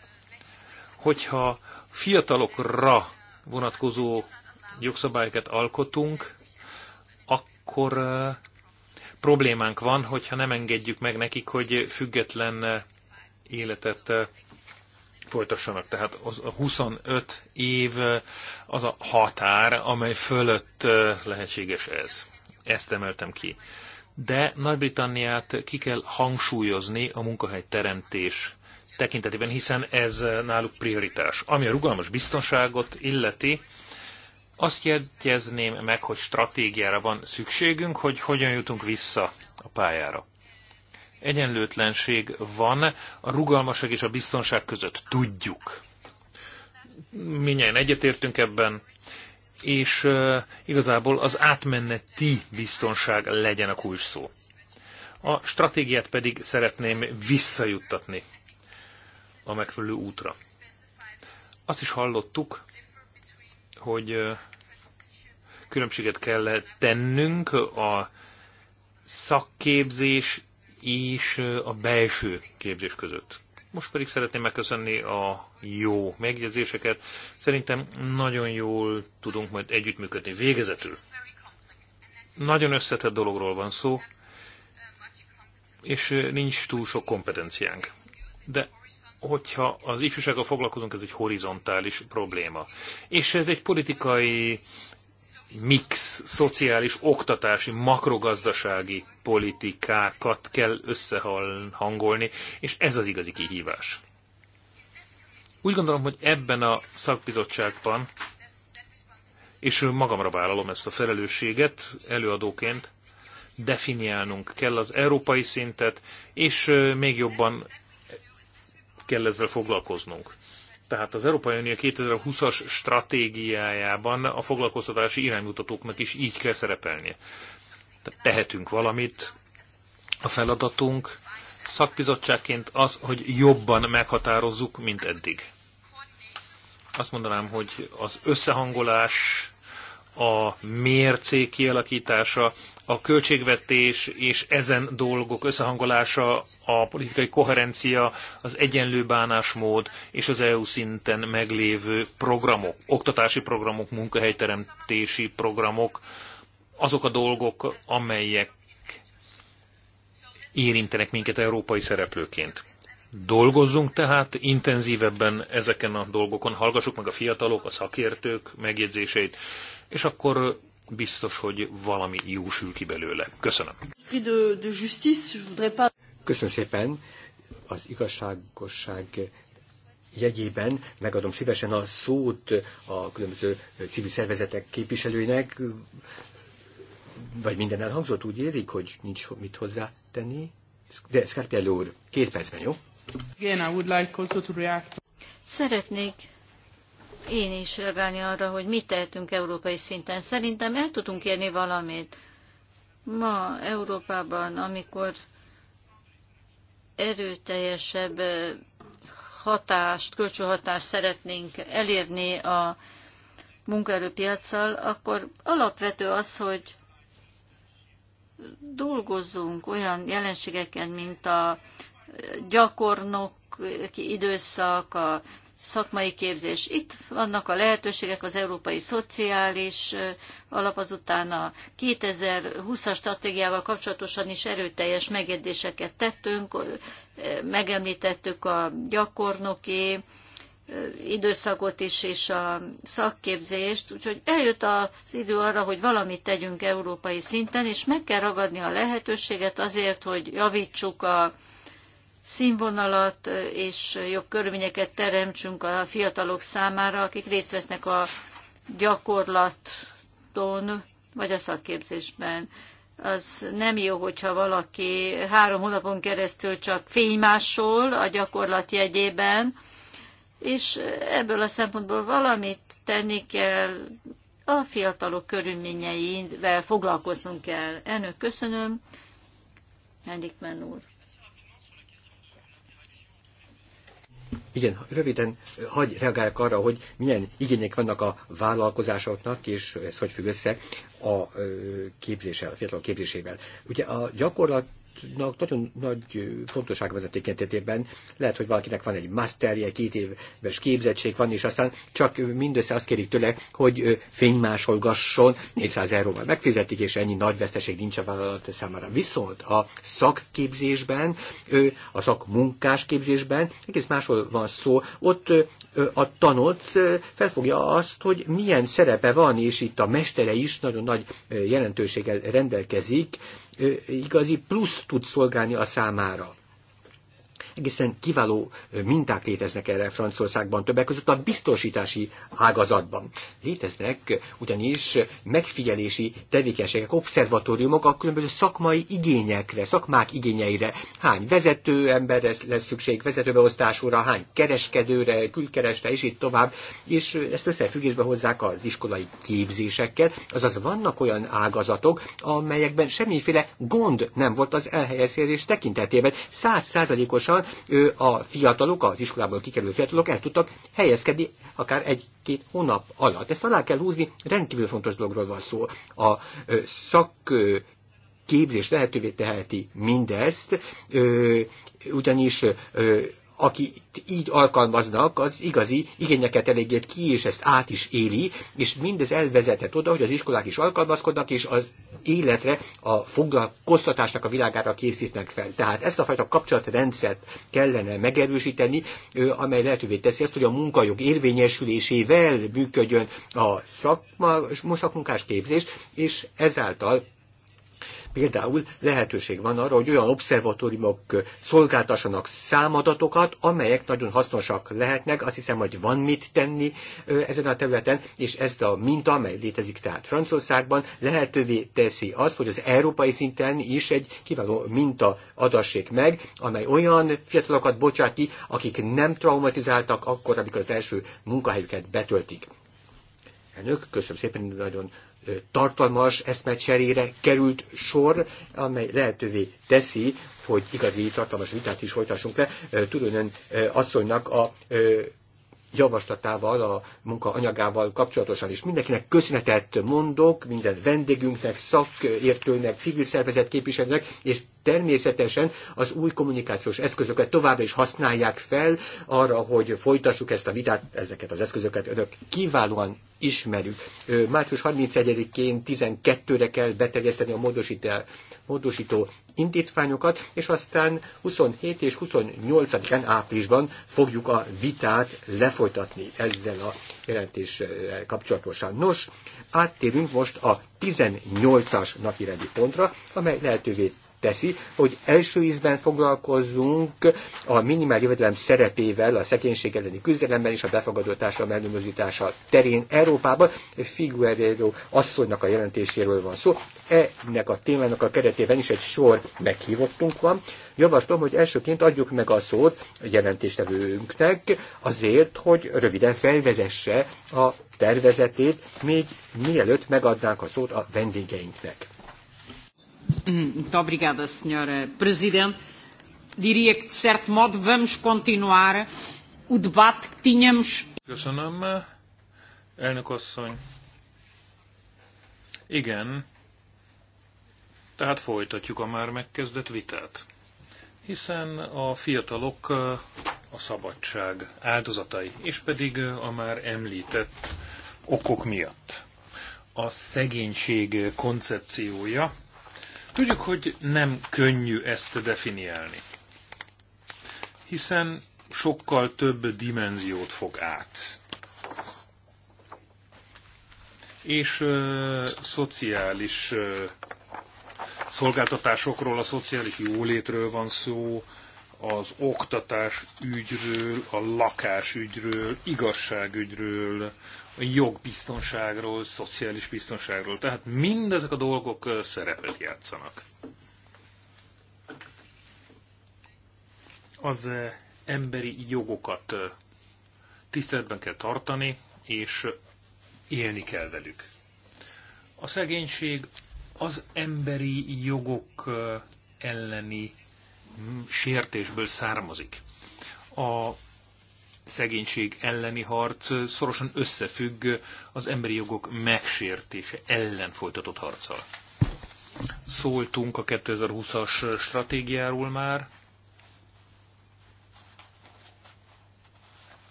hogyha fiatalokra vonatkozó jogszabályokat alkotunk, akkor problémánk van, hogyha nem engedjük meg nekik, hogy független életet eh, folytassanak. Tehát a 25 év eh, az a határ, amely fölött eh, lehetséges ez. Ezt emeltem ki. De Nagy-Britanniát ki kell hangsúlyozni a munkahely teremtés tekintetében, hiszen ez náluk prioritás. Ami a rugalmas biztonságot illeti, azt jegyezném meg, hogy stratégiára van szükségünk, hogy hogyan jutunk vissza a pályára. Egyenlőtlenség van a rugalmaság és a biztonság között. Tudjuk. Minnyáján egyetértünk ebben, és uh, igazából az átmeneti biztonság legyen a kulcs szó. A stratégiát pedig szeretném visszajuttatni a megfelelő útra. Azt is hallottuk, hogy különbséget kell -e tennünk a szakképzés és a belső képzés között. Most pedig szeretném megköszönni a jó megjegyzéseket. Szerintem nagyon jól tudunk majd együttműködni végezetül. Nagyon összetett dologról van szó, és nincs túl sok kompetenciánk. De hogyha az ifjúsággal foglalkozunk, ez egy horizontális probléma. És ez egy politikai mix, szociális, oktatási, makrogazdasági politikákat kell összehangolni, és ez az igazi kihívás. Úgy gondolom, hogy ebben a szakbizottságban, és magamra vállalom ezt a felelősséget előadóként, definiálnunk kell az európai szintet, és még jobban kell ezzel foglalkoznunk. Tehát az Európai Unió 2020-as stratégiájában a foglalkoztatási iránymutatóknak is így kell szerepelnie. Tehát tehetünk valamit, a feladatunk szakbizottságként az, hogy jobban meghatározzuk, mint eddig. Azt mondanám, hogy az összehangolás a mércé kialakítása, a költségvetés és ezen dolgok összehangolása, a politikai koherencia, az egyenlő bánásmód és az EU szinten meglévő programok, oktatási programok, munkahelyteremtési programok, azok a dolgok, amelyek érintenek minket európai szereplőként. Dolgozzunk tehát intenzívebben ezeken a dolgokon, hallgassuk meg a fiatalok, a szakértők megjegyzéseit, és akkor biztos, hogy valami jó sül ki belőle. Köszönöm. Köszönöm szépen. Az igazságosság jegyében megadom szívesen a szót a különböző civil szervezetek képviselőinek, vagy minden elhangzott, úgy érik, hogy nincs mit hozzátenni. De Scarpelli úr, két percben, jó? Again, I would like also to react. Szeretnék én is reagálni arra, hogy mit tehetünk európai szinten. Szerintem el tudunk érni valamit. Ma Európában, amikor erőteljesebb hatást, kölcsönhatást szeretnénk elérni a munkaerőpiacsal, akkor alapvető az, hogy dolgozzunk olyan jelenségeken, mint a gyakornok időszak, a szakmai képzés. Itt vannak a lehetőségek az európai szociális alap, azután a 2020-as stratégiával kapcsolatosan is erőteljes megjegyzéseket tettünk, megemlítettük a gyakornoki időszakot is, és a szakképzést, úgyhogy eljött az idő arra, hogy valamit tegyünk európai szinten, és meg kell ragadni a lehetőséget azért, hogy javítsuk a színvonalat és jobb körülményeket teremtsünk a fiatalok számára, akik részt vesznek a gyakorlaton vagy a szakképzésben. Az nem jó, hogyha valaki három hónapon keresztül csak fénymásol a gyakorlat jegyében, és ebből a szempontból valamit tenni kell, a fiatalok körülményeivel foglalkoznunk kell. Elnök, köszönöm. Henrik úr. Igen, röviden hagyj reagálják arra, hogy milyen igények vannak a vállalkozásoknak, és ez hogy függ össze a képzéssel, a fiatal képzésével. Ugye a gyakorlat tudnak nagyon nagy fontosság van Lehet, hogy valakinek van egy masterje, két éves képzettség van, és aztán csak mindössze azt kérik tőle, hogy fénymásolgasson, 400 euróval megfizetik, és ennyi nagy veszteség nincs a vállalat számára. Viszont a szakképzésben, a szakmunkás képzésben egész máshol van szó. Ott a tanoc felfogja azt, hogy milyen szerepe van, és itt a mestere is nagyon nagy jelentőséggel rendelkezik, igazi plusz tud szolgálni a számára egészen kiváló minták léteznek erre Franciaországban, többek között a biztosítási ágazatban. Léteznek ugyanis megfigyelési tevékenységek, obszervatóriumok a különböző szakmai igényekre, szakmák igényeire. Hány vezető emberre lesz szükség, vezetőbeosztásúra, hány kereskedőre, külkeresre, és így tovább. És ezt összefüggésbe hozzák az iskolai képzésekkel, azaz vannak olyan ágazatok, amelyekben semmiféle gond nem volt az elhelyezés tekintetében. Százszázalékosan a fiatalok, az iskolából kikerülő fiatalok el tudtak helyezkedni akár egy-két hónap alatt. Ezt alá kell húzni, rendkívül fontos dologról van szó. A szak képzés lehetővé teheti mindezt, ugyanis akit így alkalmaznak, az igazi igényeket elégít ki, és ezt át is éli, és mindez elvezethet oda, hogy az iskolák is alkalmazkodnak, és az életre, a foglalkoztatásnak a világára készítnek fel. Tehát ezt a fajta kapcsolatrendszert kellene megerősíteni, amely lehetővé teszi azt, hogy a munkajog érvényesülésével működjön a szakma, szakmunkás képzés, és ezáltal például lehetőség van arra, hogy olyan obszervatóriumok szolgáltassanak számadatokat, amelyek nagyon hasznosak lehetnek. Azt hiszem, hogy van mit tenni ezen a területen, és ezt a minta, amely létezik tehát Franciaországban, lehetővé teszi azt, hogy az európai szinten is egy kiváló minta adassék meg, amely olyan fiatalokat bocsát ki, akik nem traumatizáltak akkor, amikor az első munkahelyüket betöltik. Elnök, köszönöm szépen, nagyon tartalmas eszmecserére került sor, amely lehetővé teszi, hogy igazi tartalmas vitát is folytassunk le. Tudőnön asszonynak a javaslatával, a anyagával kapcsolatosan is. Mindenkinek köszönetet mondok, minden vendégünknek, szakértőnek, civil szervezet képviselőnek, és természetesen az új kommunikációs eszközöket továbbra is használják fel arra, hogy folytassuk ezt a vitát, ezeket az eszközöket önök kiválóan ismerjük. Március 31-én 12-re kell beterjeszteni a módosító, indítványokat, és aztán 27 és 28-án áprilisban fogjuk a vitát lefolytatni ezzel a jelentés kapcsolatosan. Nos, áttérünk most a 18-as napirendi pontra, amely lehetővé teszi, hogy első ízben foglalkozzunk a minimál jövedelem szerepével, a szegénység elleni küzdelemben és a befogadó társadalom ellenőrzítása terén Európában. Figueredo asszonynak a jelentéséről van szó. Ennek a témának a keretében is egy sor meghívottunk van. Javaslom, hogy elsőként adjuk meg a szót a jelentéstevőnknek azért, hogy röviden felvezesse a tervezetét, még mielőtt megadnánk a szót a vendégeinknek. Muito obrigada, Senhora Presidente. Diria que, de certo modo, vamos continuar o debate que tínhamos. Köszönöm, elnök asszony. Igen, tehát folytatjuk a már megkezdett vitát, hiszen a fiatalok a szabadság áldozatai, és pedig a már említett okok miatt. A szegénység koncepciója Tudjuk, hogy nem könnyű ezt definiálni, hiszen sokkal több dimenziót fog át. És ö, szociális ö, szolgáltatásokról, a szociális jólétről van szó, az oktatás ügyről, a lakás ügyről, igazságügyről, a jogbiztonságról, szociális biztonságról. Tehát mindezek a dolgok szerepet játszanak. Az emberi jogokat tiszteletben kell tartani, és élni kell velük. A szegénység az emberi jogok elleni sértésből származik. A szegénység elleni harc szorosan összefügg az emberi jogok megsértése ellen folytatott harccal. Szóltunk a 2020-as stratégiáról már.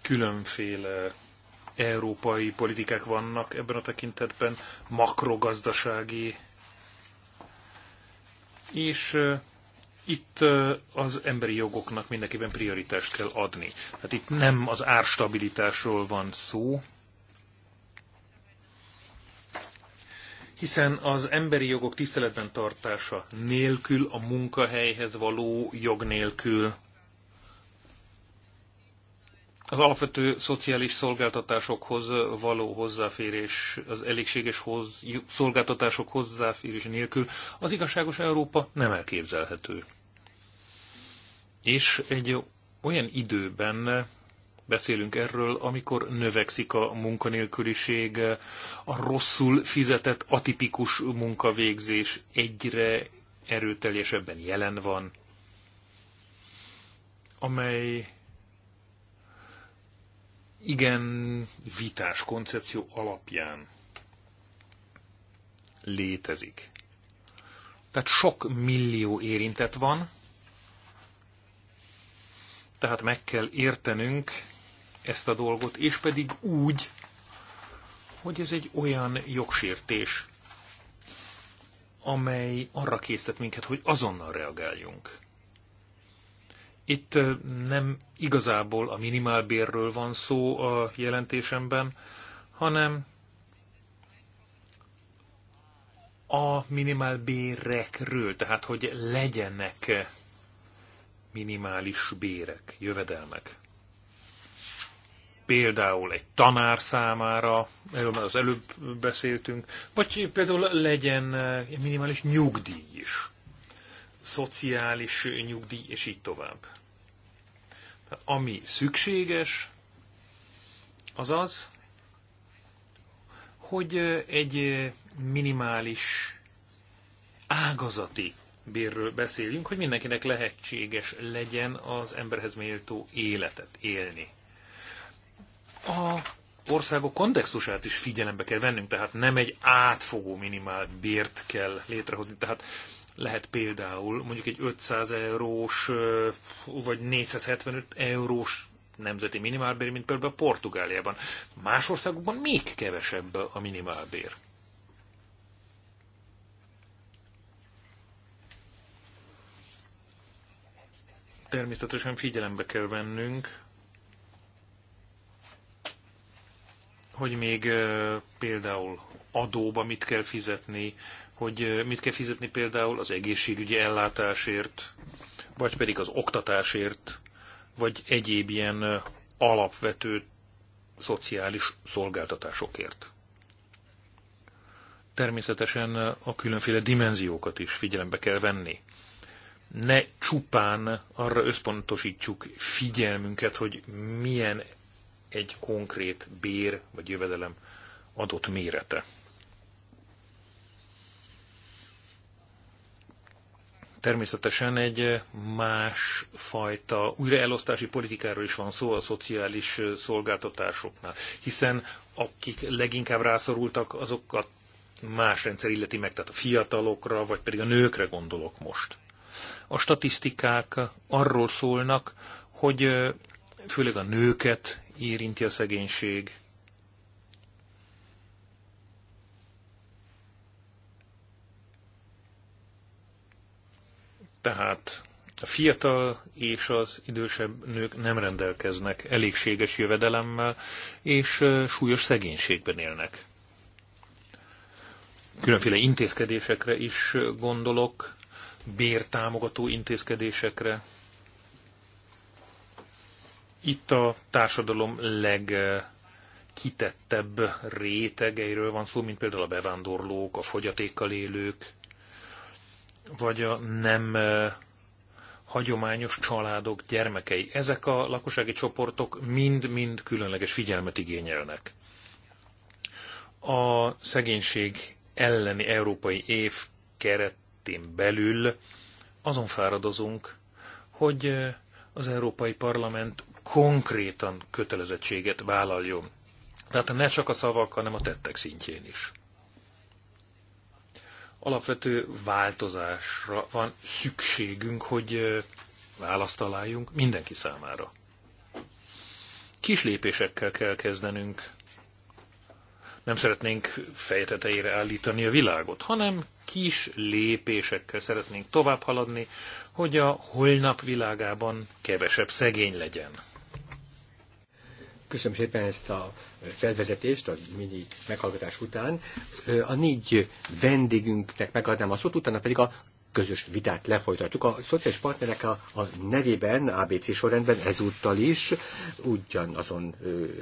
Különféle európai politikák vannak ebben a tekintetben, makrogazdasági, és itt az emberi jogoknak mindenképpen prioritást kell adni. Tehát itt nem az árstabilitásról van szó, hiszen az emberi jogok tiszteletben tartása nélkül, a munkahelyhez való jog nélkül, az alapvető szociális szolgáltatásokhoz való hozzáférés, az elégséges hoz, szolgáltatások hozzáférés nélkül az igazságos Európa nem elképzelhető. És egy olyan időben beszélünk erről, amikor növekszik a munkanélküliség, a rosszul fizetett atipikus munkavégzés egyre erőteljesebben jelen van, amely igen vitás koncepció alapján létezik. Tehát sok millió érintett van, tehát meg kell értenünk ezt a dolgot, és pedig úgy, hogy ez egy olyan jogsértés, amely arra késztet minket, hogy azonnal reagáljunk. Itt nem igazából a minimálbérről van szó a jelentésemben, hanem a minimálbérekről, tehát hogy legyenek minimális bérek, jövedelmek. Például egy tanár számára, erről már az előbb beszéltünk, vagy például legyen eh, minimális nyugdíj is, szociális nyugdíj, és így tovább. Tehát ami szükséges, az az, hogy eh, egy eh, minimális ágazati bérről beszéljünk, hogy mindenkinek lehetséges legyen az emberhez méltó életet élni. A országok kontextusát is figyelembe kell vennünk, tehát nem egy átfogó minimál bért kell létrehozni. Tehát lehet például mondjuk egy 500 eurós vagy 475 eurós nemzeti minimálbér, mint például a Portugáliában. Más országokban még kevesebb a minimálbér. természetesen figyelembe kell vennünk, hogy még például adóba mit kell fizetni, hogy mit kell fizetni például az egészségügyi ellátásért, vagy pedig az oktatásért, vagy egyéb ilyen alapvető szociális szolgáltatásokért. Természetesen a különféle dimenziókat is figyelembe kell venni ne csupán arra összpontosítsuk figyelmünket, hogy milyen egy konkrét bér vagy jövedelem adott mérete. Természetesen egy más fajta újraelosztási politikáról is van szó a szociális szolgáltatásoknál, hiszen akik leginkább rászorultak, azokat más rendszer illeti meg, tehát a fiatalokra, vagy pedig a nőkre gondolok most. A statisztikák arról szólnak, hogy főleg a nőket érinti a szegénység. Tehát a fiatal és az idősebb nők nem rendelkeznek elégséges jövedelemmel, és súlyos szegénységben élnek. Különféle intézkedésekre is gondolok, bértámogató intézkedésekre. Itt a társadalom legkitettebb rétegeiről van szó, mint például a bevándorlók, a fogyatékkal élők, vagy a nem hagyományos családok gyermekei. Ezek a lakossági csoportok mind-mind különleges figyelmet igényelnek. A szegénység elleni európai év keret keretén belül azon fáradozunk, hogy az Európai Parlament konkrétan kötelezettséget vállaljon. Tehát ne csak a szavak, hanem a tettek szintjén is. Alapvető változásra van szükségünk, hogy választ találjunk mindenki számára. Kis lépésekkel kell kezdenünk, nem szeretnénk fejtetejére állítani a világot, hanem kis lépésekkel szeretnénk tovább haladni, hogy a holnap világában kevesebb szegény legyen. Köszönöm szépen ezt a felvezetést a mini meghallgatás után. A négy vendégünknek megadnám a szót, utána pedig a közös vitát lefolytatjuk. A szociális partnerek a, a nevében, ABC sorrendben ezúttal is ugyanazon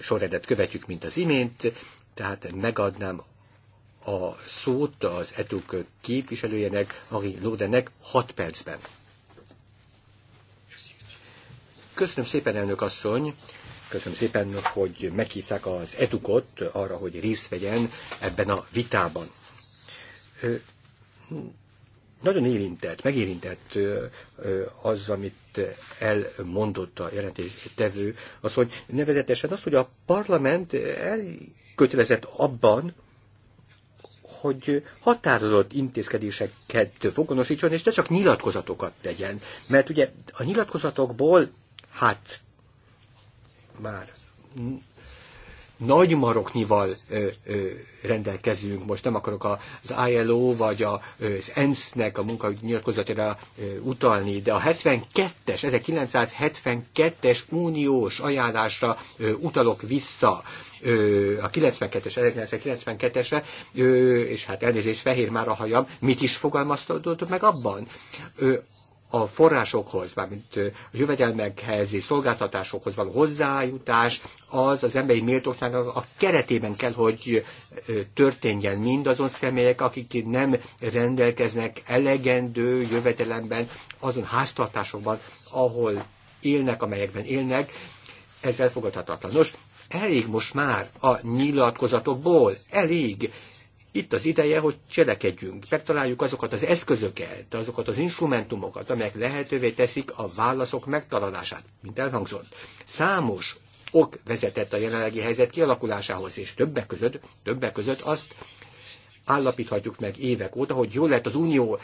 sorrendet követjük, mint az imént tehát megadnám a szót az etuk képviselőjének, Ari Lódenek 6 percben. Köszönöm szépen, elnök asszony! Köszönöm szépen, hogy meghívták az etukot arra, hogy részt vegyen ebben a vitában. Nagyon érintett, megérintett az, amit elmondott a jelentéstevő, az, hogy nevezetesen az, hogy a parlament el kötelezett abban, hogy határozott intézkedéseket fogonosítson, és ne csak nyilatkozatokat tegyen. Mert ugye a nyilatkozatokból, hát már nagy maroknyival rendelkezünk. Most nem akarok az ILO vagy az ENSZ-nek a munkaügyi nyilatkozatára utalni, de a 72-es, 1972-es uniós ajánlásra utalok vissza a 92-es, 1992-esre, és hát elnézést, fehér már a hajam, mit is fogalmaztatott meg abban? a forrásokhoz, mármint a jövedelmekhez és szolgáltatásokhoz való hozzájutás, az az emberi méltóságnak a keretében kell, hogy történjen mindazon személyek, akik nem rendelkeznek elegendő jövedelemben, azon háztartásokban, ahol élnek, amelyekben élnek, ez elfogadhatatlan. Nos, elég most már a nyilatkozatokból, elég itt az ideje, hogy cselekedjünk, megtaláljuk azokat az eszközöket, azokat az instrumentumokat, amelyek lehetővé teszik a válaszok megtalálását, mint elhangzott. Számos ok vezetett a jelenlegi helyzet kialakulásához, és többek között, többek között azt állapíthatjuk meg évek óta, hogy jól lett az Unió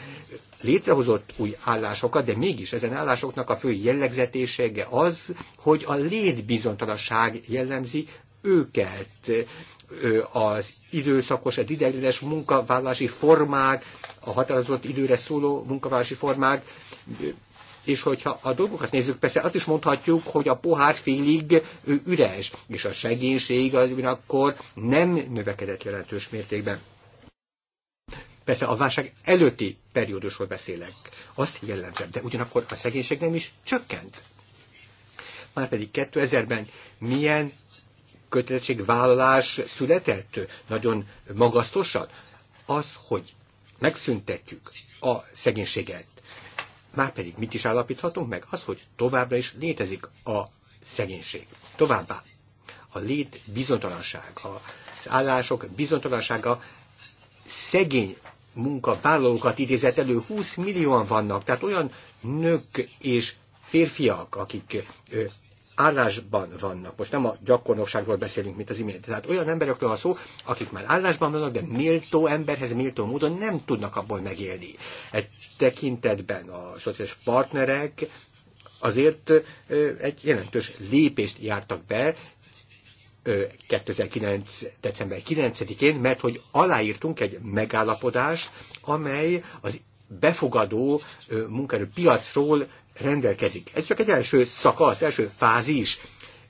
létrehozott új állásokat, de mégis ezen állásoknak a fő jellegzetésége az, hogy a létbizonytalanság jellemzi őket az időszakos, az ideiglenes munkavállási formák, a határozott időre szóló munkavállási formák, és hogyha a dolgokat nézzük, persze azt is mondhatjuk, hogy a pohár félig üres, és a segénység az akkor nem növekedett jelentős mértékben. Persze a válság előtti periódusról beszélek. Azt jelentem, de ugyanakkor a szegénység nem is csökkent. Márpedig 2000-ben milyen kötelezettségvállalás született nagyon magasztosan, az, hogy megszüntetjük a szegénységet. Márpedig mit is állapíthatunk meg? Az, hogy továbbra is létezik a szegénység. Továbbá a lét bizonytalanság, az állások bizonytalansága szegény munkavállalókat idézett elő, 20 millióan vannak, tehát olyan nők és férfiak, akik állásban vannak. Most nem a gyakornokságról beszélünk, mint az imént. Tehát olyan emberekről van szó, akik már állásban vannak, de méltó emberhez méltó módon nem tudnak abból megélni. Egy tekintetben a szociális partnerek azért egy jelentős lépést jártak be, 2009. december 9-én, mert hogy aláírtunk egy megállapodást, amely az befogadó munkaerő piacról rendelkezik. Ez csak egy első szakasz, első fázis.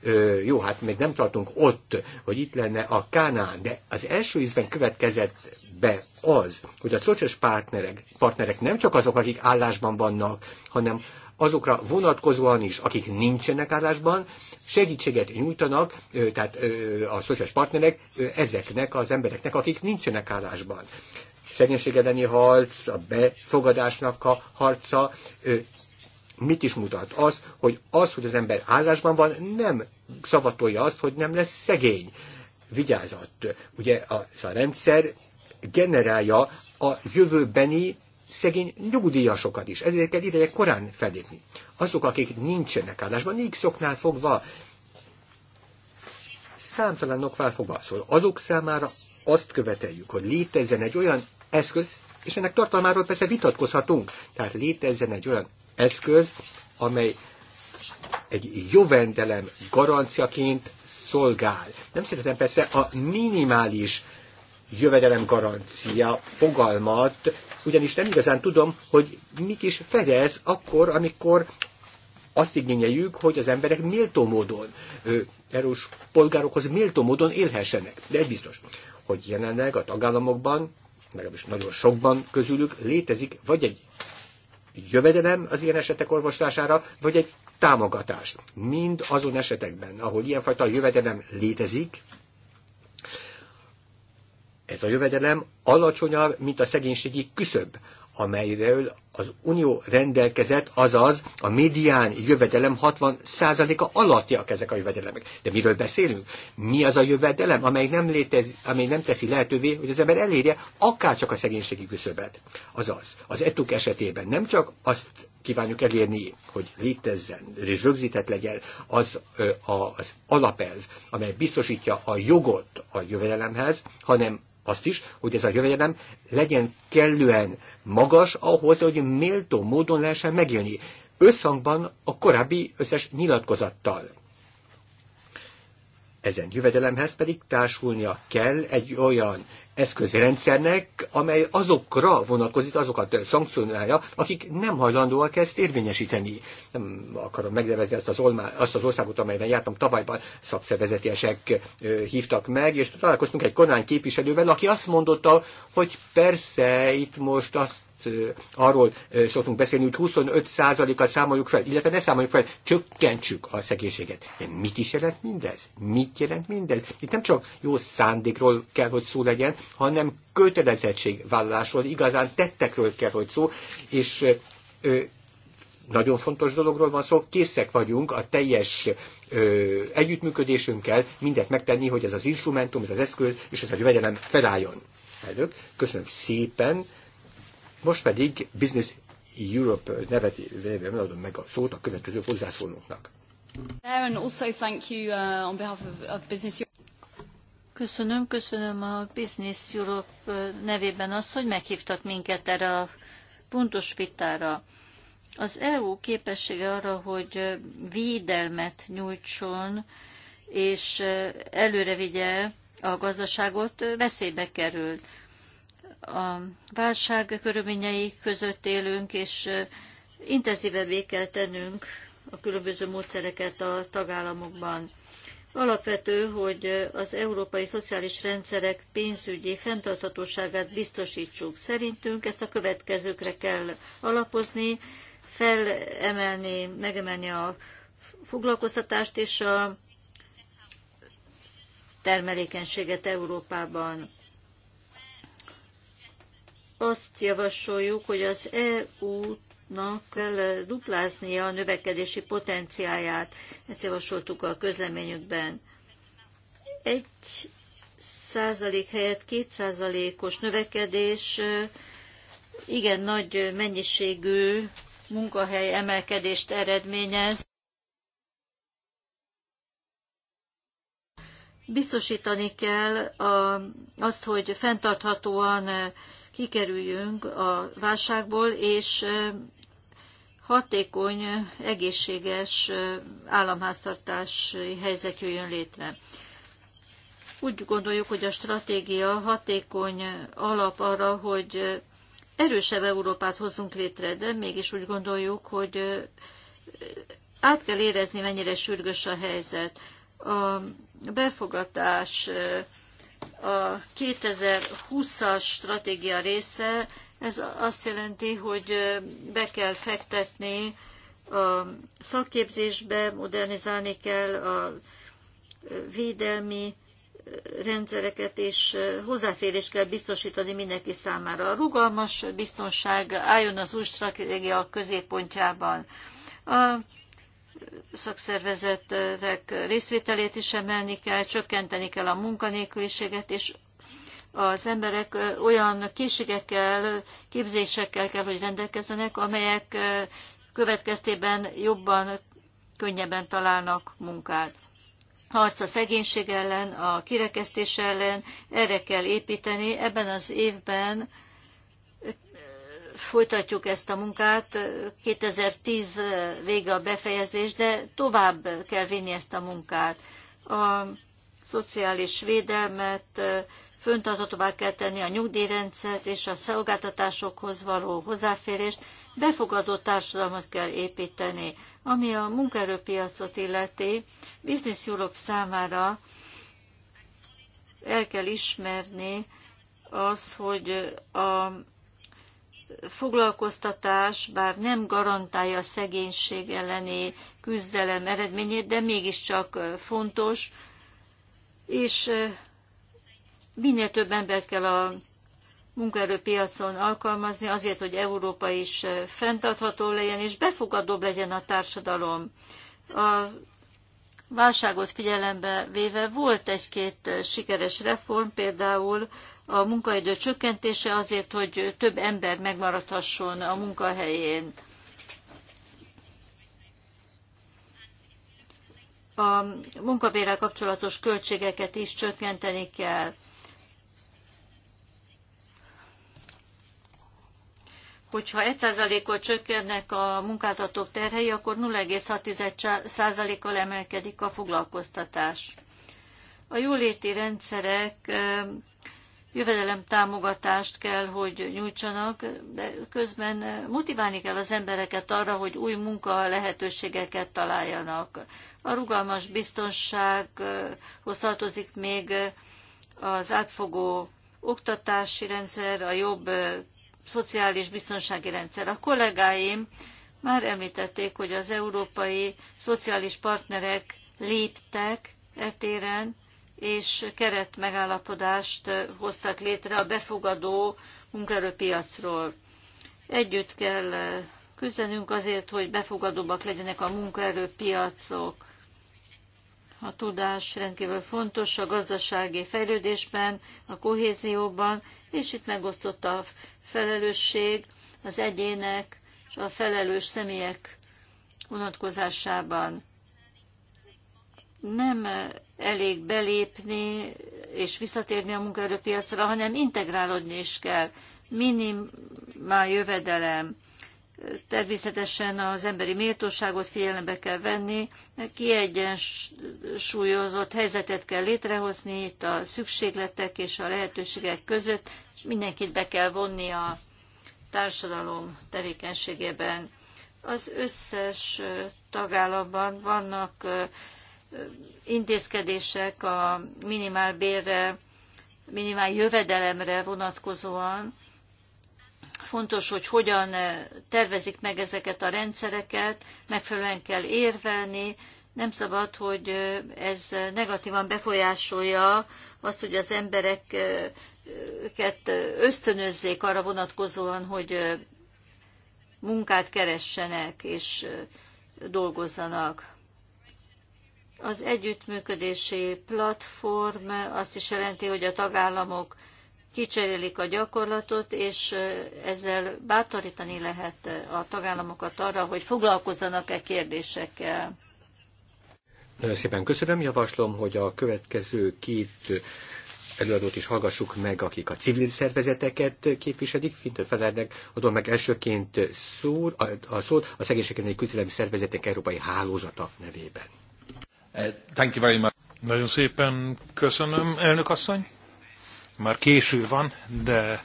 Ö, jó, hát még nem tartunk ott, hogy itt lenne a Kánán, de az első ízben következett be az, hogy a szociális partnerek, partnerek nem csak azok, akik állásban vannak, hanem azokra vonatkozóan is, akik nincsenek állásban, segítséget nyújtanak, tehát a szociális partnerek ezeknek az embereknek, akik nincsenek állásban. Szegénység elleni harc, a befogadásnak a harca, mit is mutat? Az, hogy az, hogy az ember házásban van, nem szavatolja azt, hogy nem lesz szegény. Vigyázat! Ugye a, a rendszer generálja a jövőbeni szegény nyugdíjasokat is. Ezért kell ideje korán felépni. Azok, akik nincsenek állásban, így szoknál fogva, számtalan okvál fogva. Szóval azok számára azt követeljük, hogy létezzen egy olyan eszköz, és ennek tartalmáról persze vitatkozhatunk. Tehát létezzen egy olyan eszköz, amely egy jövendelem garanciaként szolgál. Nem szeretem persze a minimális jövedelem garancia fogalmat, ugyanis nem igazán tudom, hogy mit is fedez akkor, amikor azt igényeljük, hogy az emberek méltó módon, erős polgárokhoz méltó módon élhessenek. De egy biztos, hogy jelenleg a tagállamokban, legalábbis nagyon sokban közülük létezik vagy egy jövedelem az ilyen esetek orvoslására, vagy egy támogatás. Mind azon esetekben, ahol ilyenfajta jövedelem létezik, ez a jövedelem alacsonyabb, mint a szegénységi küszöb amelyről az Unió rendelkezett, azaz a médián jövedelem 60%-a alattiak ezek a jövedelemek. De miről beszélünk? Mi az a jövedelem, amely nem, létez, amely nem teszi lehetővé, hogy az ember elérje akárcsak a szegénységi küszöbet? Azaz, az etuk esetében nem csak azt kívánjuk elérni, hogy létezzen és rögzített legyen az, az alapelv, amely biztosítja a jogot a jövedelemhez, hanem azt is, hogy ez a jövedelem legyen kellően magas ahhoz, hogy méltó módon lehessen megélni, összhangban a korábbi összes nyilatkozattal. Ezen jövedelemhez pedig társulnia kell egy olyan eszközrendszernek, amely azokra vonatkozik, azokat szankcionálja, akik nem hajlandóak ezt érvényesíteni. Nem akarom megnevezni azt az, olmá, azt az országot, amelyben jártam tavalyban, szakszervezetiesek hívtak meg, és találkoztunk egy kormány képviselővel, aki azt mondotta, hogy persze itt most azt arról szoktunk beszélni, hogy 25%-kal számoljuk fel, illetve ne számoljuk fel, csökkentsük a szegénységet. De mit is jelent mindez? Mit jelent mindez? Itt nem csak jó szándékról kell, hogy szó legyen, hanem kötelezettségvállalásról, igazán tettekről kell, hogy szó, és ö, nagyon fontos dologról van szó, készek vagyunk a teljes ö, együttműködésünkkel mindent megtenni, hogy ez az instrumentum, ez az eszköz és ez a jövedelem felálljon. Elnök, köszönöm szépen most pedig Business Europe nevet véve adom meg a szót a következő hozzászólóknak. Uh, köszönöm, köszönöm a Business Europe uh, nevében azt, hogy meghívtak minket erre a pontos vitára. Az EU képessége arra, hogy uh, védelmet nyújtson és előre vigye a gazdaságot, veszélybe került a válság körülményei között élünk, és intenzívebbé kell tennünk a különböző módszereket a tagállamokban. Alapvető, hogy az európai szociális rendszerek pénzügyi fenntarthatóságát biztosítsuk. Szerintünk ezt a következőkre kell alapozni, felemelni, megemelni a foglalkoztatást és a termelékenységet Európában azt javasoljuk, hogy az EU-nak kell dupláznia a növekedési potenciáját. Ezt javasoltuk a közleményükben. Egy százalék helyett két százalékos növekedés igen nagy mennyiségű munkahely emelkedést eredményez. Biztosítani kell azt, hogy fenntarthatóan kikerüljünk a válságból, és hatékony, egészséges államháztartási helyzet jöjjön létre. Úgy gondoljuk, hogy a stratégia hatékony alap arra, hogy erősebb Európát hozzunk létre, de mégis úgy gondoljuk, hogy át kell érezni, mennyire sürgős a helyzet. A befogadás a 2020-as stratégia része, ez azt jelenti, hogy be kell fektetni a szakképzésbe, modernizálni kell a védelmi rendszereket, és hozzáférést kell biztosítani mindenki számára. A rugalmas biztonság álljon az új stratégia középpontjában. A szakszervezetek részvételét is emelni kell, csökkenteni kell a munkanélküliséget, és az emberek olyan készségekkel, képzésekkel kell, hogy rendelkezzenek, amelyek következtében jobban, könnyebben találnak munkát. Harc a szegénység ellen, a kirekesztés ellen, erre kell építeni. Ebben az évben folytatjuk ezt a munkát, 2010 vége a befejezés, de tovább kell vinni ezt a munkát. A szociális védelmet föntartatóvá kell tenni a nyugdíjrendszert és a szolgáltatásokhoz való hozzáférést, befogadó társadalmat kell építeni. Ami a munkaerőpiacot illeti, Business Europe számára el kell ismerni az, hogy a foglalkoztatás bár nem garantálja a szegénység elleni küzdelem eredményét, de mégiscsak fontos, és minél több embert kell a munkaerőpiacon alkalmazni azért, hogy Európa is fenntartható legyen, és befogadóbb legyen a társadalom. A válságot figyelembe véve volt egy-két sikeres reform, például a munkaidő csökkentése azért, hogy több ember megmaradhasson a munkahelyén. A munkabérrel kapcsolatos költségeket is csökkenteni kell. hogyha 1%-kal csökkennek a munkáltatók terhei, akkor 0,6%-kal emelkedik a foglalkoztatás. A jóléti rendszerek jövedelem támogatást kell, hogy nyújtsanak, de közben motiválni kell az embereket arra, hogy új munka lehetőségeket találjanak. A rugalmas biztonsághoz tartozik még az átfogó oktatási rendszer, a jobb szociális biztonsági rendszer. A kollégáim már említették, hogy az európai szociális partnerek léptek e téren, és keretmegállapodást hoztak létre a befogadó munkaerőpiacról. Együtt kell küzdenünk azért, hogy befogadóbbak legyenek a munkaerőpiacok. A tudás rendkívül fontos a gazdasági fejlődésben, a kohézióban, és itt megosztott a felelősség az egyének és a felelős személyek vonatkozásában. Nem elég belépni és visszatérni a munkaerőpiacra, hanem integrálódni is kell. Minimál jövedelem, természetesen az emberi méltóságot figyelembe kell venni, kiegyensúlyozott helyzetet kell létrehozni itt a szükségletek és a lehetőségek között, és mindenkit be kell vonni a társadalom tevékenységében. Az összes tagállamban vannak intézkedések a minimálbérre, minimál jövedelemre vonatkozóan. Fontos, hogy hogyan eh, tervezik meg ezeket a rendszereket, megfelelően kell érvelni, nem szabad, hogy eh, ez negatívan befolyásolja azt, hogy az embereket eh, ösztönözzék arra vonatkozóan, hogy munkát keressenek és dolgozzanak. Az együttműködési platform azt is jelenti, hogy a tagállamok kicserélik a gyakorlatot, és ezzel bátorítani lehet a tagállamokat arra, hogy foglalkozzanak-e kérdésekkel. Nagyon szépen köszönöm, javaslom, hogy a következő két előadót is hallgassuk meg, akik a civil szervezeteket képviselik. Fintő Federnek adom meg elsőként szór, a, a szót a egy Küzdelem Szervezetek Európai Hálózata nevében. Thank you very much. Nagyon szépen köszönöm, elnök asszony. Már késő van, de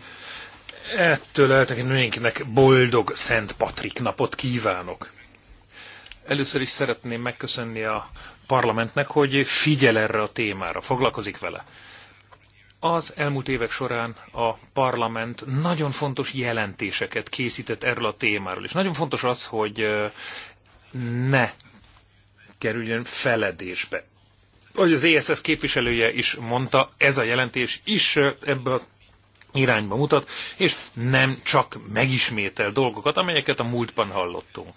ettől eltekintve mindenkinek boldog Szent Patrik napot kívánok. Először is szeretném megköszönni a parlamentnek, hogy figyel erre a témára, foglalkozik vele. Az elmúlt évek során a parlament nagyon fontos jelentéseket készített erről a témáról, és nagyon fontos az, hogy ne kerüljön feledésbe. Ahogy az ESS képviselője is mondta, ez a jelentés is ebből irányba mutat, és nem csak megismétel dolgokat, amelyeket a múltban hallottunk.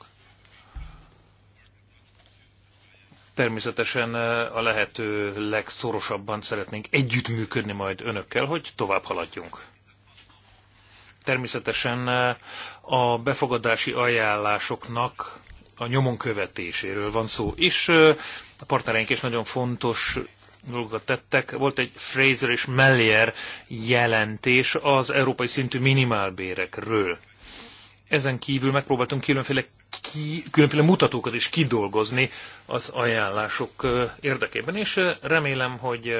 Természetesen a lehető legszorosabban szeretnénk együttműködni majd önökkel, hogy tovább haladjunk. Természetesen a befogadási ajánlásoknak a nyomon követéséről van szó, és a partnereink is nagyon fontos dolgokat tettek. Volt egy Fraser és Mellier jelentés az európai szintű minimálbérekről. Ezen kívül megpróbáltunk különféle, ki, különféle mutatókat is kidolgozni az ajánlások érdekében, és remélem, hogy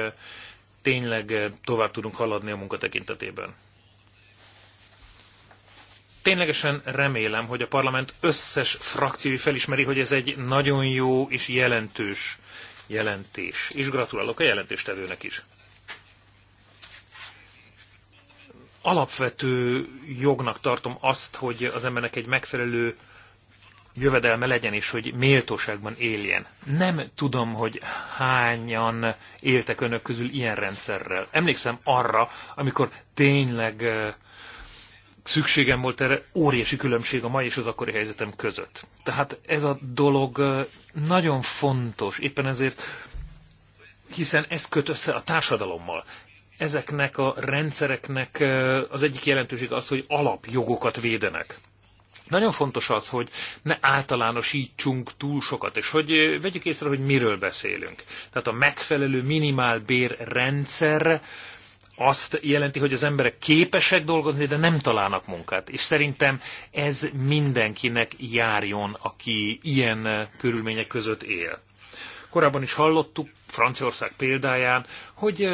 tényleg tovább tudunk haladni a munka tekintetében ténylegesen remélem, hogy a parlament összes frakciói felismeri, hogy ez egy nagyon jó és jelentős jelentés. És gratulálok a jelentéstevőnek is. Alapvető jognak tartom azt, hogy az embernek egy megfelelő jövedelme legyen, és hogy méltóságban éljen. Nem tudom, hogy hányan éltek önök közül ilyen rendszerrel. Emlékszem arra, amikor tényleg eh, szükségem volt erre, óriási különbség a mai és az akkori helyzetem között. Tehát ez a dolog nagyon fontos, éppen ezért, hiszen ez köt össze a társadalommal. Ezeknek a rendszereknek az egyik jelentőség az, hogy alapjogokat védenek. Nagyon fontos az, hogy ne általánosítsunk túl sokat, és hogy vegyük észre, hogy miről beszélünk. Tehát a megfelelő minimálbér rendszer, azt jelenti, hogy az emberek képesek dolgozni, de nem találnak munkát. És szerintem ez mindenkinek járjon, aki ilyen körülmények között él. Korábban is hallottuk Franciaország példáján, hogy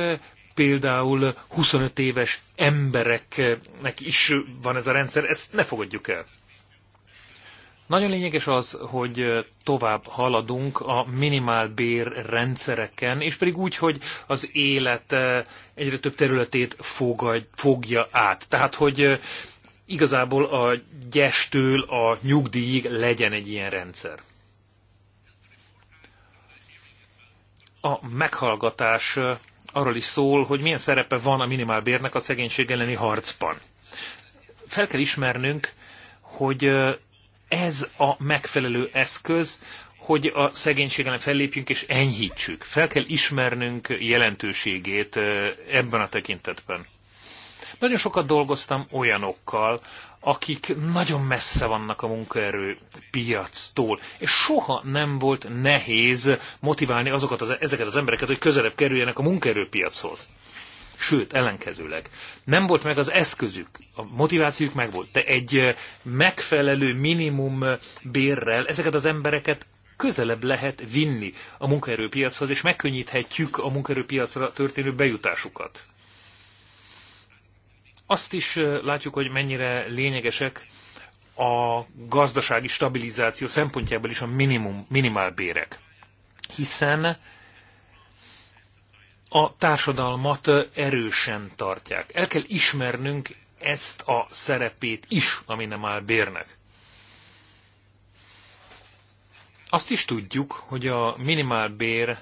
például 25 éves embereknek is van ez a rendszer, ezt ne fogadjuk el. Nagyon lényeges az, hogy tovább haladunk a minimálbér rendszereken, és pedig úgy, hogy az élet egyre több területét fogad, fogja át. Tehát, hogy igazából a gyestől a nyugdíjig legyen egy ilyen rendszer. A meghallgatás arról is szól, hogy milyen szerepe van a minimálbérnek a szegénység elleni harcban. Fel kell ismernünk, hogy ez a megfelelő eszköz, hogy a szegénységen fellépjünk és enyhítsük. Fel kell ismernünk jelentőségét ebben a tekintetben. Nagyon sokat dolgoztam olyanokkal, akik nagyon messze vannak a munkaerő piactól, és soha nem volt nehéz motiválni azokat az, ezeket az embereket, hogy közelebb kerüljenek a munkaerőpiachoz sőt, ellenkezőleg. Nem volt meg az eszközük, a motivációjuk meg volt, de egy megfelelő minimum bérrel ezeket az embereket közelebb lehet vinni a munkaerőpiachoz, és megkönnyíthetjük a munkaerőpiacra történő bejutásukat. Azt is látjuk, hogy mennyire lényegesek a gazdasági stabilizáció szempontjából is a minimum, minimálbérek. Hiszen a társadalmat erősen tartják. El kell ismernünk ezt a szerepét is a áll bérnek. Azt is tudjuk, hogy a minimálbér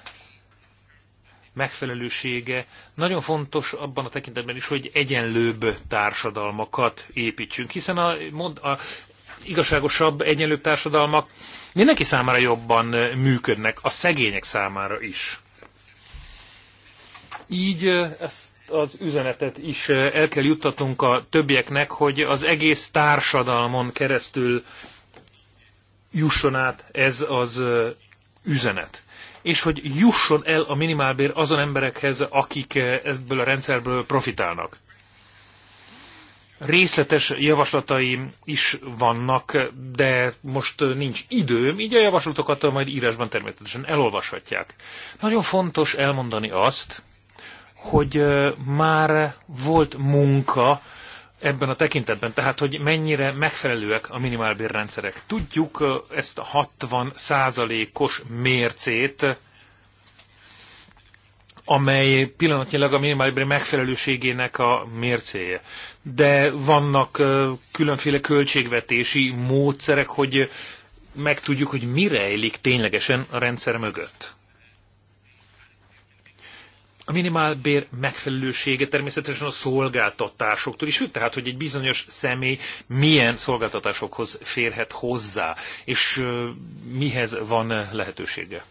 megfelelősége nagyon fontos abban a tekintetben is, hogy egyenlőbb társadalmakat építsünk, hiszen a, mond, a igazságosabb, egyenlőbb társadalmak mindenki számára jobban működnek, a szegények számára is. Így ezt az üzenetet is el kell juttatunk a többieknek, hogy az egész társadalmon keresztül jusson át ez az üzenet. És hogy jusson el a minimálbér azon emberekhez, akik ebből a rendszerből profitálnak. Részletes javaslataim is vannak, de most nincs időm, így a javaslatokat majd írásban természetesen elolvashatják. Nagyon fontos elmondani azt, hogy már volt munka ebben a tekintetben, tehát hogy mennyire megfelelőek a minimálbérrendszerek. Tudjuk ezt a 60 százalékos mércét, amely pillanatnyilag a minimálbér megfelelőségének a mércéje. De vannak különféle költségvetési módszerek, hogy megtudjuk, hogy mi rejlik ténylegesen a rendszer mögött. A minimálbér megfelelősége természetesen a szolgáltatásoktól is függ, tehát hogy egy bizonyos személy milyen szolgáltatásokhoz férhet hozzá, és mihez van lehetősége.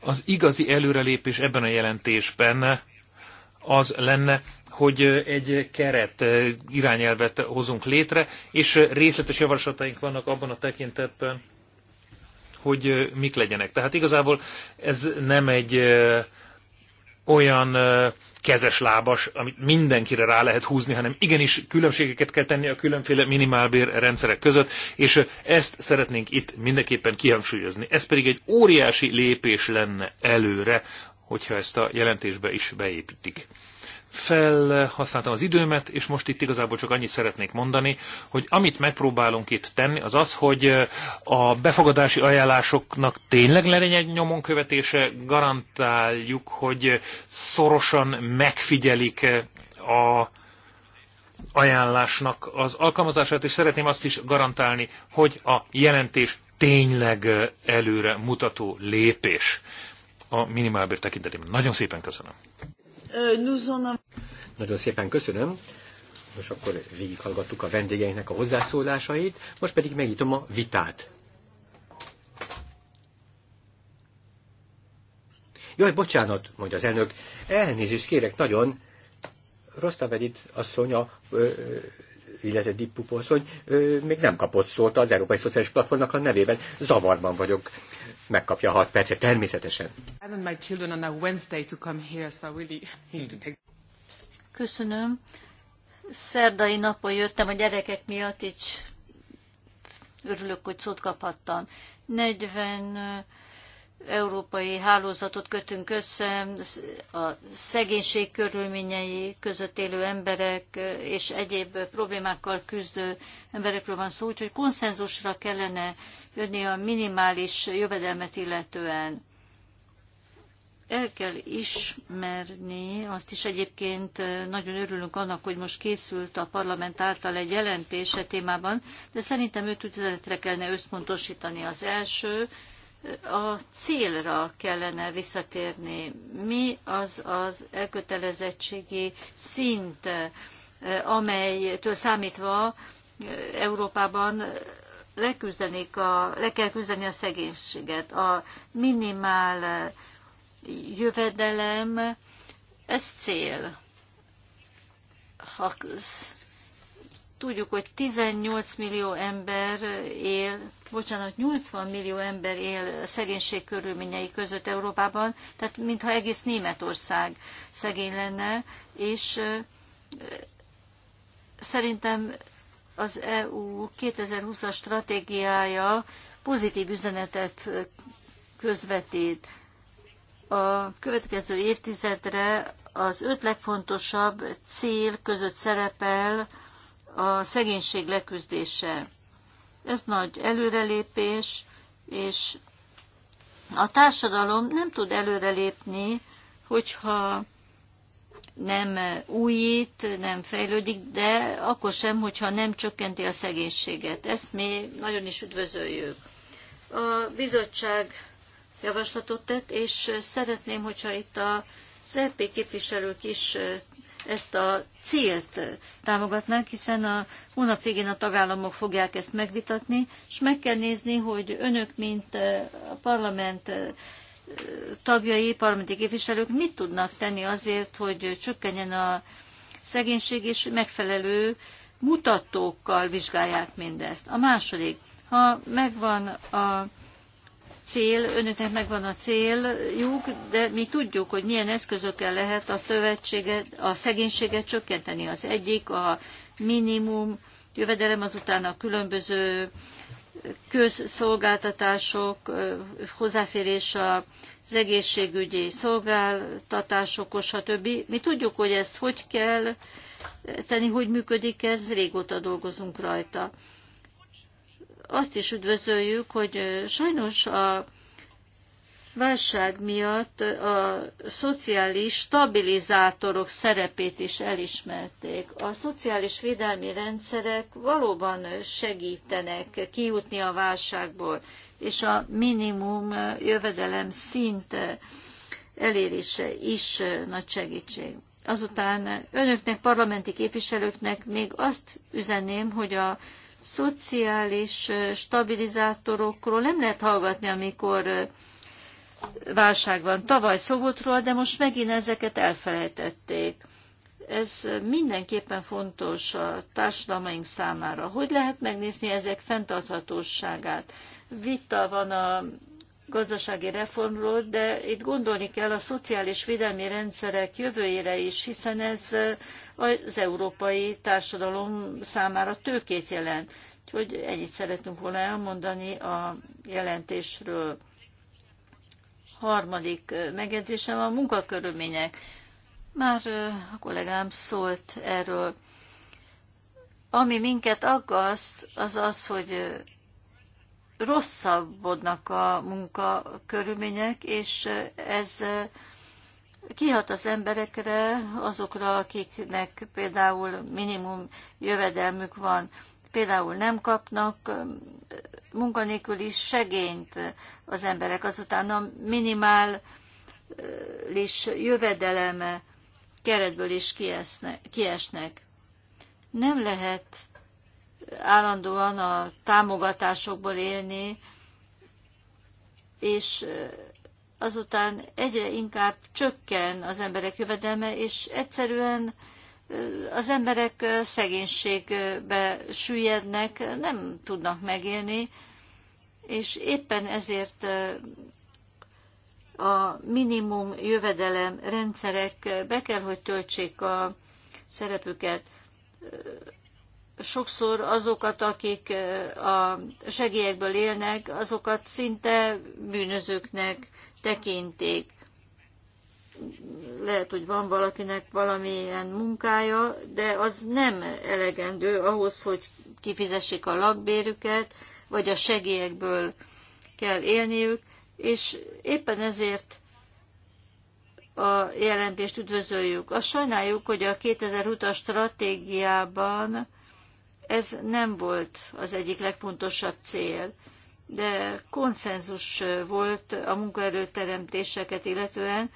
Az igazi előrelépés ebben a jelentésben az lenne, hogy egy keret irányelvet hozunk létre, és részletes javaslataink vannak abban a tekintetben, hogy mik legyenek. Tehát igazából ez nem egy olyan kezes lábas, amit mindenkire rá lehet húzni, hanem igenis különbségeket kell tenni a különféle minimálbér rendszerek között, és ezt szeretnénk itt mindenképpen kihangsúlyozni. Ez pedig egy óriási lépés lenne előre, hogyha ezt a jelentésbe is beépítik felhasználtam az időmet, és most itt igazából csak annyit szeretnék mondani, hogy amit megpróbálunk itt tenni, az az, hogy eh, a befogadási ajánlásoknak tényleg legyen egy nyomon követése, garantáljuk, hogy szorosan megfigyelik eh, a ajánlásnak az alkalmazását, és szeretném azt is garantálni, hogy a jelentés tényleg eh, előre mutató lépés a minimálbér tekintetében. Nagyon szépen köszönöm. Nagyon szépen köszönöm. Most akkor végighallgattuk a vendégeinknek a hozzászólásait, most pedig megítom a vitát. Jaj, bocsánat, mondja az elnök, elnézést kérek nagyon. Rostavedit asszony, a, ö, illetve Dippup asszony ö, még nem kapott szót az Európai Szociális Platformnak a nevében. Zavarban vagyok megkapja 6 percet természetesen. Köszönöm. Szerdai napon jöttem a gyerekek miatt, így örülök, hogy szót kaphattam. 40 európai hálózatot kötünk össze, a szegénység körülményei között élő emberek eh, és egyéb problémákkal küzdő emberekről van szó, úgyhogy konszenzusra kellene jönni a minimális jövedelmet illetően. El kell ismerni, azt is egyébként eh, nagyon örülünk annak, hogy most készült a parlament által egy jelentése témában, de szerintem öt üzenetre kellene összpontosítani. Az első, a célra kellene visszatérni. Mi az az elkötelezettségi szint, eh, amelytől számítva eh, Európában leküzdenik a, le kell küzdeni a szegénységet. A minimál eh, jövedelem, ez cél. Ha Tudjuk, hogy 18 millió ember él, bocsánat, 80 millió ember él szegénység körülményei között Európában, tehát mintha egész Németország szegény lenne, és szerintem az EU 2020-as stratégiája pozitív üzenetet közvetít. A következő évtizedre az öt legfontosabb cél között szerepel a szegénység leküzdése. Ez nagy előrelépés, és a társadalom nem tud előrelépni, hogyha nem újít, nem fejlődik, de akkor sem, hogyha nem csökkenti a szegénységet. Ezt mi nagyon is üdvözöljük. A bizottság javaslatot tett, és szeretném, hogyha itt a EP képviselők is ezt a célt támogatnánk, hiszen a hónap végén a tagállamok fogják ezt megvitatni, és meg kell nézni, hogy önök, mint a parlament tagjai, parlamenti képviselők mit tudnak tenni azért, hogy csökkenjen a szegénység, és megfelelő mutatókkal vizsgálják mindezt. A második, ha megvan a cél, önöknek megvan a céljuk, de mi tudjuk, hogy milyen eszközökkel lehet a szövetséget, a szegénységet csökkenteni. Az egyik a minimum jövedelem, azután a különböző közszolgáltatások, hozzáférés az egészségügyi szolgáltatásokhoz, stb. Mi tudjuk, hogy ezt hogy kell tenni, hogy működik ez, régóta dolgozunk rajta azt is üdvözöljük, hogy sajnos a válság miatt a szociális stabilizátorok szerepét is elismerték. A szociális védelmi rendszerek valóban segítenek kijutni a válságból, és a minimum jövedelem szint elérése is nagy segítség. Azután önöknek, parlamenti képviselőknek még azt üzeném, hogy a szociális stabilizátorokról nem lehet hallgatni, amikor válság van. Tavaly szó volt róla, de most megint ezeket elfelejtették. Ez mindenképpen fontos a társadalmaink számára. Hogy lehet megnézni ezek fenntarthatóságát? Vita van a gazdasági reformról, de itt gondolni kell a szociális védelmi rendszerek jövőjére is, hiszen ez eh, az európai társadalom számára tőkét jelent. Úgyhogy ennyit szeretünk volna elmondani a jelentésről. Harmadik eh, megjegyzésem a munkakörülmények. Már eh, a kollégám szólt erről. Ami minket aggaszt, az az, hogy rosszabbodnak a munkakörülmények, és ez kihat az emberekre, azokra, akiknek például minimum jövedelmük van, például nem kapnak munkanélküli segényt az emberek, azután a minimális jövedeleme keretből is kiesnek. Nem lehet állandóan a támogatásokból élni, és azután egyre inkább csökken az emberek jövedelme, és egyszerűen az emberek szegénységbe süllyednek, nem tudnak megélni, és éppen ezért a minimum jövedelem rendszerek be kell, hogy töltsék a szerepüket sokszor azokat, akik a segélyekből élnek, azokat szinte bűnözőknek tekintik. Lehet, hogy van valakinek valamilyen munkája, de az nem elegendő ahhoz, hogy kifizessék a lakbérüket, vagy a segélyekből kell élniük, és éppen ezért a jelentést üdvözöljük. Azt sajnáljuk, hogy a 2020-as stratégiában ez nem volt az egyik legfontosabb cél, de konszenzus volt a munkaerőteremtéseket illetően,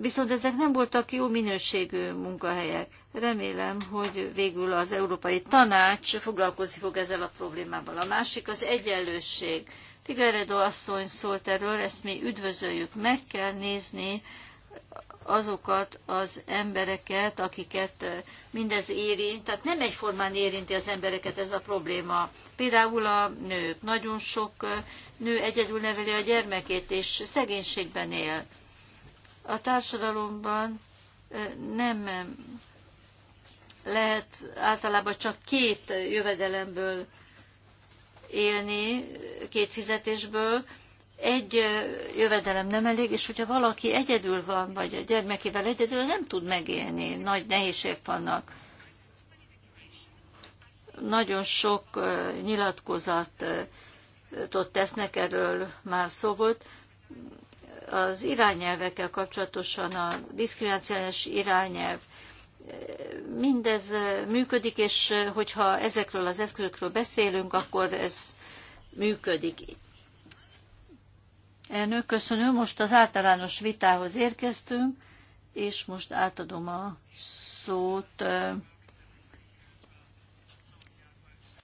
viszont ezek nem voltak jó minőségű munkahelyek. Remélem, hogy végül az Európai Tanács foglalkozni fog ezzel a problémával. A másik az egyenlősség. Figueredo asszony szólt erről, ezt mi üdvözöljük. Meg kell nézni azokat az embereket, akiket mindez érint. Tehát nem egyformán érinti az embereket ez a probléma. Például a nők. Nagyon sok nő egyedül neveli a gyermekét, és szegénységben él. A társadalomban nem lehet általában csak két jövedelemből élni, két fizetésből, egy jövedelem nem elég, és hogyha valaki egyedül van, vagy a gyermekével egyedül, nem tud megélni, nagy nehézségek vannak. Nagyon sok nyilatkozatot tesznek, erről már szó volt. Az irányelvekkel kapcsolatosan a diszkriminációs irányelv, mindez működik, és hogyha ezekről az eszközökről beszélünk, akkor ez működik. Elnök, köszönöm. Most az általános vitához érkeztünk, és most átadom a szót.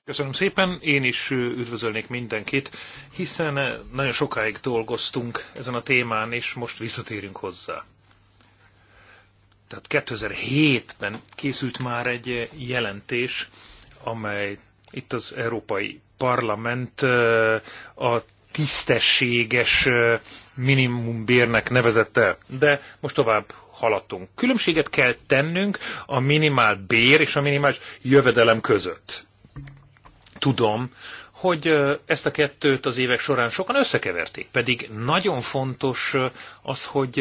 Köszönöm szépen, én is üdvözölnék mindenkit, hiszen nagyon sokáig dolgoztunk ezen a témán, és most visszatérünk hozzá. Tehát 2007-ben készült már egy jelentés, amely itt az Európai Parlament a tisztességes minimumbérnek nevezett el. De most tovább haladtunk. Különbséget kell tennünk a minimál bér és a minimális jövedelem között. Tudom, hogy ezt a kettőt az évek során sokan összekeverték, pedig nagyon fontos az, hogy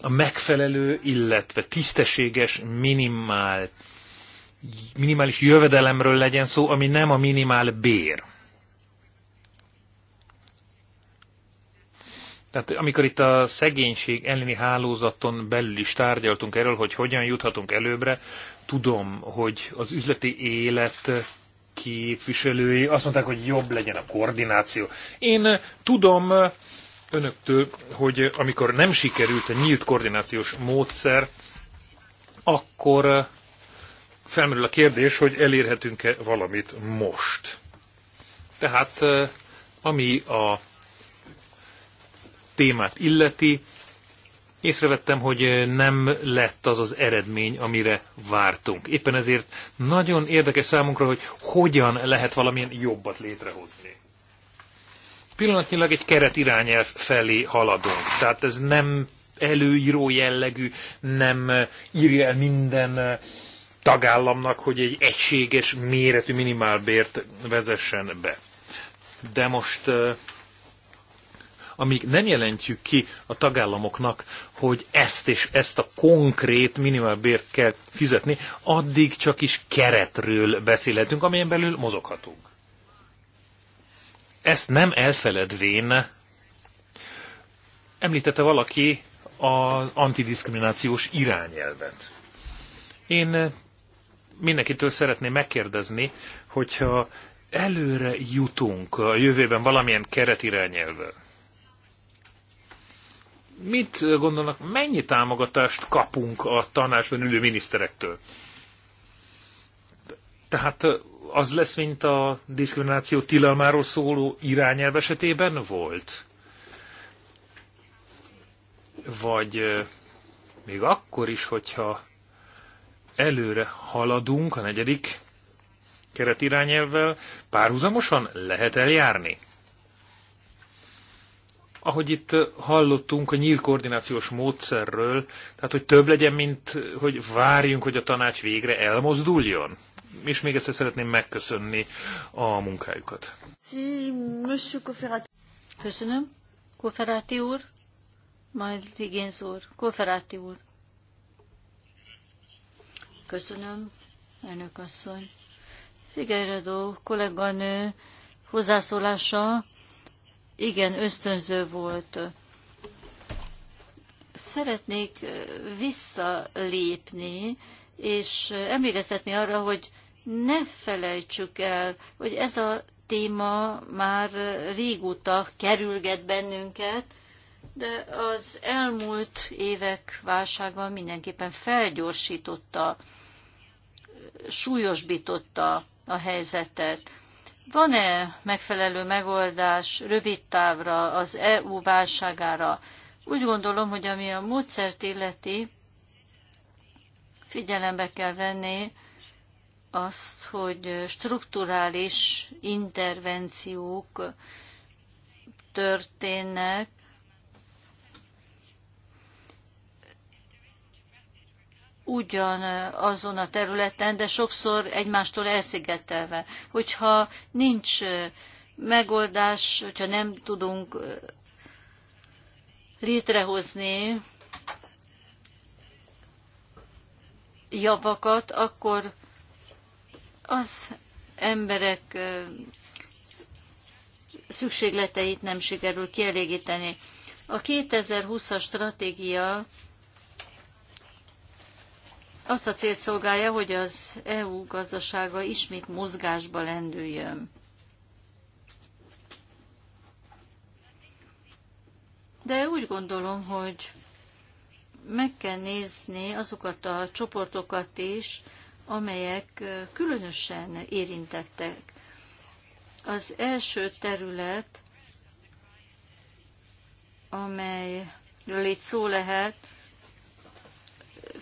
a megfelelő, illetve tisztességes minimál, minimális jövedelemről legyen szó, ami nem a minimál bér. Tehát amikor itt a szegénység elleni hálózaton belül is tárgyaltunk erről, hogy hogyan juthatunk előbbre, tudom, hogy az üzleti élet képviselői azt mondták, hogy jobb legyen a koordináció. Én tudom önöktől, hogy amikor nem sikerült a nyílt koordinációs módszer, akkor felmerül a kérdés, hogy elérhetünk-e valamit most. Tehát eh, ami a témát illeti, észrevettem, hogy nem lett az az eredmény, amire vártunk. Éppen ezért nagyon érdekes számunkra, hogy hogyan lehet valamilyen jobbat létrehozni. Pillanatnyilag egy keret irányelv felé haladunk. Tehát ez nem előíró jellegű, nem írja el minden tagállamnak, hogy egy egységes méretű minimálbért vezessen be. De most amíg nem jelentjük ki a tagállamoknak, hogy ezt és ezt a konkrét minimálbért kell fizetni, addig csak is keretről beszélhetünk, amelyen belül mozoghatunk. Ezt nem elfeledvén említette valaki az antidiszkriminációs irányelvet. Én mindenkitől szeretném megkérdezni, hogyha előre jutunk a jövőben valamilyen keretirányelvvel, mit gondolnak, mennyi támogatást kapunk a tanácsban ülő miniszterektől? Tehát az lesz, mint a diszkrimináció tilalmáról szóló irányelv esetében volt? Vagy még akkor is, hogyha előre haladunk a negyedik keretirányelvvel, párhuzamosan lehet eljárni? Ahogy itt hallottunk a nyílt koordinációs módszerről, tehát hogy több legyen, mint hogy várjunk, hogy a tanács végre elmozduljon. És még egyszer szeretném megköszönni a munkájukat. Köszönöm. Koferáti úr, majd Rigénz úr. Koferáti úr. Köszönöm, elnök asszony. Figyeredó kolléganő hozzászólása igen ösztönző volt. Szeretnék visszalépni, és emlékeztetni arra, hogy ne felejtsük el, hogy ez a téma már régóta kerülget bennünket, de az elmúlt évek válsága mindenképpen felgyorsította, súlyosbította a helyzetet. Van-e megfelelő megoldás rövid távra az EU válságára? Úgy gondolom, hogy ami a módszert illeti, figyelembe kell venni azt, hogy strukturális intervenciók történnek ugyan eh, azon a területen, de sokszor egymástól elszigetelve. Hogyha nincs eh, megoldás, hogyha nem tudunk eh, létrehozni javakat, akkor az emberek szükségleteit nem sikerül kielégíteni. A 2020-as stratégia azt a célt szolgálja, hogy az EU gazdasága ismét mozgásba lendüljön. De úgy gondolom, hogy meg kell nézni azokat a csoportokat is, amelyek különösen érintettek. Az első terület, amelyről itt szó lehet,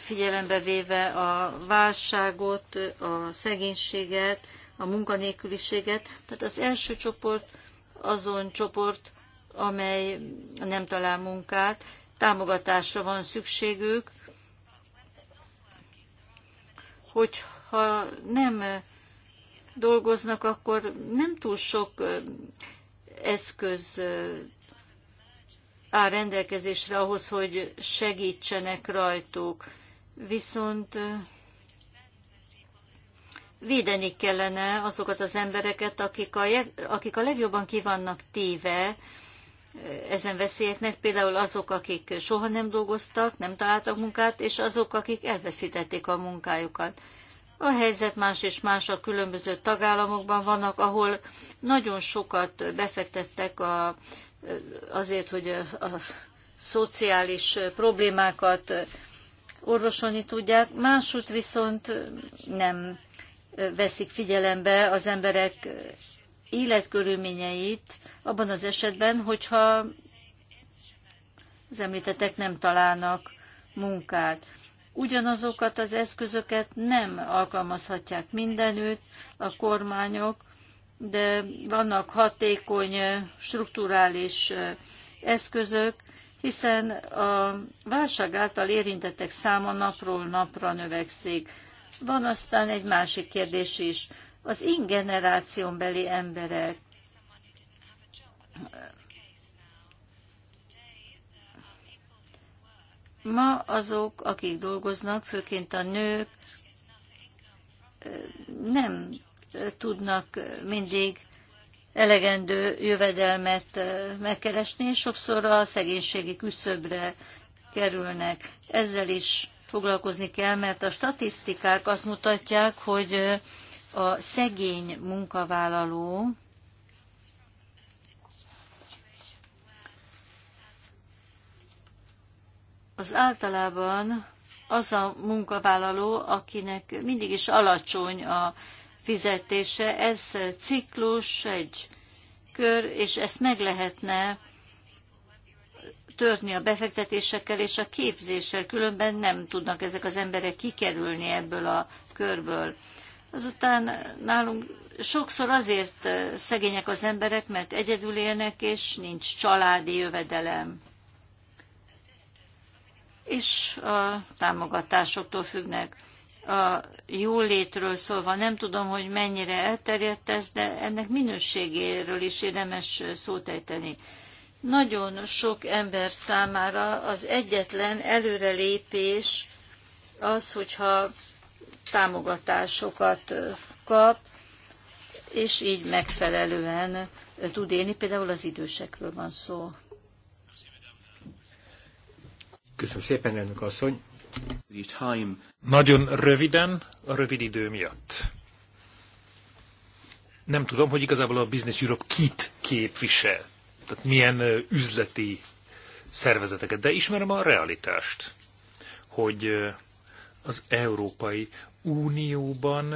figyelembe véve a válságot, a szegénységet, a munkanélküliséget. Tehát az első csoport azon csoport, amely nem talál munkát, támogatásra van szükségük, hogyha nem dolgoznak, akkor nem túl sok eszköz áll rendelkezésre ahhoz, hogy segítsenek rajtuk viszont védeni kellene azokat az embereket, akik a, akik a legjobban kivannak téve ezen veszélyeknek, például azok, akik soha nem dolgoztak, nem találtak munkát, és azok, akik elveszítették a munkájukat. A helyzet más és más a különböző tagállamokban vannak, ahol nagyon sokat befektettek a, azért, hogy a, a szociális problémákat orvosolni tudják, másút viszont nem veszik figyelembe az emberek életkörülményeit abban az esetben, hogyha az említettek nem találnak munkát. Ugyanazokat az eszközöket nem alkalmazhatják mindenütt a kormányok, de vannak hatékony strukturális eszközök, hiszen a válság által érintettek száma napról napra növekszik. Van aztán egy másik kérdés is. Az én beli emberek Ma azok, akik dolgoznak, főként a nők, nem tudnak mindig elegendő jövedelmet megkeresni, és sokszor a szegénységi küszöbre kerülnek. Ezzel is foglalkozni kell, mert a statisztikák azt mutatják, hogy a szegény munkavállaló az általában az a munkavállaló, akinek mindig is alacsony a fizetése. Ez ciklus, egy kör, és ezt meg lehetne törni a befektetésekkel és a képzéssel, különben nem tudnak ezek az emberek kikerülni ebből a körből. Azután nálunk sokszor azért eh, szegények az emberek, mert egyedül élnek, és nincs családi jövedelem. És a támogatásoktól függnek a jólétről szólva, nem tudom, hogy mennyire elterjedt ez, de ennek minőségéről is érdemes szót ejteni. Nagyon sok ember számára az egyetlen előrelépés az, hogyha támogatásokat kap, és így megfelelően tud élni. Például az idősekről van szó. Köszönöm szépen, elnök asszony. Nagyon röviden, a rövid idő miatt. Nem tudom, hogy igazából a Business Europe kit képvisel, tehát milyen üzleti szervezeteket, de ismerem a realitást, hogy az Európai Unióban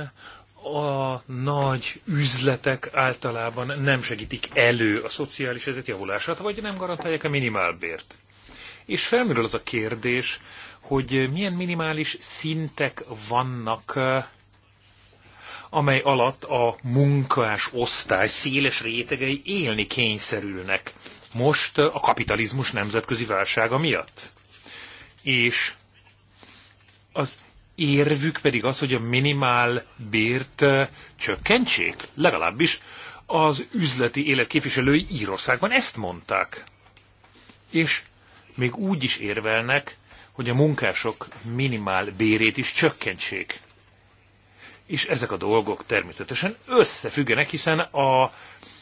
a nagy üzletek általában nem segítik elő a szociális helyzet javulását, vagy nem garantálják a minimálbért. És felmerül az a kérdés, hogy milyen minimális szintek vannak, amely alatt a munkás osztály széles rétegei élni kényszerülnek most a kapitalizmus nemzetközi válsága miatt. És az érvük pedig az, hogy a minimál bért csökkentsék, legalábbis az üzleti élet képviselői Írországban ezt mondták. És még úgy is érvelnek, hogy a munkások minimál bérét is csökkentsék. És ezek a dolgok természetesen összefüggenek, hiszen a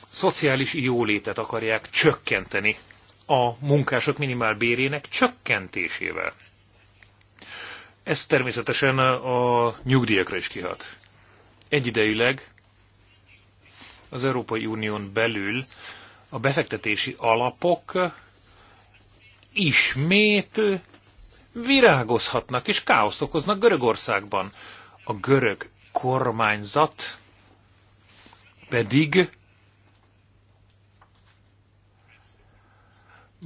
szociális jólétet akarják csökkenteni a munkások minimál bérének csökkentésével. Ez természetesen a nyugdíjakra is kihat. Egyidejűleg az Európai Unión belül a befektetési alapok ismét virágozhatnak és káoszt okoznak Görögországban. A görög kormányzat pedig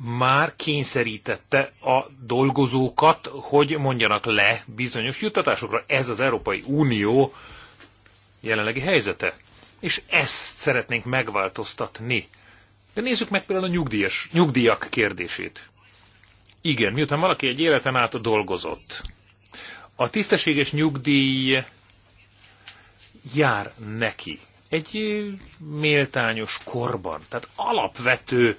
már kényszerítette a dolgozókat, hogy mondjanak le bizonyos juttatásokra. Ez az Európai Unió jelenlegi helyzete. És ezt szeretnénk megváltoztatni. De nézzük meg például a nyugdíjas, nyugdíjak kérdését. Igen, miután valaki egy életen át dolgozott, a tisztességes nyugdíj jár neki egy méltányos korban. Tehát alapvető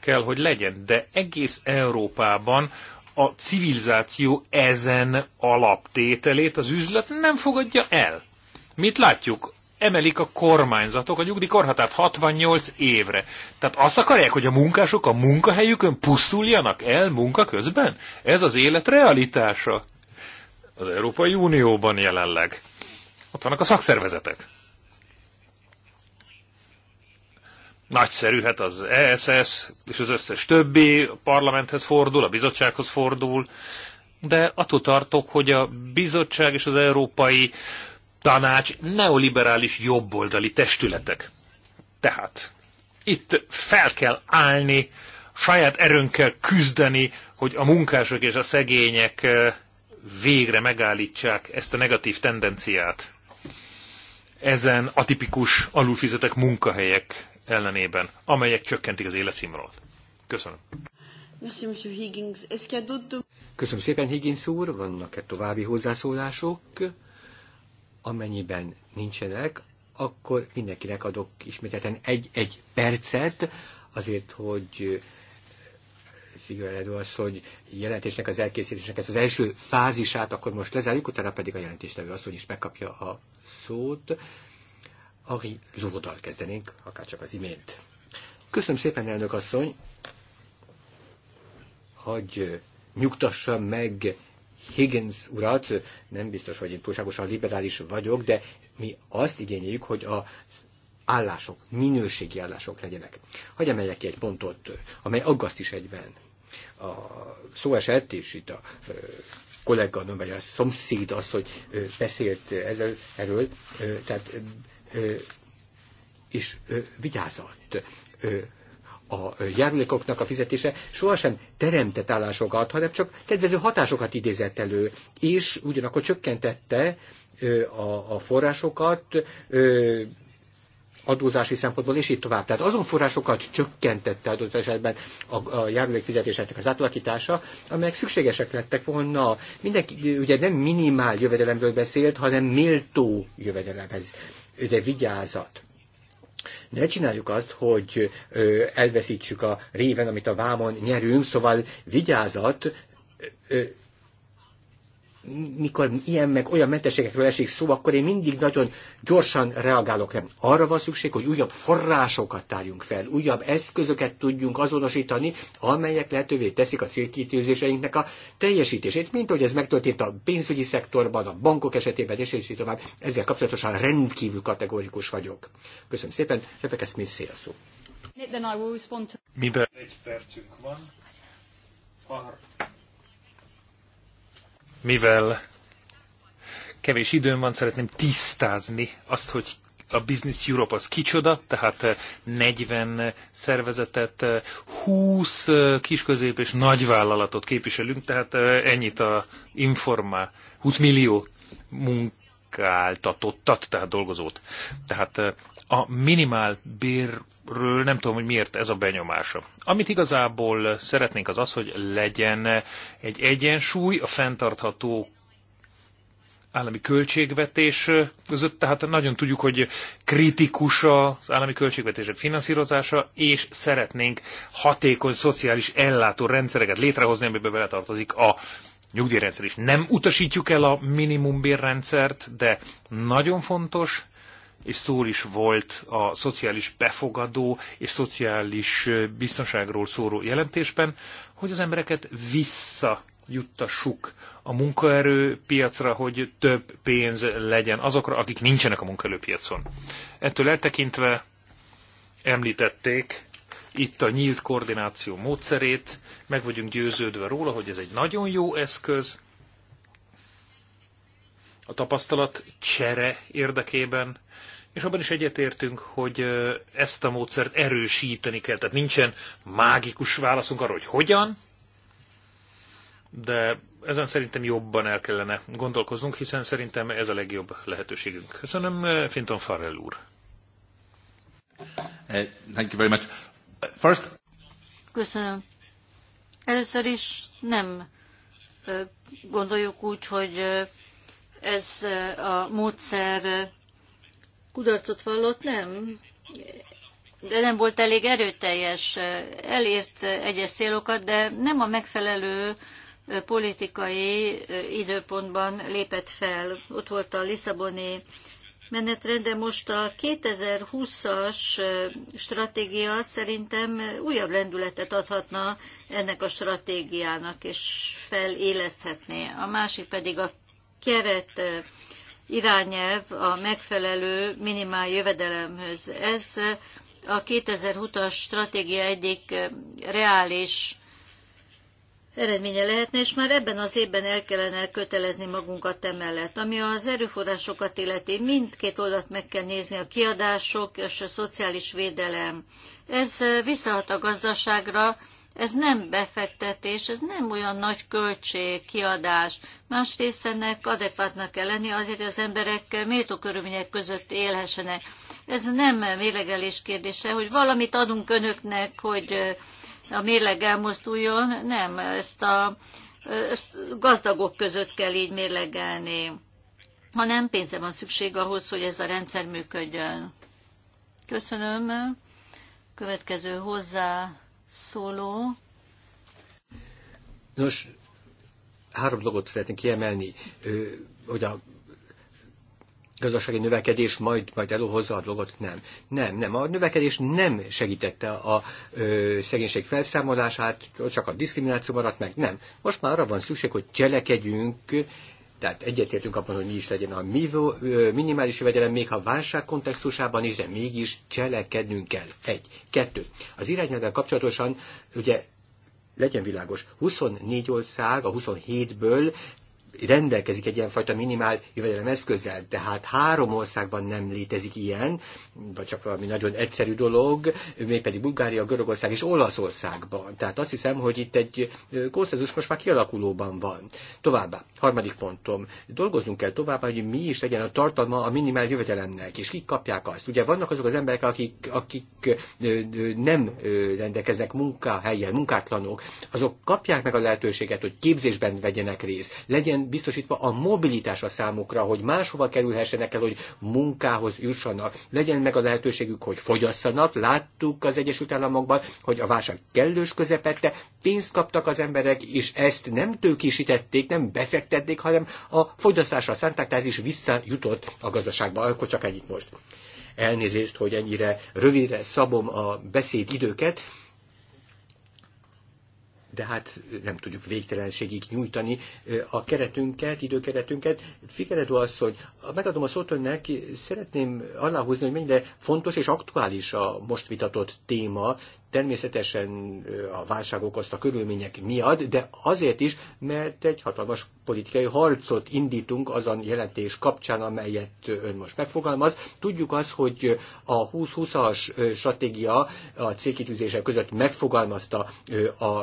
kell, hogy legyen, de egész Európában a civilizáció ezen alaptételét az üzlet nem fogadja el. Mit látjuk? emelik a kormányzatok a nyugdíjkorhatárt 68 évre. Tehát azt akarják, hogy a munkások a munkahelyükön pusztuljanak el munka közben? Ez az élet realitása az Európai Unióban jelenleg. Ott vannak a szakszervezetek. Nagyszerű, hát az ESS és az összes többi a parlamenthez fordul, a bizottsághoz fordul, de attól tartok, hogy a bizottság és az Európai tanács neoliberális jobboldali testületek. Tehát itt fel kell állni, saját erőnkkel küzdeni, hogy a munkások és a szegények végre megállítsák ezt a negatív tendenciát ezen atipikus alulfizetek munkahelyek ellenében, amelyek csökkentik az életszínvonalat. Köszönöm. Köszönöm szépen, Higgins úr. Vannak-e további hozzászólások? Amennyiben nincsenek, akkor mindenkinek adok ismételten egy-egy percet, azért, hogy az, hogy jelentésnek az elkészítésnek ez az első fázisát, akkor most lezárjuk, utána pedig a jelentéstevő asszony is megkapja a szót. Ari Lourdal kezdenénk, csak az imént. Köszönöm szépen, elnök asszony, hogy nyugtassa meg Higgins urat, nem biztos, hogy én túlságosan liberális vagyok, de mi azt igényeljük, hogy a állások, minőségi állások legyenek. Hogy emeljek ki egy pontot, amely aggaszt is egyben. A szó esett, és itt a kollega, vagy a szomszéd az, hogy beszélt erről, erről tehát és vigyázott a járulékoknak a fizetése sohasem teremtett állásokat, hanem csak kedvező hatásokat idézett elő, és ugyanakkor csökkentette a, a forrásokat adózási szempontból, és így tovább. Tehát azon forrásokat csökkentette adott esetben a, a járulékfizetéseknek az átalakítása, amelyek szükségesek lettek volna. Mindenki ugye nem minimál jövedelemről beszélt, hanem méltó jövedelemhez, Ugye vigyázat ne csináljuk azt, hogy elveszítsük a réven, amit a vámon nyerünk, szóval vigyázat, mikor ilyen meg olyan mentességekről esik szó, akkor én mindig nagyon gyorsan reagálok rá. Arra van szükség, hogy újabb forrásokat tárjunk fel, újabb eszközöket tudjunk azonosítani, amelyek lehetővé teszik a célkítőzéseinknek a teljesítését, mint ahogy ez megtörtént a pénzügyi szektorban, a bankok esetében, és így tovább. Ezzel kapcsolatosan rendkívül kategórikus vagyok. Köszönöm szépen, Rebecca Smith szél szó. Mivel egy percünk van, mivel kevés időm van, szeretném tisztázni azt, hogy a Business Europe az kicsoda, tehát 40 eh, eh, szervezetet, 20 eh, kisközép és nagyvállalatot képviselünk, tehát ennyit a informá, 20 millió munk, munkáltatottat, tehát dolgozót. Tehát eh, a minimál bérről nem tudom, hogy miért ez a benyomása. Amit igazából szeretnénk az az, hogy legyen egy egyensúly a fenntartható állami költségvetés eh, között, tehát nagyon tudjuk, hogy kritikus az állami költségvetések finanszírozása, és szeretnénk hatékony szociális ellátó rendszereket létrehozni, amiben beletartozik a nyugdíjrendszer is. Nem utasítjuk el a minimumbérrendszert, de nagyon fontos, és szól is volt a szociális befogadó és szociális biztonságról szóló jelentésben, hogy az embereket vissza juttassuk a munkaerőpiacra, hogy több pénz legyen azokra, akik nincsenek a munkaerőpiacon. Ettől eltekintve említették itt a nyílt koordináció módszerét, meg vagyunk győződve róla, hogy ez egy nagyon jó eszköz a tapasztalat csere érdekében, és abban is egyetértünk, hogy ezt a módszert erősíteni kell. Tehát nincsen mágikus válaszunk arra, hogy hogyan, de ezen szerintem jobban el kellene gondolkoznunk, hiszen szerintem ez a legjobb lehetőségünk. Köszönöm, Finton Farrell úr. Eh, thank you very much. First... Köszönöm. Először is nem gondoljuk úgy, hogy ez a módszer kudarcot vallott, nem. De nem volt elég erőteljes, elért egyes célokat, de nem a megfelelő politikai időpontban lépett fel. Ott volt a Lisszaboni menetre, de most a 2020-as stratégia szerintem újabb lendületet adhatna ennek a stratégiának, és feléleszthetné. A másik pedig a keret irányelv a megfelelő minimál jövedelemhöz. Ez a 2020-as stratégia egyik reális eredménye lehetne, és már ebben az évben el kellene kötelezni magunkat emellett. Ami az erőforrásokat illeti, mindkét oldalt meg kell nézni, a kiadások és a szociális védelem. Ez eh, visszahat a gazdaságra, ez nem befektetés, ez nem olyan nagy költség, kiadás. Másrészt ennek adekvátnak kell lenni azért, az emberek méltó körülmények között élhessenek. Ez nem mélegelés kérdése, hogy valamit adunk önöknek, hogy eh, a mérleg elmozduljon, nem, ezt a ezt gazdagok között kell így mérlegelni, hanem pénze van szükség ahhoz, hogy ez a rendszer működjön. Köszönöm. Következő hozzá szóló. Nos, három dolgot szeretnék kiemelni, hogy a gazdasági növekedés majd, majd elhozza a dolgot, nem. Nem, nem. A növekedés nem segítette a ö, szegénység felszámolását, csak a diszkrimináció maradt meg, nem. Most már arra van szükség, hogy cselekedjünk, tehát egyetértünk abban, hogy mi is legyen a minimális jövedelem, még ha válság kontextusában is, de mégis cselekednünk kell. Egy. Kettő. Az irányelvvel kapcsolatosan ugye legyen világos, 24 ország a 27-ből rendelkezik egy ilyenfajta minimál jövedelem eszközzel, tehát három országban nem létezik ilyen, vagy csak valami nagyon egyszerű dolog, mégpedig Bulgária, Görögország és Olaszországban. Tehát azt hiszem, hogy itt egy konszenzus most már kialakulóban van. Továbbá, harmadik pontom, dolgozunk kell tovább, hogy mi is legyen a tartalma a minimál jövedelemnek, és kik kapják azt. Ugye vannak azok az emberek, akik, akik nem rendelkeznek munkahelyen, munkátlanok, azok kapják meg a lehetőséget, hogy képzésben vegyenek részt, legyen legyen biztosítva a mobilitás a számukra, hogy máshova kerülhessenek el, hogy munkához jussanak. Legyen meg a lehetőségük, hogy fogyasszanak. Láttuk az Egyesült Államokban, hogy a válság kellős közepette pénzt kaptak az emberek, és ezt nem tőkésítették, nem befektették, hanem a fogyasztásra szánták, tehát ez is visszajutott a gazdaságba. Akkor csak ennyit most. Elnézést, hogy ennyire rövidre szabom a beszéd időket, de hát nem tudjuk végtelenségig nyújtani a keretünket, időkeretünket. az, asszony, megadom a szót önnek, szeretném aláhúzni, hogy mennyire fontos és aktuális a most vitatott téma, természetesen a válság okozta körülmények miatt, de azért is, mert egy hatalmas politikai harcot indítunk azon jelentés kapcsán, amelyet ön most megfogalmaz. Tudjuk azt, hogy a 2020-as stratégia a célkitűzések között megfogalmazta a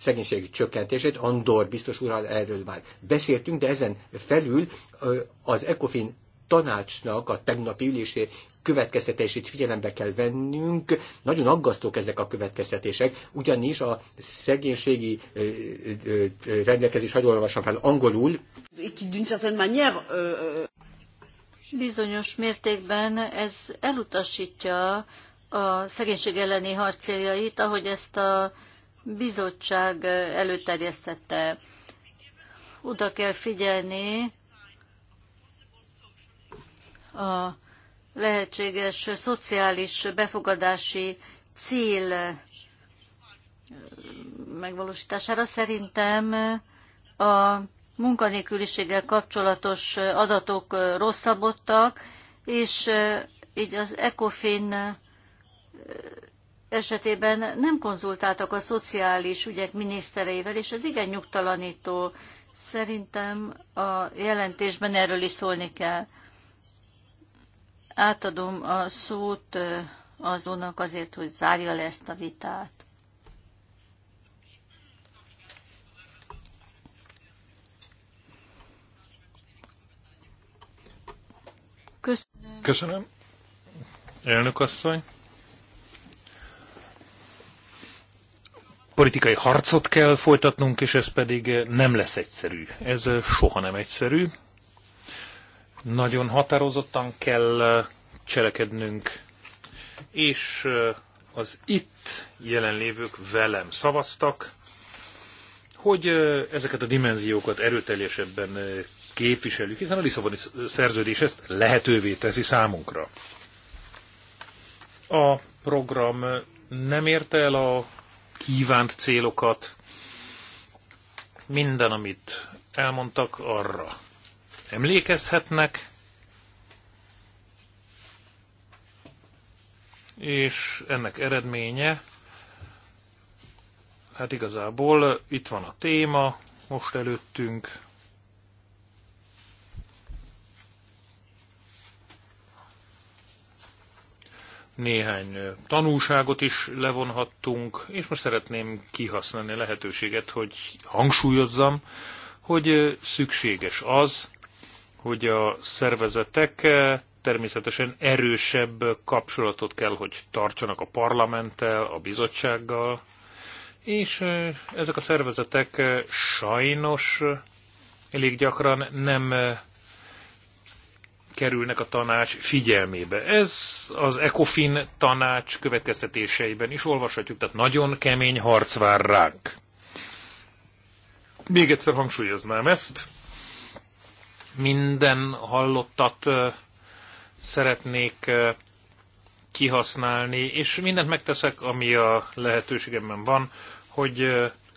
szegénység csökkentését. Andor biztos úrral erről már beszéltünk, de ezen felül az ECOFIN tanácsnak a tegnapi ülésé következtetését figyelembe kell vennünk. Nagyon aggasztók ezek a következtetések, ugyanis a szegénységi rendelkezés, hagyom olvasom fel angolul, euh, euh, Bizonyos mértékben ez elutasítja a szegénység elleni harc céljait, ahogy ezt a bizottság előterjesztette. Oda kell figyelni a lehetséges szociális befogadási cél megvalósítására szerintem a munkanélküliséggel kapcsolatos adatok rosszabbodtak, és így az ECOFIN esetében nem konzultáltak a szociális ügyek minisztereivel, és ez igen nyugtalanító. Szerintem a jelentésben erről is szólni kell. Átadom a szót azonnak azért, hogy zárja le ezt a vitát. Köszönöm. Köszönöm. Elnök asszony. Politikai harcot kell folytatnunk, és ez pedig nem lesz egyszerű. Ez soha nem egyszerű. Nagyon határozottan kell cselekednünk, és az itt jelenlévők velem szavaztak, hogy ezeket a dimenziókat erőteljesebben képviseljük, hiszen a Lisszaboni szerződés ezt lehetővé teszi számunkra. A program nem érte el a kívánt célokat, minden, amit elmondtak, arra emlékezhetnek, és ennek eredménye, hát igazából itt van a téma, most előttünk, néhány tanulságot is levonhattunk, és most szeretném kihasználni a lehetőséget, hogy hangsúlyozzam, hogy szükséges az, hogy a szervezetek eh, természetesen erősebb kapcsolatot kell, hogy tartsanak a parlamenttel, a bizottsággal, és eh, ezek a szervezetek eh, sajnos elég gyakran nem kerülnek a tanács figyelmébe. Ez az ECOFIN tanács következtetéseiben is olvashatjuk, tehát nagyon kemény harc vár ránk. Még egyszer hangsúlyoznám ezt minden hallottat szeretnék kihasználni, és mindent megteszek, ami a lehetőségemben van, hogy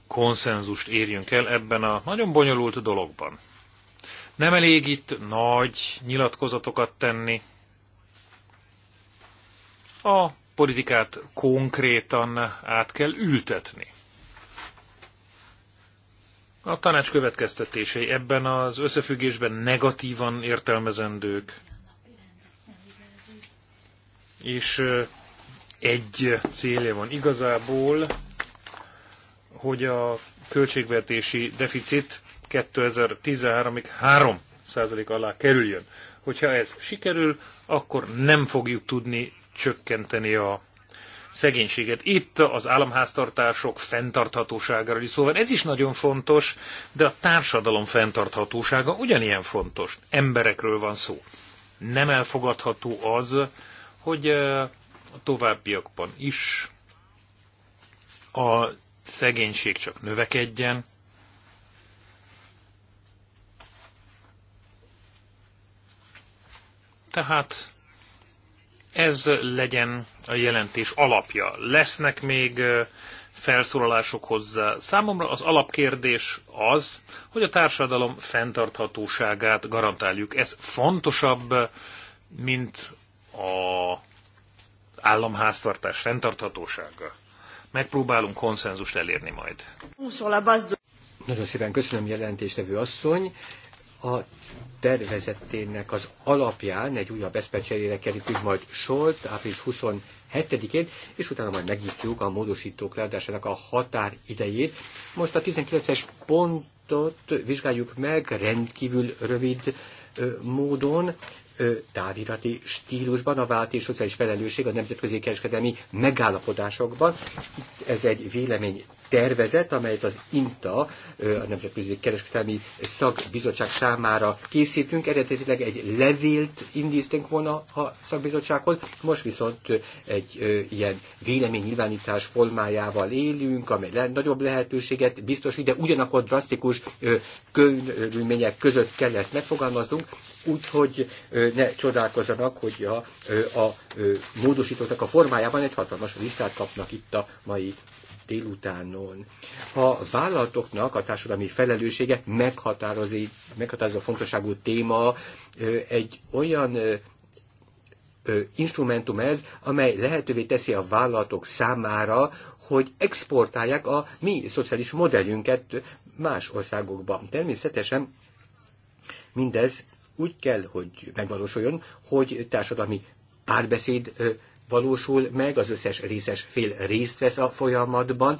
konszenzust érjünk el ebben a nagyon bonyolult dologban. Nem elég itt nagy nyilatkozatokat tenni. A politikát konkrétan át kell ültetni. A tanács következtetései ebben az összefüggésben negatívan értelmezendők, és egy célja van igazából, hogy a költségvetési deficit 2013-ig 3 százalék alá kerüljön. Hogyha ez sikerül, akkor nem fogjuk tudni csökkenteni a szegénységet. Itt az államháztartások fenntarthatóságára is szóval Ez is nagyon fontos, de a társadalom fenntarthatósága ugyanilyen fontos. Emberekről van szó. Nem elfogadható az, hogy eh, a továbbiakban is a szegénység csak növekedjen, Tehát ez legyen a jelentés alapja. Lesznek még felszólalások hozzá. Számomra az alapkérdés az, hogy a társadalom fenntarthatóságát garantáljuk. Ez fontosabb, mint a államháztartás fenntarthatósága. Megpróbálunk konszenzust elérni majd. Nagyon szépen köszönöm jelentéstevő asszony. A tervezetének az alapján egy újabb kerít, úgy majd Solt április 27-én, és utána majd megnyitjuk a módosítók leadásának a határidejét. Most a 19-es pontot vizsgáljuk meg rendkívül rövid módon távirati stílusban a vált és szociális felelősség a nemzetközi kereskedelmi megállapodásokban. Ez egy vélemény tervezet, amelyet az INTA, a Nemzetközi Kereskedelmi Szakbizottság számára készítünk. Eredetileg egy levélt indíztunk volna a szakbizottsághoz, most viszont egy ilyen véleménynyilvánítás formájával élünk, amely nagyobb lehetőséget biztosít, de ugyanakkor drasztikus körülmények között kell ezt megfogalmaznunk, úgyhogy ne csodálkozzanak, hogy a, a módosítóknak a formájában egy hatalmas listát kapnak itt a mai délutánon. A vállalatoknak a társadalmi felelőssége meghatározó fontosságú téma egy olyan instrumentum ez, amely lehetővé teszi a vállalatok számára, hogy exportálják a mi szociális modellünket más országokba. Természetesen mindez úgy kell, hogy megvalósuljon, hogy társadalmi párbeszéd valósul meg, az összes részes fél részt vesz a folyamatban,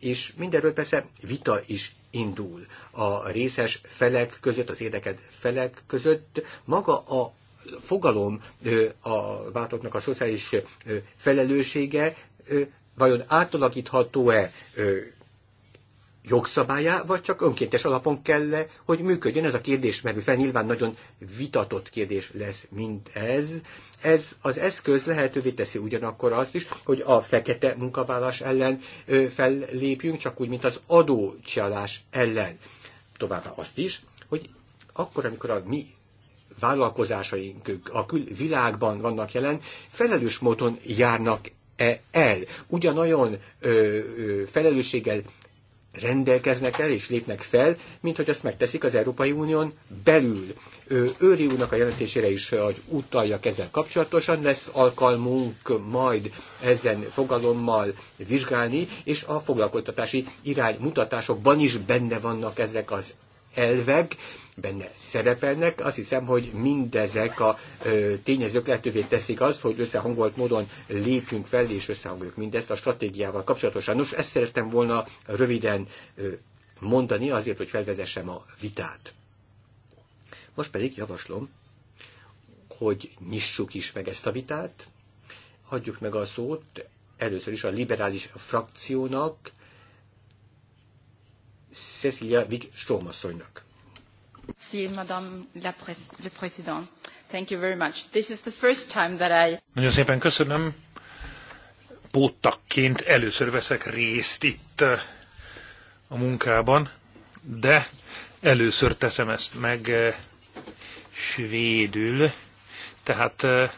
és mindenről persze vita is indul. A részes felek között, az érdeket felek között maga a fogalom a váltottnak a szociális felelőssége vajon átalakítható-e jogszabályá, vagy csak önkéntes alapon kell -e, hogy működjön ez a kérdés, mert fel nyilván nagyon vitatott kérdés lesz mint Ez ez az eszköz lehetővé teszi ugyanakkor azt is, hogy a fekete munkavállás ellen fellépjünk, csak úgy, mint az adócsalás ellen. Továbbá azt is, hogy akkor, amikor a mi vállalkozásaink a külvilágban vannak jelen, felelős módon járnak -e el. Ugyanolyan ö, ö, felelősséggel rendelkeznek el és lépnek fel, mint hogy azt megteszik az Európai Unión belül. Őri úrnak a jelentésére is, hogy utaljak ezzel kapcsolatosan, lesz alkalmunk majd ezen fogalommal vizsgálni, és a foglalkoztatási iránymutatásokban is benne vannak ezek az elvek, benne szerepelnek. Azt hiszem, hogy mindezek a tényezők lehetővé teszik azt, hogy összehangolt módon lépjünk fel, és összehangoljuk mindezt a stratégiával kapcsolatosan. Nos, ezt szerettem volna röviden mondani azért, hogy felvezessem a vitát. Most pedig javaslom, hogy nyissuk is meg ezt a vitát, adjuk meg a szót először is a liberális frakciónak, Cecilia Wig Stromasszonynak. Madame Thank you very much. This is the first time that I... Nagyon szépen köszönöm. Póttakként először veszek részt itt eh, a munkában, de először teszem ezt meg eh, svédül. Tehát eh,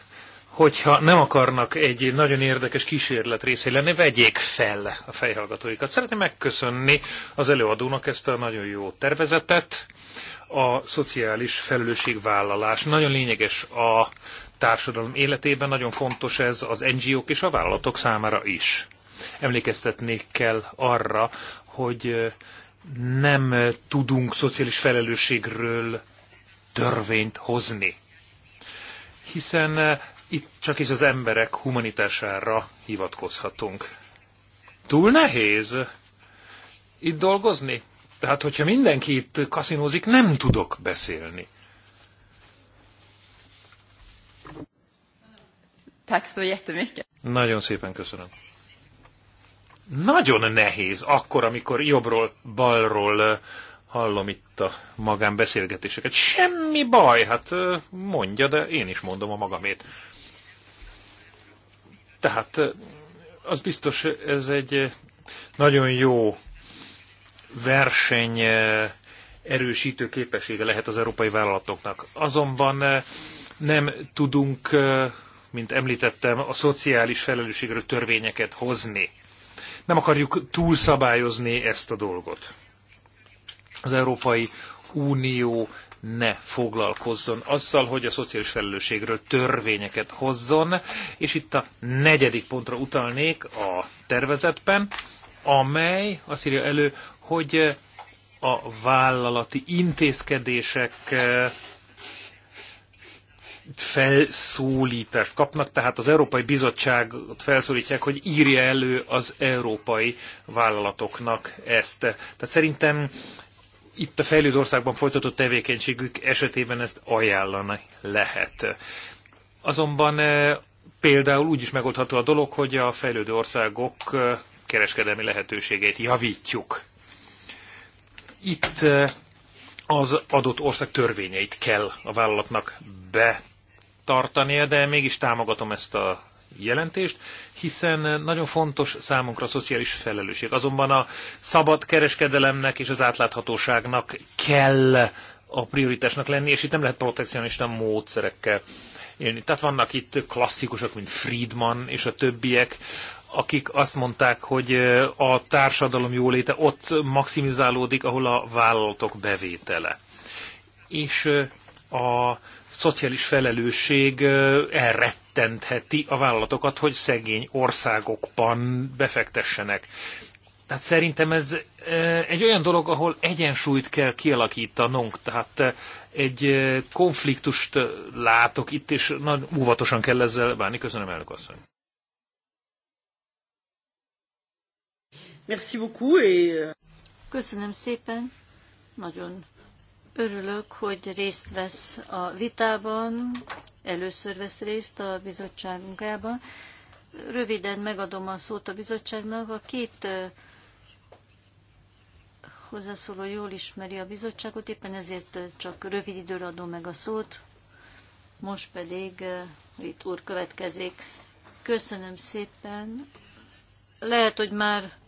hogyha nem akarnak egy nagyon érdekes kísérlet részé lenni, vegyék fel a fejhallgatóikat. Szeretném megköszönni az előadónak ezt a nagyon jó tervezetet, a szociális felelősségvállalás. Nagyon lényeges a társadalom életében, nagyon fontos ez az NGO-k és a vállalatok számára is. Emlékeztetnék kell arra, hogy nem tudunk szociális felelősségről törvényt hozni. Hiszen itt csak is az emberek humanitására hivatkozhatunk. Túl nehéz itt dolgozni? Tehát, hogyha mindenki itt kaszinózik, nem tudok beszélni. Nagyon szépen köszönöm. Nagyon nehéz akkor, amikor jobbról, balról hallom itt a magánbeszélgetéseket. Semmi baj, hát mondja, de én is mondom a magamét. Tehát az biztos, ez egy nagyon jó verseny eh, erősítő képessége lehet az európai vállalatoknak. Azonban eh, nem tudunk, eh, mint említettem, a szociális felelősségről törvényeket hozni. Nem akarjuk túlszabályozni ezt a dolgot. Az Európai Unió ne foglalkozzon azzal, hogy a szociális felelősségről törvényeket hozzon, és itt a negyedik pontra utalnék a tervezetben, amely azt írja elő, hogy a vállalati intézkedések felszólítást kapnak, tehát az Európai Bizottságot felszólítják, hogy írja elő az európai vállalatoknak ezt. Tehát szerintem itt a fejlődő országban folytatott tevékenységük esetében ezt ajánlani lehet. Azonban például úgy is megoldható a dolog, hogy a fejlődő országok kereskedelmi lehetőségeit javítjuk. Itt eh, az adott ország törvényeit kell a vállalatnak betartania, de mégis támogatom ezt a jelentést, hiszen nagyon fontos számunkra a szociális felelősség. Azonban a szabad kereskedelemnek és az átláthatóságnak kell a prioritásnak lenni, és itt nem lehet protekcionista módszerekkel élni. Tehát vannak itt klasszikusok, mint Friedman és a többiek, akik azt mondták, hogy a társadalom jóléte ott maximizálódik, ahol a vállalatok bevétele. És a szociális felelősség elrettentheti a vállalatokat, hogy szegény országokban befektessenek. Tehát szerintem ez egy olyan dolog, ahol egyensúlyt kell kialakítanunk. Tehát egy konfliktust látok itt, és nagyon óvatosan kell ezzel bánni. Köszönöm, elnök asszony. Merci beaucoup, et... Euh, Köszönöm szépen, nagyon örülök, hogy részt vesz a vitában, először vesz részt a bizottság Röviden megadom a szót a bizottságnak. A két hozzászóló jól ismeri a bizottságot, éppen ezért csak rövid időre adom meg a szót. Most pedig itt úr következik. Köszönöm szépen. Lehet, hogy már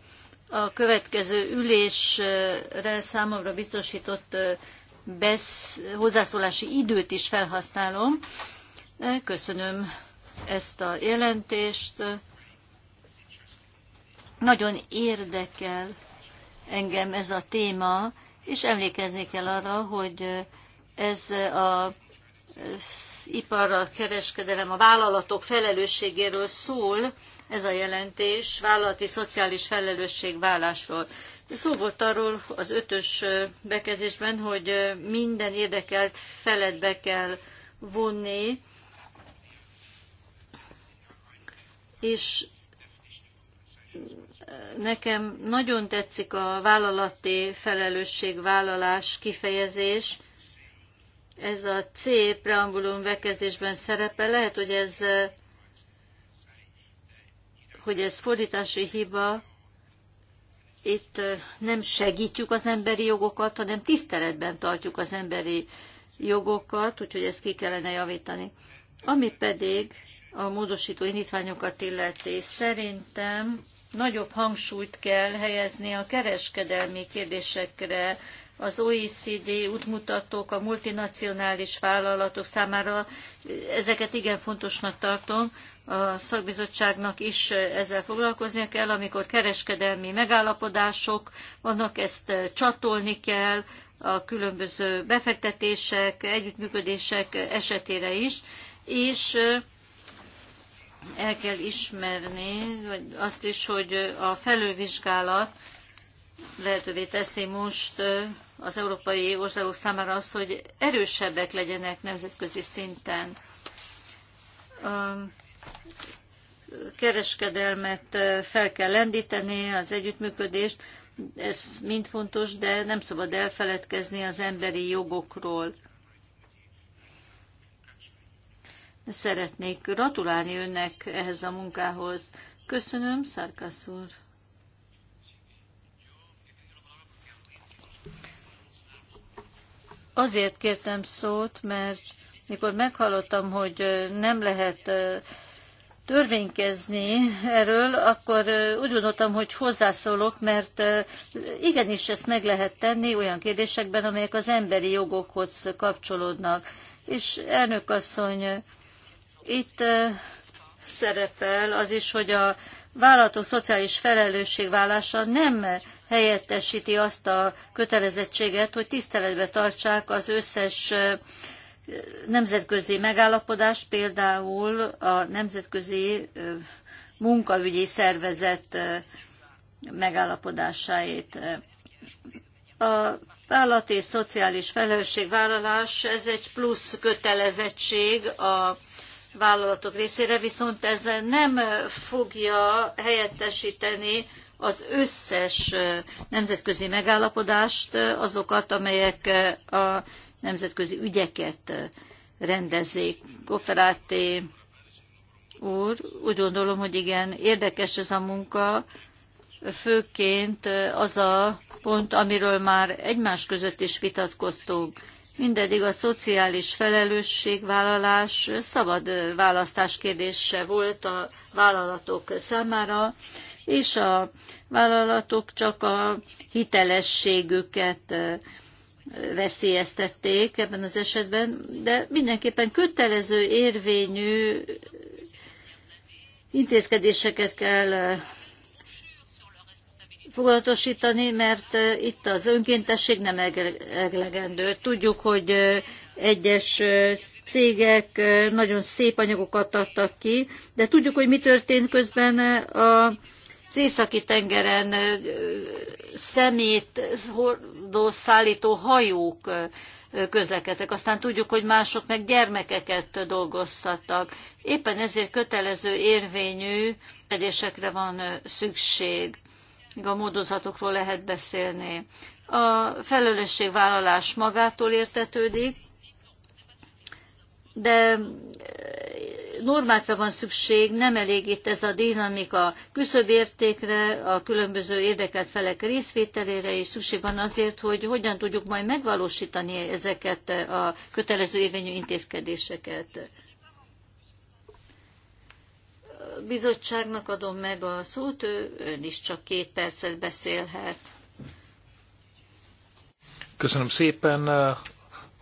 a következő ülésre számomra biztosított besz, hozzászólási időt is felhasználom. E, köszönöm ezt a jelentést. Nagyon érdekel engem ez a téma, és emlékezni kell arra, hogy ez a az ipar, a kereskedelem, a vállalatok felelősségéről szól, ez a jelentés vállalati szociális felelősségvállásról. Szó volt arról az ötös bekezdésben, hogy minden érdekelt felet be kell vonni, és nekem nagyon tetszik a vállalati felelősségvállalás kifejezés. Ez a C preambulum bekezdésben szerepel. Lehet, hogy ez hogy ez fordítási hiba, itt nem segítjük az emberi jogokat, hanem tiszteletben tartjuk az emberi jogokat, úgyhogy ezt ki kellene javítani. Ami pedig a módosító indítványokat illeti, szerintem nagyobb hangsúlyt kell helyezni a kereskedelmi kérdésekre, az OECD útmutatók a multinacionális vállalatok számára, ezeket igen fontosnak tartom, a szakbizottságnak is ezzel foglalkoznia kell, amikor kereskedelmi megállapodások vannak, ezt csatolni kell a különböző befektetések, együttműködések esetére is, és el kell ismerni vagy azt is, hogy a felülvizsgálat lehetővé teszi most az európai országok számára az, hogy erősebbek legyenek nemzetközi szinten kereskedelmet fel kell lendíteni, az együttműködést, ez mind fontos, de nem szabad elfeledkezni az emberi jogokról. Szeretnék gratulálni önnek ehhez a munkához. Köszönöm, Szarkasz úr. Azért kértem szót, mert mikor meghallottam, hogy nem lehet törvénykezni erről, akkor úgy gondoltam, hogy hozzászólok, mert igenis ezt meg lehet tenni olyan kérdésekben, amelyek az emberi jogokhoz kapcsolódnak. És elnök asszony, itt szerepel az is, hogy a vállalatok szociális felelősségvállása nem helyettesíti azt a kötelezettséget, hogy tiszteletbe tartsák az összes nemzetközi megállapodást, például a nemzetközi munkaügyi szervezet megállapodásáit. A vállalati és szociális felelősségvállalás, ez egy plusz kötelezettség a vállalatok részére, viszont ez nem fogja helyettesíteni az összes nemzetközi megállapodást, azokat, amelyek a nemzetközi ügyeket rendezzék. Koferáté úr, úgy gondolom, hogy igen, érdekes ez a munka, főként az a pont, amiről már egymás között is vitatkoztunk. Mindedig a szociális felelősségvállalás szabad választás kérdése volt a vállalatok számára, és a vállalatok csak a hitelességüket veszélyeztették ebben az esetben, de mindenképpen kötelező érvényű intézkedéseket kell fogadatosítani, mert itt az önkéntesség nem elegendő. Tudjuk, hogy egyes cégek nagyon szép anyagokat adtak ki, de tudjuk, hogy mi történt közben a északi tengeren szemét hordó szállító hajók közlekedtek. Aztán tudjuk, hogy mások meg gyermekeket dolgoztattak. Éppen ezért kötelező érvényű edésekre van szükség. A módozatokról lehet beszélni. A felelősségvállalás magától értetődik, de normákra van szükség, nem elég itt ez a dinamika küszöbértékre, a különböző érdekelt felek részvételére is szükség van azért, hogy hogyan tudjuk majd megvalósítani ezeket a kötelező érvényű intézkedéseket. bizottságnak adom meg a szót, ő, ön is csak két percet beszélhet. Köszönöm szépen,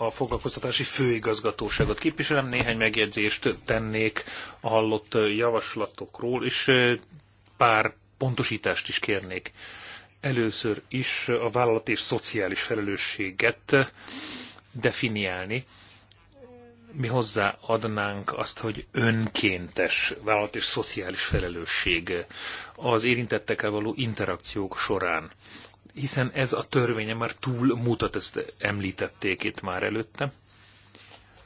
a foglalkoztatási főigazgatóságot képviselem, néhány megjegyzést tennék a hallott javaslatokról, és pár pontosítást is kérnék. Először is a vállalat és szociális felelősséget definiálni. Mi hozzá adnánk azt, hogy önkéntes vállalat és szociális felelősség az érintettekkel való interakciók során hiszen ez a törvénye már túl mutat, ezt említették itt már előtte.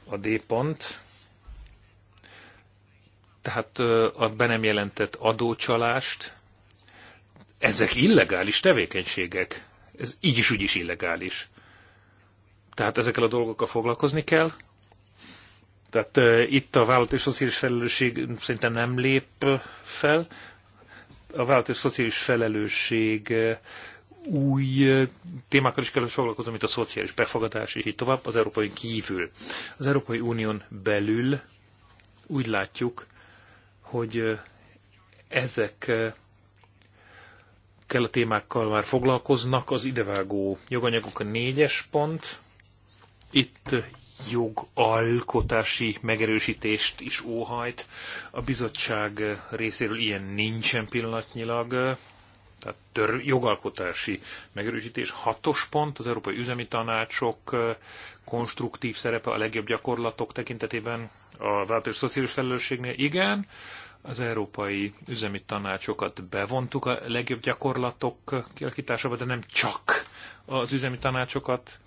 A D pont, tehát a be nem jelentett adócsalást, ezek illegális tevékenységek. Ez így is, úgy is illegális. Tehát ezekkel a dolgokkal foglalkozni kell. Tehát uh, itt a vállalat és szociális felelősség szerintem nem lép fel. A vállalat és szociális felelősség uh, új témákkal is kellett foglalkozni, mint a szociális befogadás, és így tovább, az Európai kívül. Az Európai Unión belül úgy látjuk, hogy ezek kell a témákkal már foglalkoznak, az idevágó joganyagok a négyes pont, itt jogalkotási megerősítést is óhajt. A bizottság részéről ilyen nincsen pillanatnyilag. Tehát tör, jogalkotási megerősítés. Hatos pont az Európai Üzemi Tanácsok konstruktív szerepe a legjobb gyakorlatok tekintetében a változó szociális felelősségnél. Igen, az Európai Üzemi Tanácsokat bevontuk a legjobb gyakorlatok kialakításába, de nem csak az üzemi tanácsokat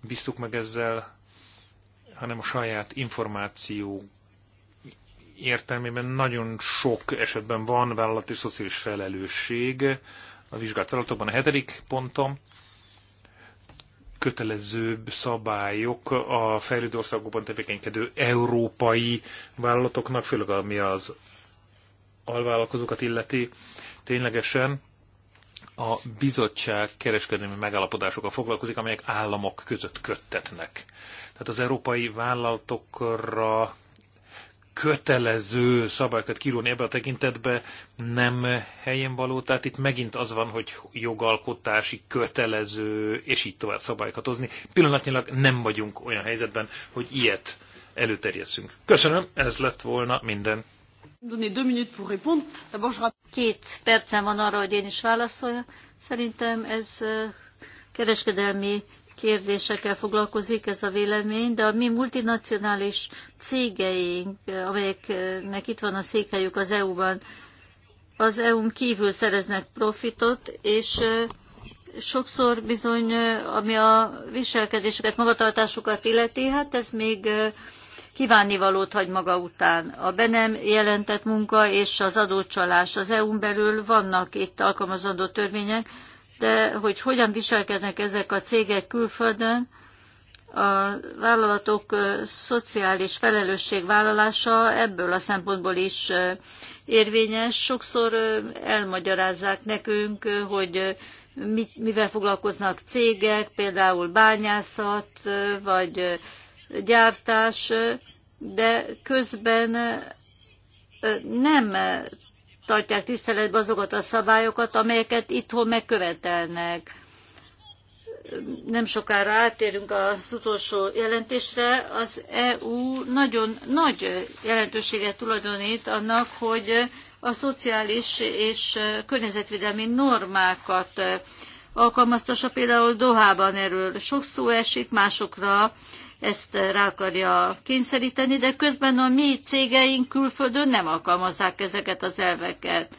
bíztuk meg ezzel, hanem a saját információk értelmében nagyon sok esetben van vállalati szociális felelősség a vizsgálatokban. A hetedik pontom kötelezőbb szabályok a fejlődő országokban tevékenykedő európai vállalatoknak, főleg ami az alvállalkozókat illeti, ténylegesen a bizottság kereskedelmi megállapodásokkal foglalkozik, amelyek államok között köttetnek. Tehát az európai vállalatokra kötelező szabályokat kirúni ebbe a tekintetbe nem helyén való. Tehát itt megint az van, hogy jogalkotási, kötelező, és így tovább szabályokat hozni. Pillanatnyilag nem vagyunk olyan helyzetben, hogy ilyet előterjesszünk. Köszönöm, ez lett volna minden. Két percem van arra, hogy én is válaszoljak. Szerintem ez kereskedelmi kérdésekkel foglalkozik ez a vélemény, de a mi multinacionális cégeink, amelyeknek itt van a székhelyük az EU-ban, az EU-n kívül szereznek profitot, és sokszor bizony, ami a viselkedéseket, magatartásukat illeti, hát ez még kívánivalót hagy maga után. A be nem jelentett munka és az adócsalás az EU-n belül vannak itt alkalmazandó törvények, de hogy hogyan viselkednek ezek a cégek külföldön, a vállalatok szociális felelősségvállalása ebből a szempontból is érvényes. Sokszor elmagyarázzák nekünk, hogy mivel foglalkoznak cégek, például bányászat vagy gyártás, de közben nem tartják tiszteletbe azokat a szabályokat, amelyeket itthon megkövetelnek. Nem sokára átérünk az utolsó jelentésre. Az EU nagyon nagy jelentőséget tulajdonít annak, hogy a szociális és környezetvédelmi normákat alkalmaztassa. Például Dohában erről sok szó esik, másokra ezt rá akarja kényszeríteni, de közben a mi cégeink külföldön nem alkalmazzák ezeket az elveket.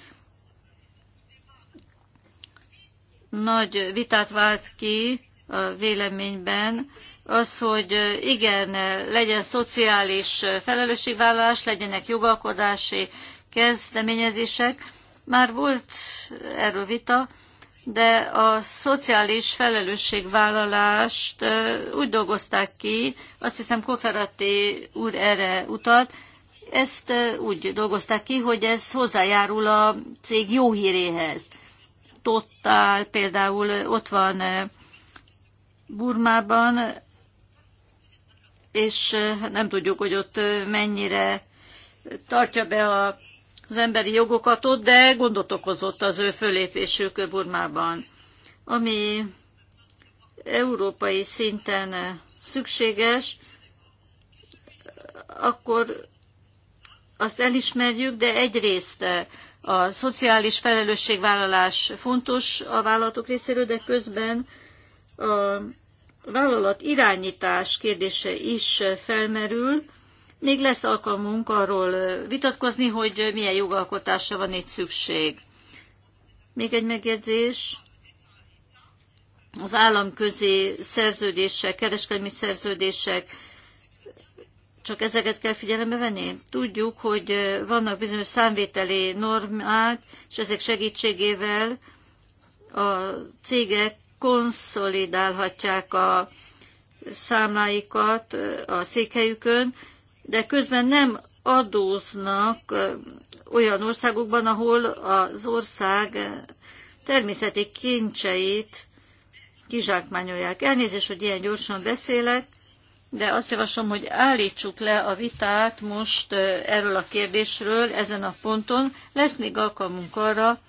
Nagy vitát vált ki a véleményben az, hogy igen, legyen szociális felelősségvállalás, legyenek jogalkodási kezdeményezések. Már volt erről vita, de a szociális felelősségvállalást úgy dolgozták ki, azt hiszem Koferati úr erre utalt, ezt úgy dolgozták ki, hogy ez hozzájárul a cég jó híréhez. Totál például ott van Burmában, és hát nem tudjuk, hogy ott mennyire tartja be a az emberi jogokat ott, de gondot okozott az ő fölépésük Burmában. Ami európai szinten szükséges, akkor azt elismerjük, de egyrészt a szociális felelősségvállalás fontos a vállalatok részéről, de közben a vállalat irányítás kérdése is felmerül, még lesz alkalmunk arról vitatkozni, hogy milyen jogalkotásra van itt szükség. Még egy megjegyzés. Az államközi szerződések, kereskedelmi szerződések, csak ezeket kell figyelembe venni? Tudjuk, hogy vannak bizonyos számvételi normák, és ezek segítségével a cégek konszolidálhatják a számláikat a székhelyükön, de közben nem adóznak olyan országokban, ahol az ország természeti kincseit kizsákmányolják. Elnézést, hogy ilyen gyorsan beszélek, de azt javaslom, hogy állítsuk le a vitát most erről a kérdésről, ezen a ponton. Lesz még alkalmunk arra,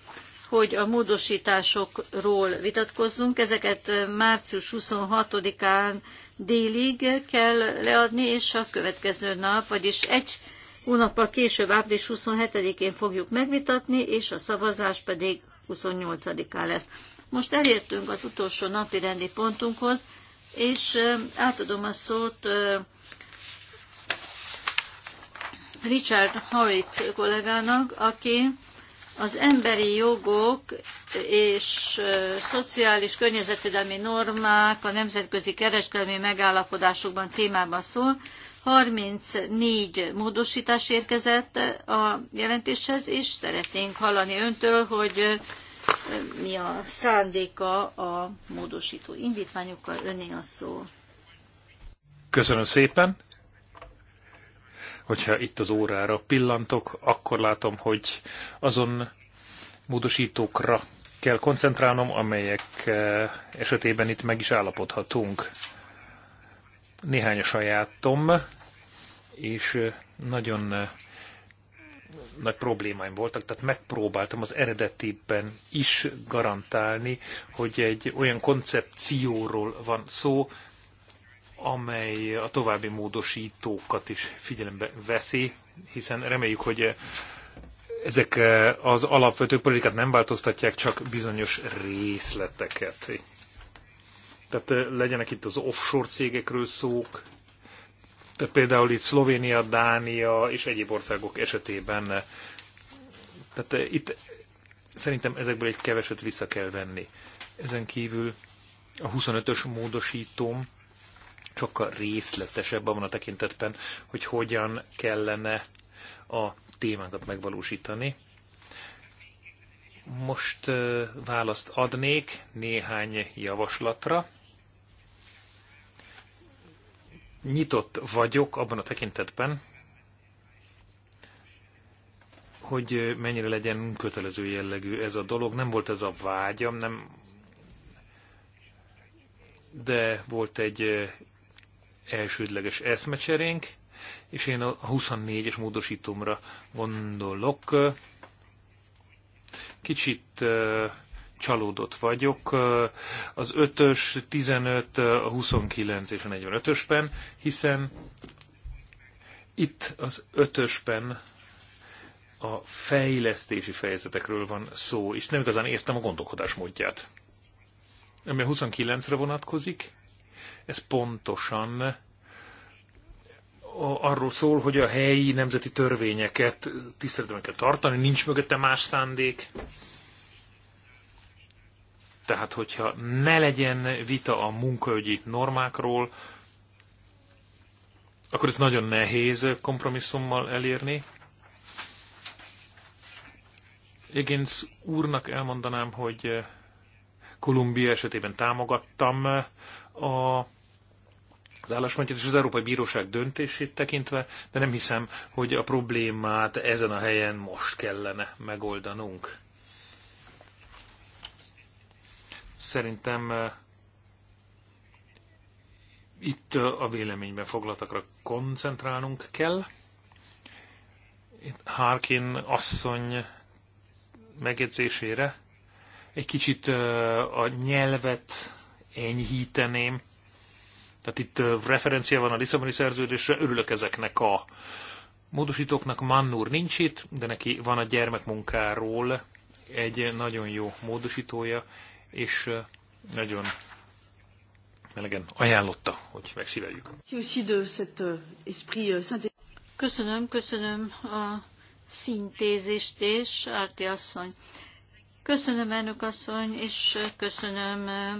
hogy a módosításokról vitatkozzunk. Ezeket március 26-án délig kell leadni, és a következő nap, vagyis egy hónappal később, április 27-én fogjuk megvitatni, és a szavazás pedig 28 á lesz. Most elértünk az utolsó napi rendi pontunkhoz, és átadom a szót Richard Hoyt kollégának, aki az emberi jogok és szociális környezetvédelmi normák a nemzetközi kereskedelmi megállapodásokban témában szól. 34 módosítás érkezett a jelentéshez, és szeretnénk hallani öntől, hogy mi a szándéka a módosító indítványokkal. Önné a szó. Köszönöm szépen. Hogyha itt az órára pillantok, akkor látom, hogy azon módosítókra kell koncentrálnom, amelyek eh, esetében itt meg is állapodhatunk. Néhány a sajátom, és eh, nagyon eh, nagy problémáim voltak, tehát megpróbáltam az eredetiben is garantálni, hogy egy olyan koncepcióról van szó, amely a további módosítókat is figyelembe veszi, hiszen reméljük, hogy ezek az alapvető politikát nem változtatják, csak bizonyos részleteket. Tehát legyenek itt az offshore cégekről szók, tehát például itt Szlovénia, Dánia és egyéb országok esetében. Tehát itt szerintem ezekből egy keveset vissza kell venni. Ezen kívül a 25-ös módosítóm sokkal részletesebb abban a tekintetben, hogy hogyan kellene a témákat megvalósítani. Most választ adnék néhány javaslatra. Nyitott vagyok abban a tekintetben, hogy mennyire legyen kötelező jellegű ez a dolog. Nem volt ez a vágyam, nem de volt egy elsődleges eszmecserénk, és én a 24-es módosítomra gondolok. Kicsit csalódott vagyok az 5-ös, 15, a 29 és a 45-ösben, hiszen itt az 5-ösben a fejlesztési fejezetekről van szó, és nem igazán értem a gondolkodás módját. Ami a 29-re vonatkozik, ez pontosan arról szól, hogy a helyi nemzeti törvényeket tiszteletben kell tartani, nincs mögötte más szándék. Tehát, hogyha ne legyen vita a munkaügyi normákról, akkor ez nagyon nehéz kompromisszummal elérni. Higgins úrnak elmondanám, hogy Kolumbia esetében támogattam eh, a az álláspontját és az Európai Bíróság döntését tekintve, de nem hiszem, hogy a problémát ezen a helyen most kellene megoldanunk. Szerintem eh, itt a véleményben foglaltakra koncentrálnunk kell. Itt Harkin asszony megjegyzésére egy kicsit a nyelvet enyhíteném. Tehát itt referencia van a Lisszaboni szerződésre, örülök ezeknek a módosítóknak. Mannur nincs itt, de neki van a gyermekmunkáról egy nagyon jó módosítója, és nagyon melegen ajánlotta, hogy megszíveljük. Euh, euh, köszönöm, köszönöm a szintézést és Árti asszony Köszönöm, elnök asszony, és köszönöm eh,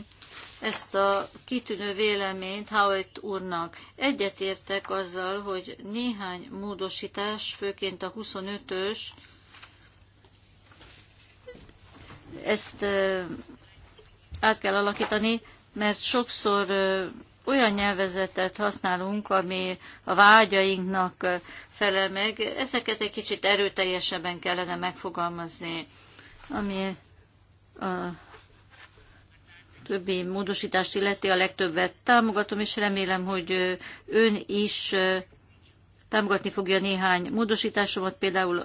ezt a kitűnő véleményt Howitt úrnak. Egyetértek azzal, hogy néhány módosítás, főként a 25-ös, ezt eh, át kell alakítani, mert sokszor eh, olyan nyelvezetet használunk, ami a vágyainknak felel meg, ezeket egy kicsit erőteljesebben kellene megfogalmazni ami a többi módosítást illeti a legtöbbet támogatom, és remélem, hogy ön is támogatni fogja néhány módosításomat, például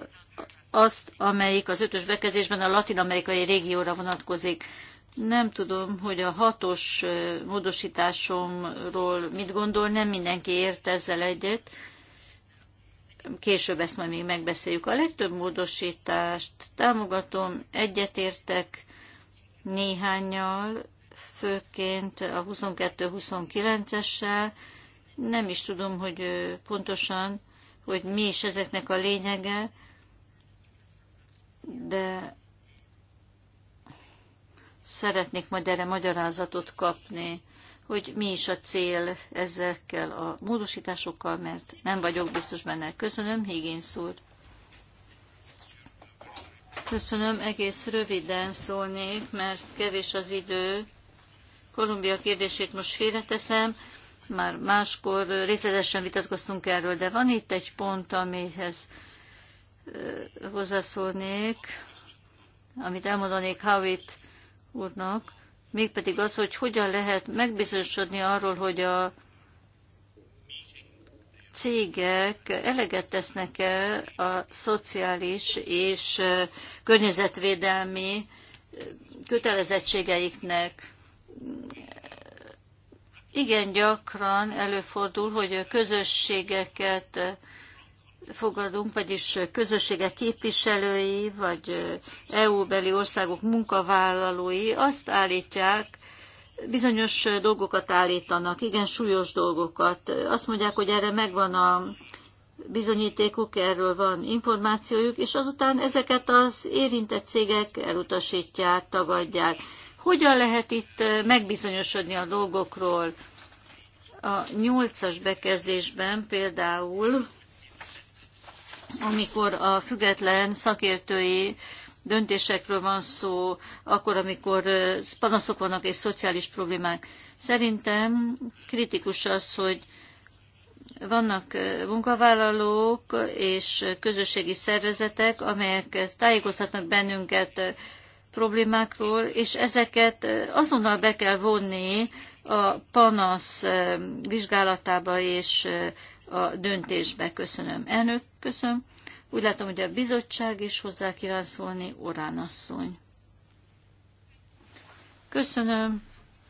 azt, amelyik az ötös bekezdésben a latin-amerikai régióra vonatkozik. Nem tudom, hogy a hatos módosításomról mit gondol, nem mindenki ért ezzel egyet, később ezt majd még megbeszéljük. A legtöbb módosítást támogatom, egyetértek néhányal, főként a 22-29-essel. Nem is tudom, hogy pontosan, hogy mi is ezeknek a lényege, de szeretnék majd erre magyarázatot kapni hogy mi is a cél ezekkel a módosításokkal, mert nem vagyok biztos benne. Köszönöm, Higgins úr. Köszönöm, egész röviden szólnék, mert kevés az idő. Kolumbia kérdését most félreteszem, már máskor részletesen vitatkoztunk erről, de van itt egy pont, amihez hozzászólnék, amit elmondanék Howitt úrnak mégpedig az, hogy hogyan lehet megbizonyosodni arról, hogy a cégek eleget tesznek-e a szociális és környezetvédelmi kötelezettségeiknek. Igen gyakran előfordul, hogy a közösségeket fogadunk, vagyis közösségek képviselői, vagy EU-beli országok munkavállalói azt állítják, bizonyos dolgokat állítanak, igen súlyos dolgokat. Azt mondják, hogy erre megvan a bizonyítékuk, erről van információjuk, és azután ezeket az érintett cégek elutasítják, tagadják. Hogyan lehet itt megbizonyosodni a dolgokról? A nyolcas bekezdésben például amikor a független szakértői döntésekről van szó, akkor, amikor panaszok vannak és szociális problémák. Szerintem kritikus az, hogy vannak munkavállalók és közösségi szervezetek, amelyek tájékoztatnak bennünket problémákról, és ezeket azonnal be kell vonni a panasz vizsgálatába és a döntésbe. Köszönöm. Elnök, Köszönöm. Úgy látom, hogy a bizottság is hozzá kíván szólni, Orán asszony. Köszönöm.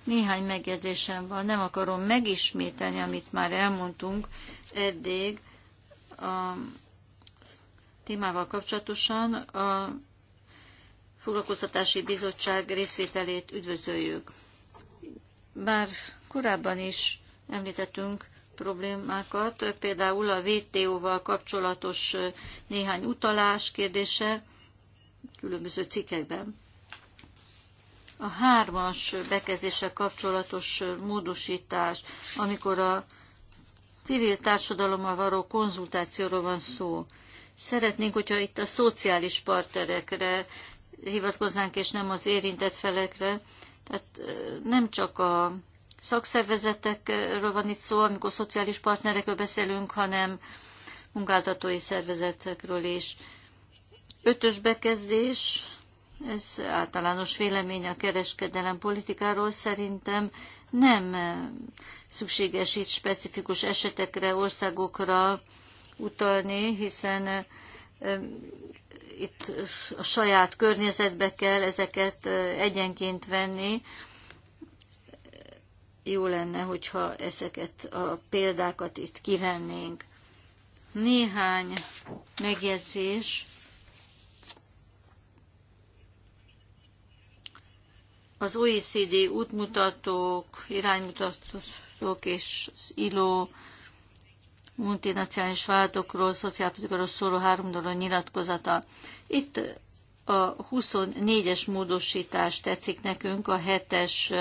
Néhány megjegyzésem van. Nem akarom megismételni, amit már elmondtunk eddig a témával kapcsolatosan. A foglalkoztatási bizottság részvételét üdvözöljük. Bár korábban is említettünk problémákat, például a VTO-val kapcsolatos néhány utalás kérdése különböző cikkekben. A hármas bekezdése kapcsolatos módosítás, amikor a civil társadalommal való konzultációról van szó. Szeretnénk, hogyha itt a szociális partnerekre hivatkoznánk, és nem az érintett felekre. Tehát nem csak a szakszervezetekről van itt szó, amikor szociális partnerekről beszélünk, hanem munkáltatói szervezetekről is. Ötös bekezdés, ez általános vélemény a kereskedelem politikáról szerintem nem eh, szükséges itt specifikus esetekre, országokra utalni, hiszen eh, itt a saját környezetbe kell ezeket eh, egyenként venni, jó lenne, hogyha ezeket a példákat itt kivennénk. Néhány megjegyzés. Az OECD útmutatók, iránymutatók és az ILO multinacionális vállalatokról, szociálpolitikáról szóló három dolog nyilatkozata. Itt a 24-es módosítás tetszik nekünk, a 7-es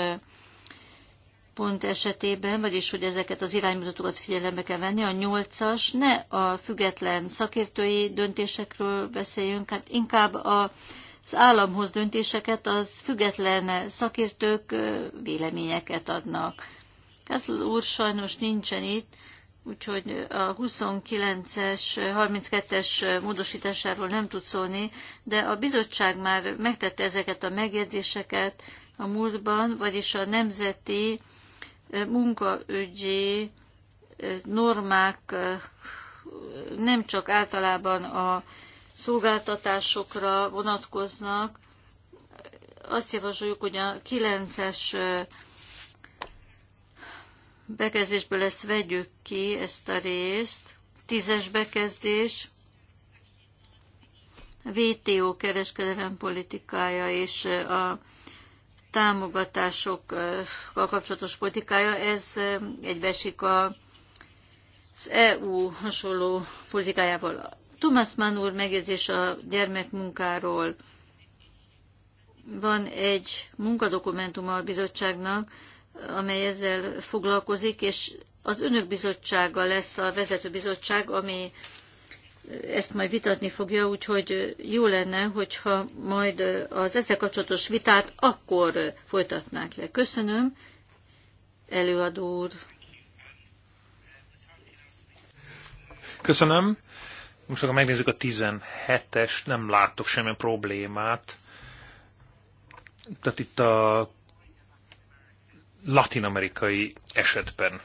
pont esetében, vagyis hogy ezeket az iránymutatókat figyelembe kell venni, a nyolcas, ne a független szakértői döntésekről beszéljünk, hát inkább a az államhoz döntéseket az független szakértők véleményeket adnak. Ez úr sajnos nincsen itt, úgyhogy a 29-es, 32-es módosításáról nem tud szólni, de a bizottság már megtette ezeket a megjegyzéseket a múltban, vagyis a nemzeti munkaügyi normák nem csak általában a szolgáltatásokra vonatkoznak. Azt javasoljuk, hogy a 9-es bekezdésből ezt vegyük ki, ezt a részt. Tízes bekezdés, VTO kereskedelem politikája és a támogatásokkal kapcsolatos politikája, ez egybeesik az EU hasonló politikájával. Thomas Mann úr megjegyzés a gyermekmunkáról. Van egy munkadokumentuma a bizottságnak, amely ezzel foglalkozik, és az önök bizottsága lesz a vezető bizottság, ami ezt majd vitatni fogja, úgyhogy jó lenne, hogyha majd az ezzel kapcsolatos vitát akkor folytatnák le. Köszönöm, előadó úr. Köszönöm. Most akkor megnézzük a 17-es, nem látok semmi problémát. Tehát itt a latinamerikai esetben.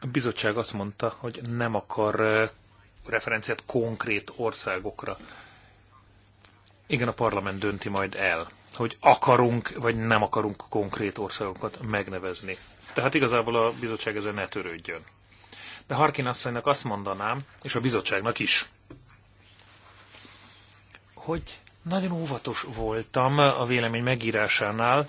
A bizottság azt mondta, hogy nem akar referenciát konkrét országokra. Igen, a parlament dönti majd el, hogy akarunk vagy nem akarunk konkrét országokat megnevezni. Tehát igazából a bizottság ezzel ne törődjön. De Harkin asszonynak azt mondanám, és a bizottságnak is, hogy nagyon óvatos voltam a vélemény megírásánál,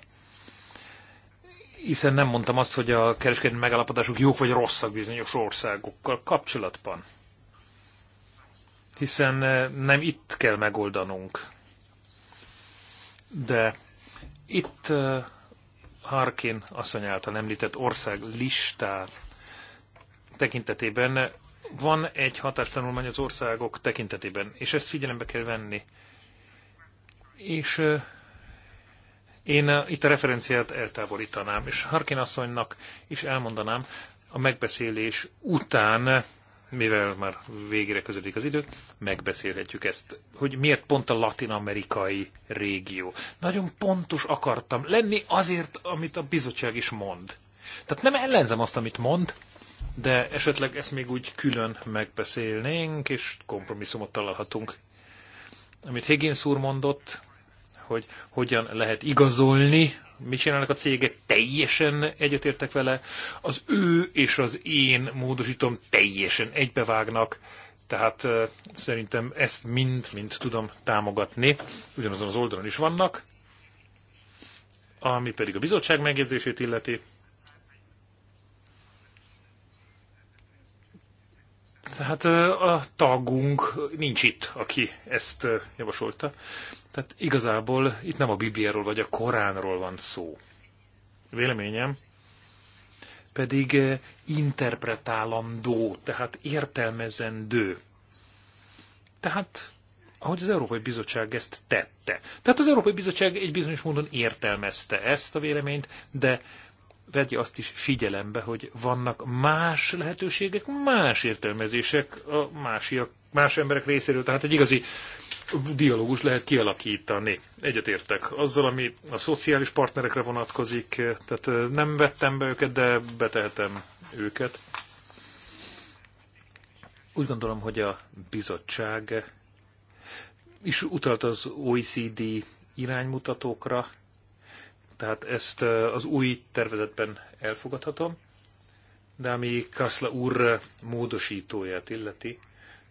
hiszen nem mondtam azt, hogy a kereskedelmi megállapodások jók vagy rosszak bizonyos országokkal kapcsolatban hiszen eh, nem itt kell megoldanunk. De itt eh, Harkin asszony által említett ország listát tekintetében van egy hatástanulmány az országok tekintetében, és ezt figyelembe kell venni. És eh, én itt a referenciát eltávolítanám, és Harkin asszonynak is elmondanám, a megbeszélés után mivel már végére közelik az idő, megbeszélhetjük ezt, hogy miért pont a latin-amerikai régió. Nagyon pontos akartam lenni azért, amit a bizottság is mond. Tehát nem ellenzem azt, amit mond, de esetleg ezt még úgy külön megbeszélnénk, és kompromisszumot találhatunk. Amit Higgins úr mondott, hogy hogyan lehet igazolni mit csinálnak a cégek, teljesen egyetértek vele, az ő és az én módosítom teljesen egybevágnak, tehát szerintem ezt mind-mind tudom támogatni, ugyanazon az oldalon is vannak, ami pedig a bizottság megjegyzését illeti, tehát a tagunk nincs itt, aki ezt javasolta. Tehát igazából itt nem a Bibliáról vagy a Koránról van szó. Véleményem pedig interpretálandó, tehát értelmezendő. Tehát, ahogy az Európai Bizottság ezt tette. Tehát az Európai Bizottság egy bizonyos módon értelmezte ezt a véleményt, de vegye azt is figyelembe, hogy vannak más lehetőségek, más értelmezések a másiak, más emberek részéről, tehát egy igazi dialógus lehet kialakítani. Egyetértek azzal, ami a szociális partnerekre vonatkozik, tehát nem vettem be őket, de betehetem őket. Úgy gondolom, hogy a bizottság is utalt az OECD iránymutatókra, tehát ezt eh, az új tervezetben elfogadhatom, de ami Kaszla úr eh, módosítóját illeti,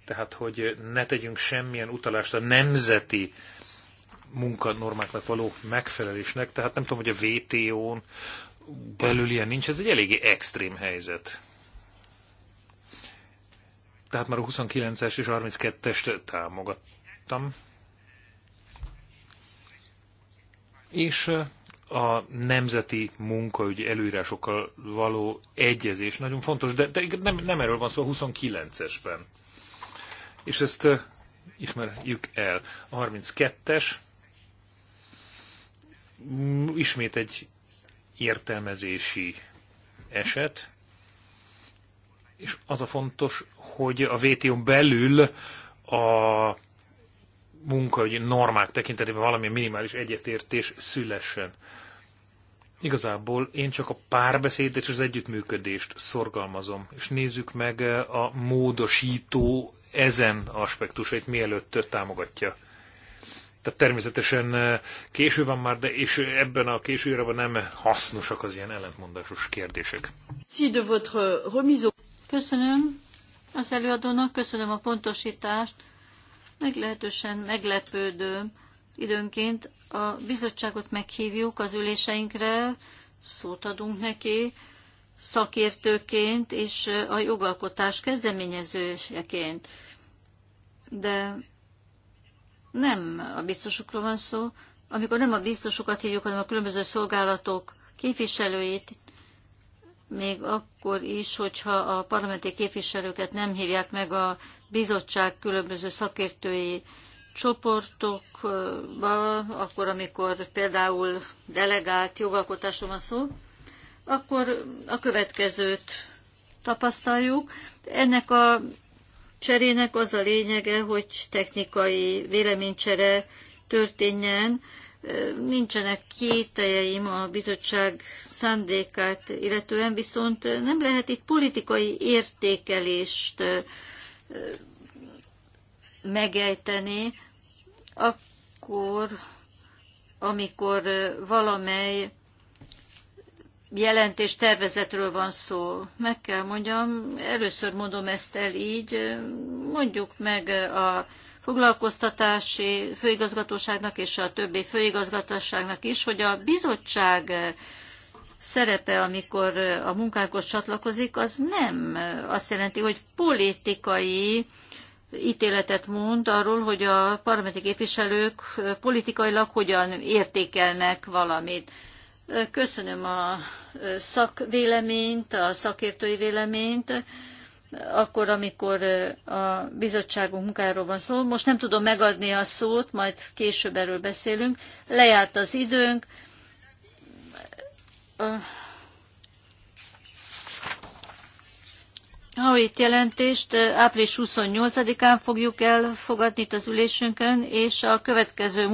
tehát hogy ne tegyünk semmilyen utalást a nemzeti munkanormáknak való megfelelésnek, tehát nem tudom, hogy a VTO-n belül ilyen nincs, ez egy eléggé extrém helyzet. Tehát már a 29-es és 32-est támogattam. És eh, a nemzeti munkaügyi előírásokkal való egyezés nagyon fontos, de, de nem, nem erről van szó a 29-esben. És ezt uh, ismerjük el. A 32-es mm, ismét egy értelmezési eset, és az a fontos, hogy a vto belül a munka, hogy normák tekintetében valami minimális egyetértés szülessen. Igazából én csak a párbeszéd és az együttműködést szorgalmazom, és nézzük meg eh, a módosító ezen aspektusait mielőtt támogatja. Tehát természetesen eh, késő van már, de és ebben a későjében nem hasznosak az ilyen ellentmondásos kérdések. Köszönöm az előadónak, köszönöm a pontosítást meglehetősen meglepődő. Időnként a bizottságot meghívjuk az üléseinkre, szót adunk neki szakértőként és a jogalkotás kezdeményezőjeként. De nem a biztosokról van szó. Amikor nem a biztosokat hívjuk, hanem a különböző szolgálatok képviselőit, még akkor is, hogyha a parlamenti képviselőket nem hívják meg a bizottság különböző szakértői csoportokba, akkor amikor például delegált jogalkotásról van szó, akkor a következőt tapasztaljuk. Ennek a cserének az a lényege, hogy technikai véleménycsere történjen. Nincsenek kételjeim a bizottság szándékát illetően, viszont nem lehet itt politikai értékelést megejteni, akkor, amikor valamely jelentés tervezetről van szó. Meg kell mondjam, először mondom ezt el így, mondjuk meg a foglalkoztatási főigazgatóságnak és a többi főigazgatóságnak is, hogy a bizottság szerepe, amikor a munkákhoz csatlakozik, az nem azt jelenti, hogy politikai ítéletet mond arról, hogy a parlamenti képviselők politikailag hogyan értékelnek valamit. Köszönöm a szakvéleményt, a szakértői véleményt, akkor, amikor a bizottságunk munkáról van szó. Most nem tudom megadni a szót, majd később erről beszélünk. Lejárt az időnk Howitt jelentést április 28-án fogjuk elfogadni itt az ülésünkön, és a következő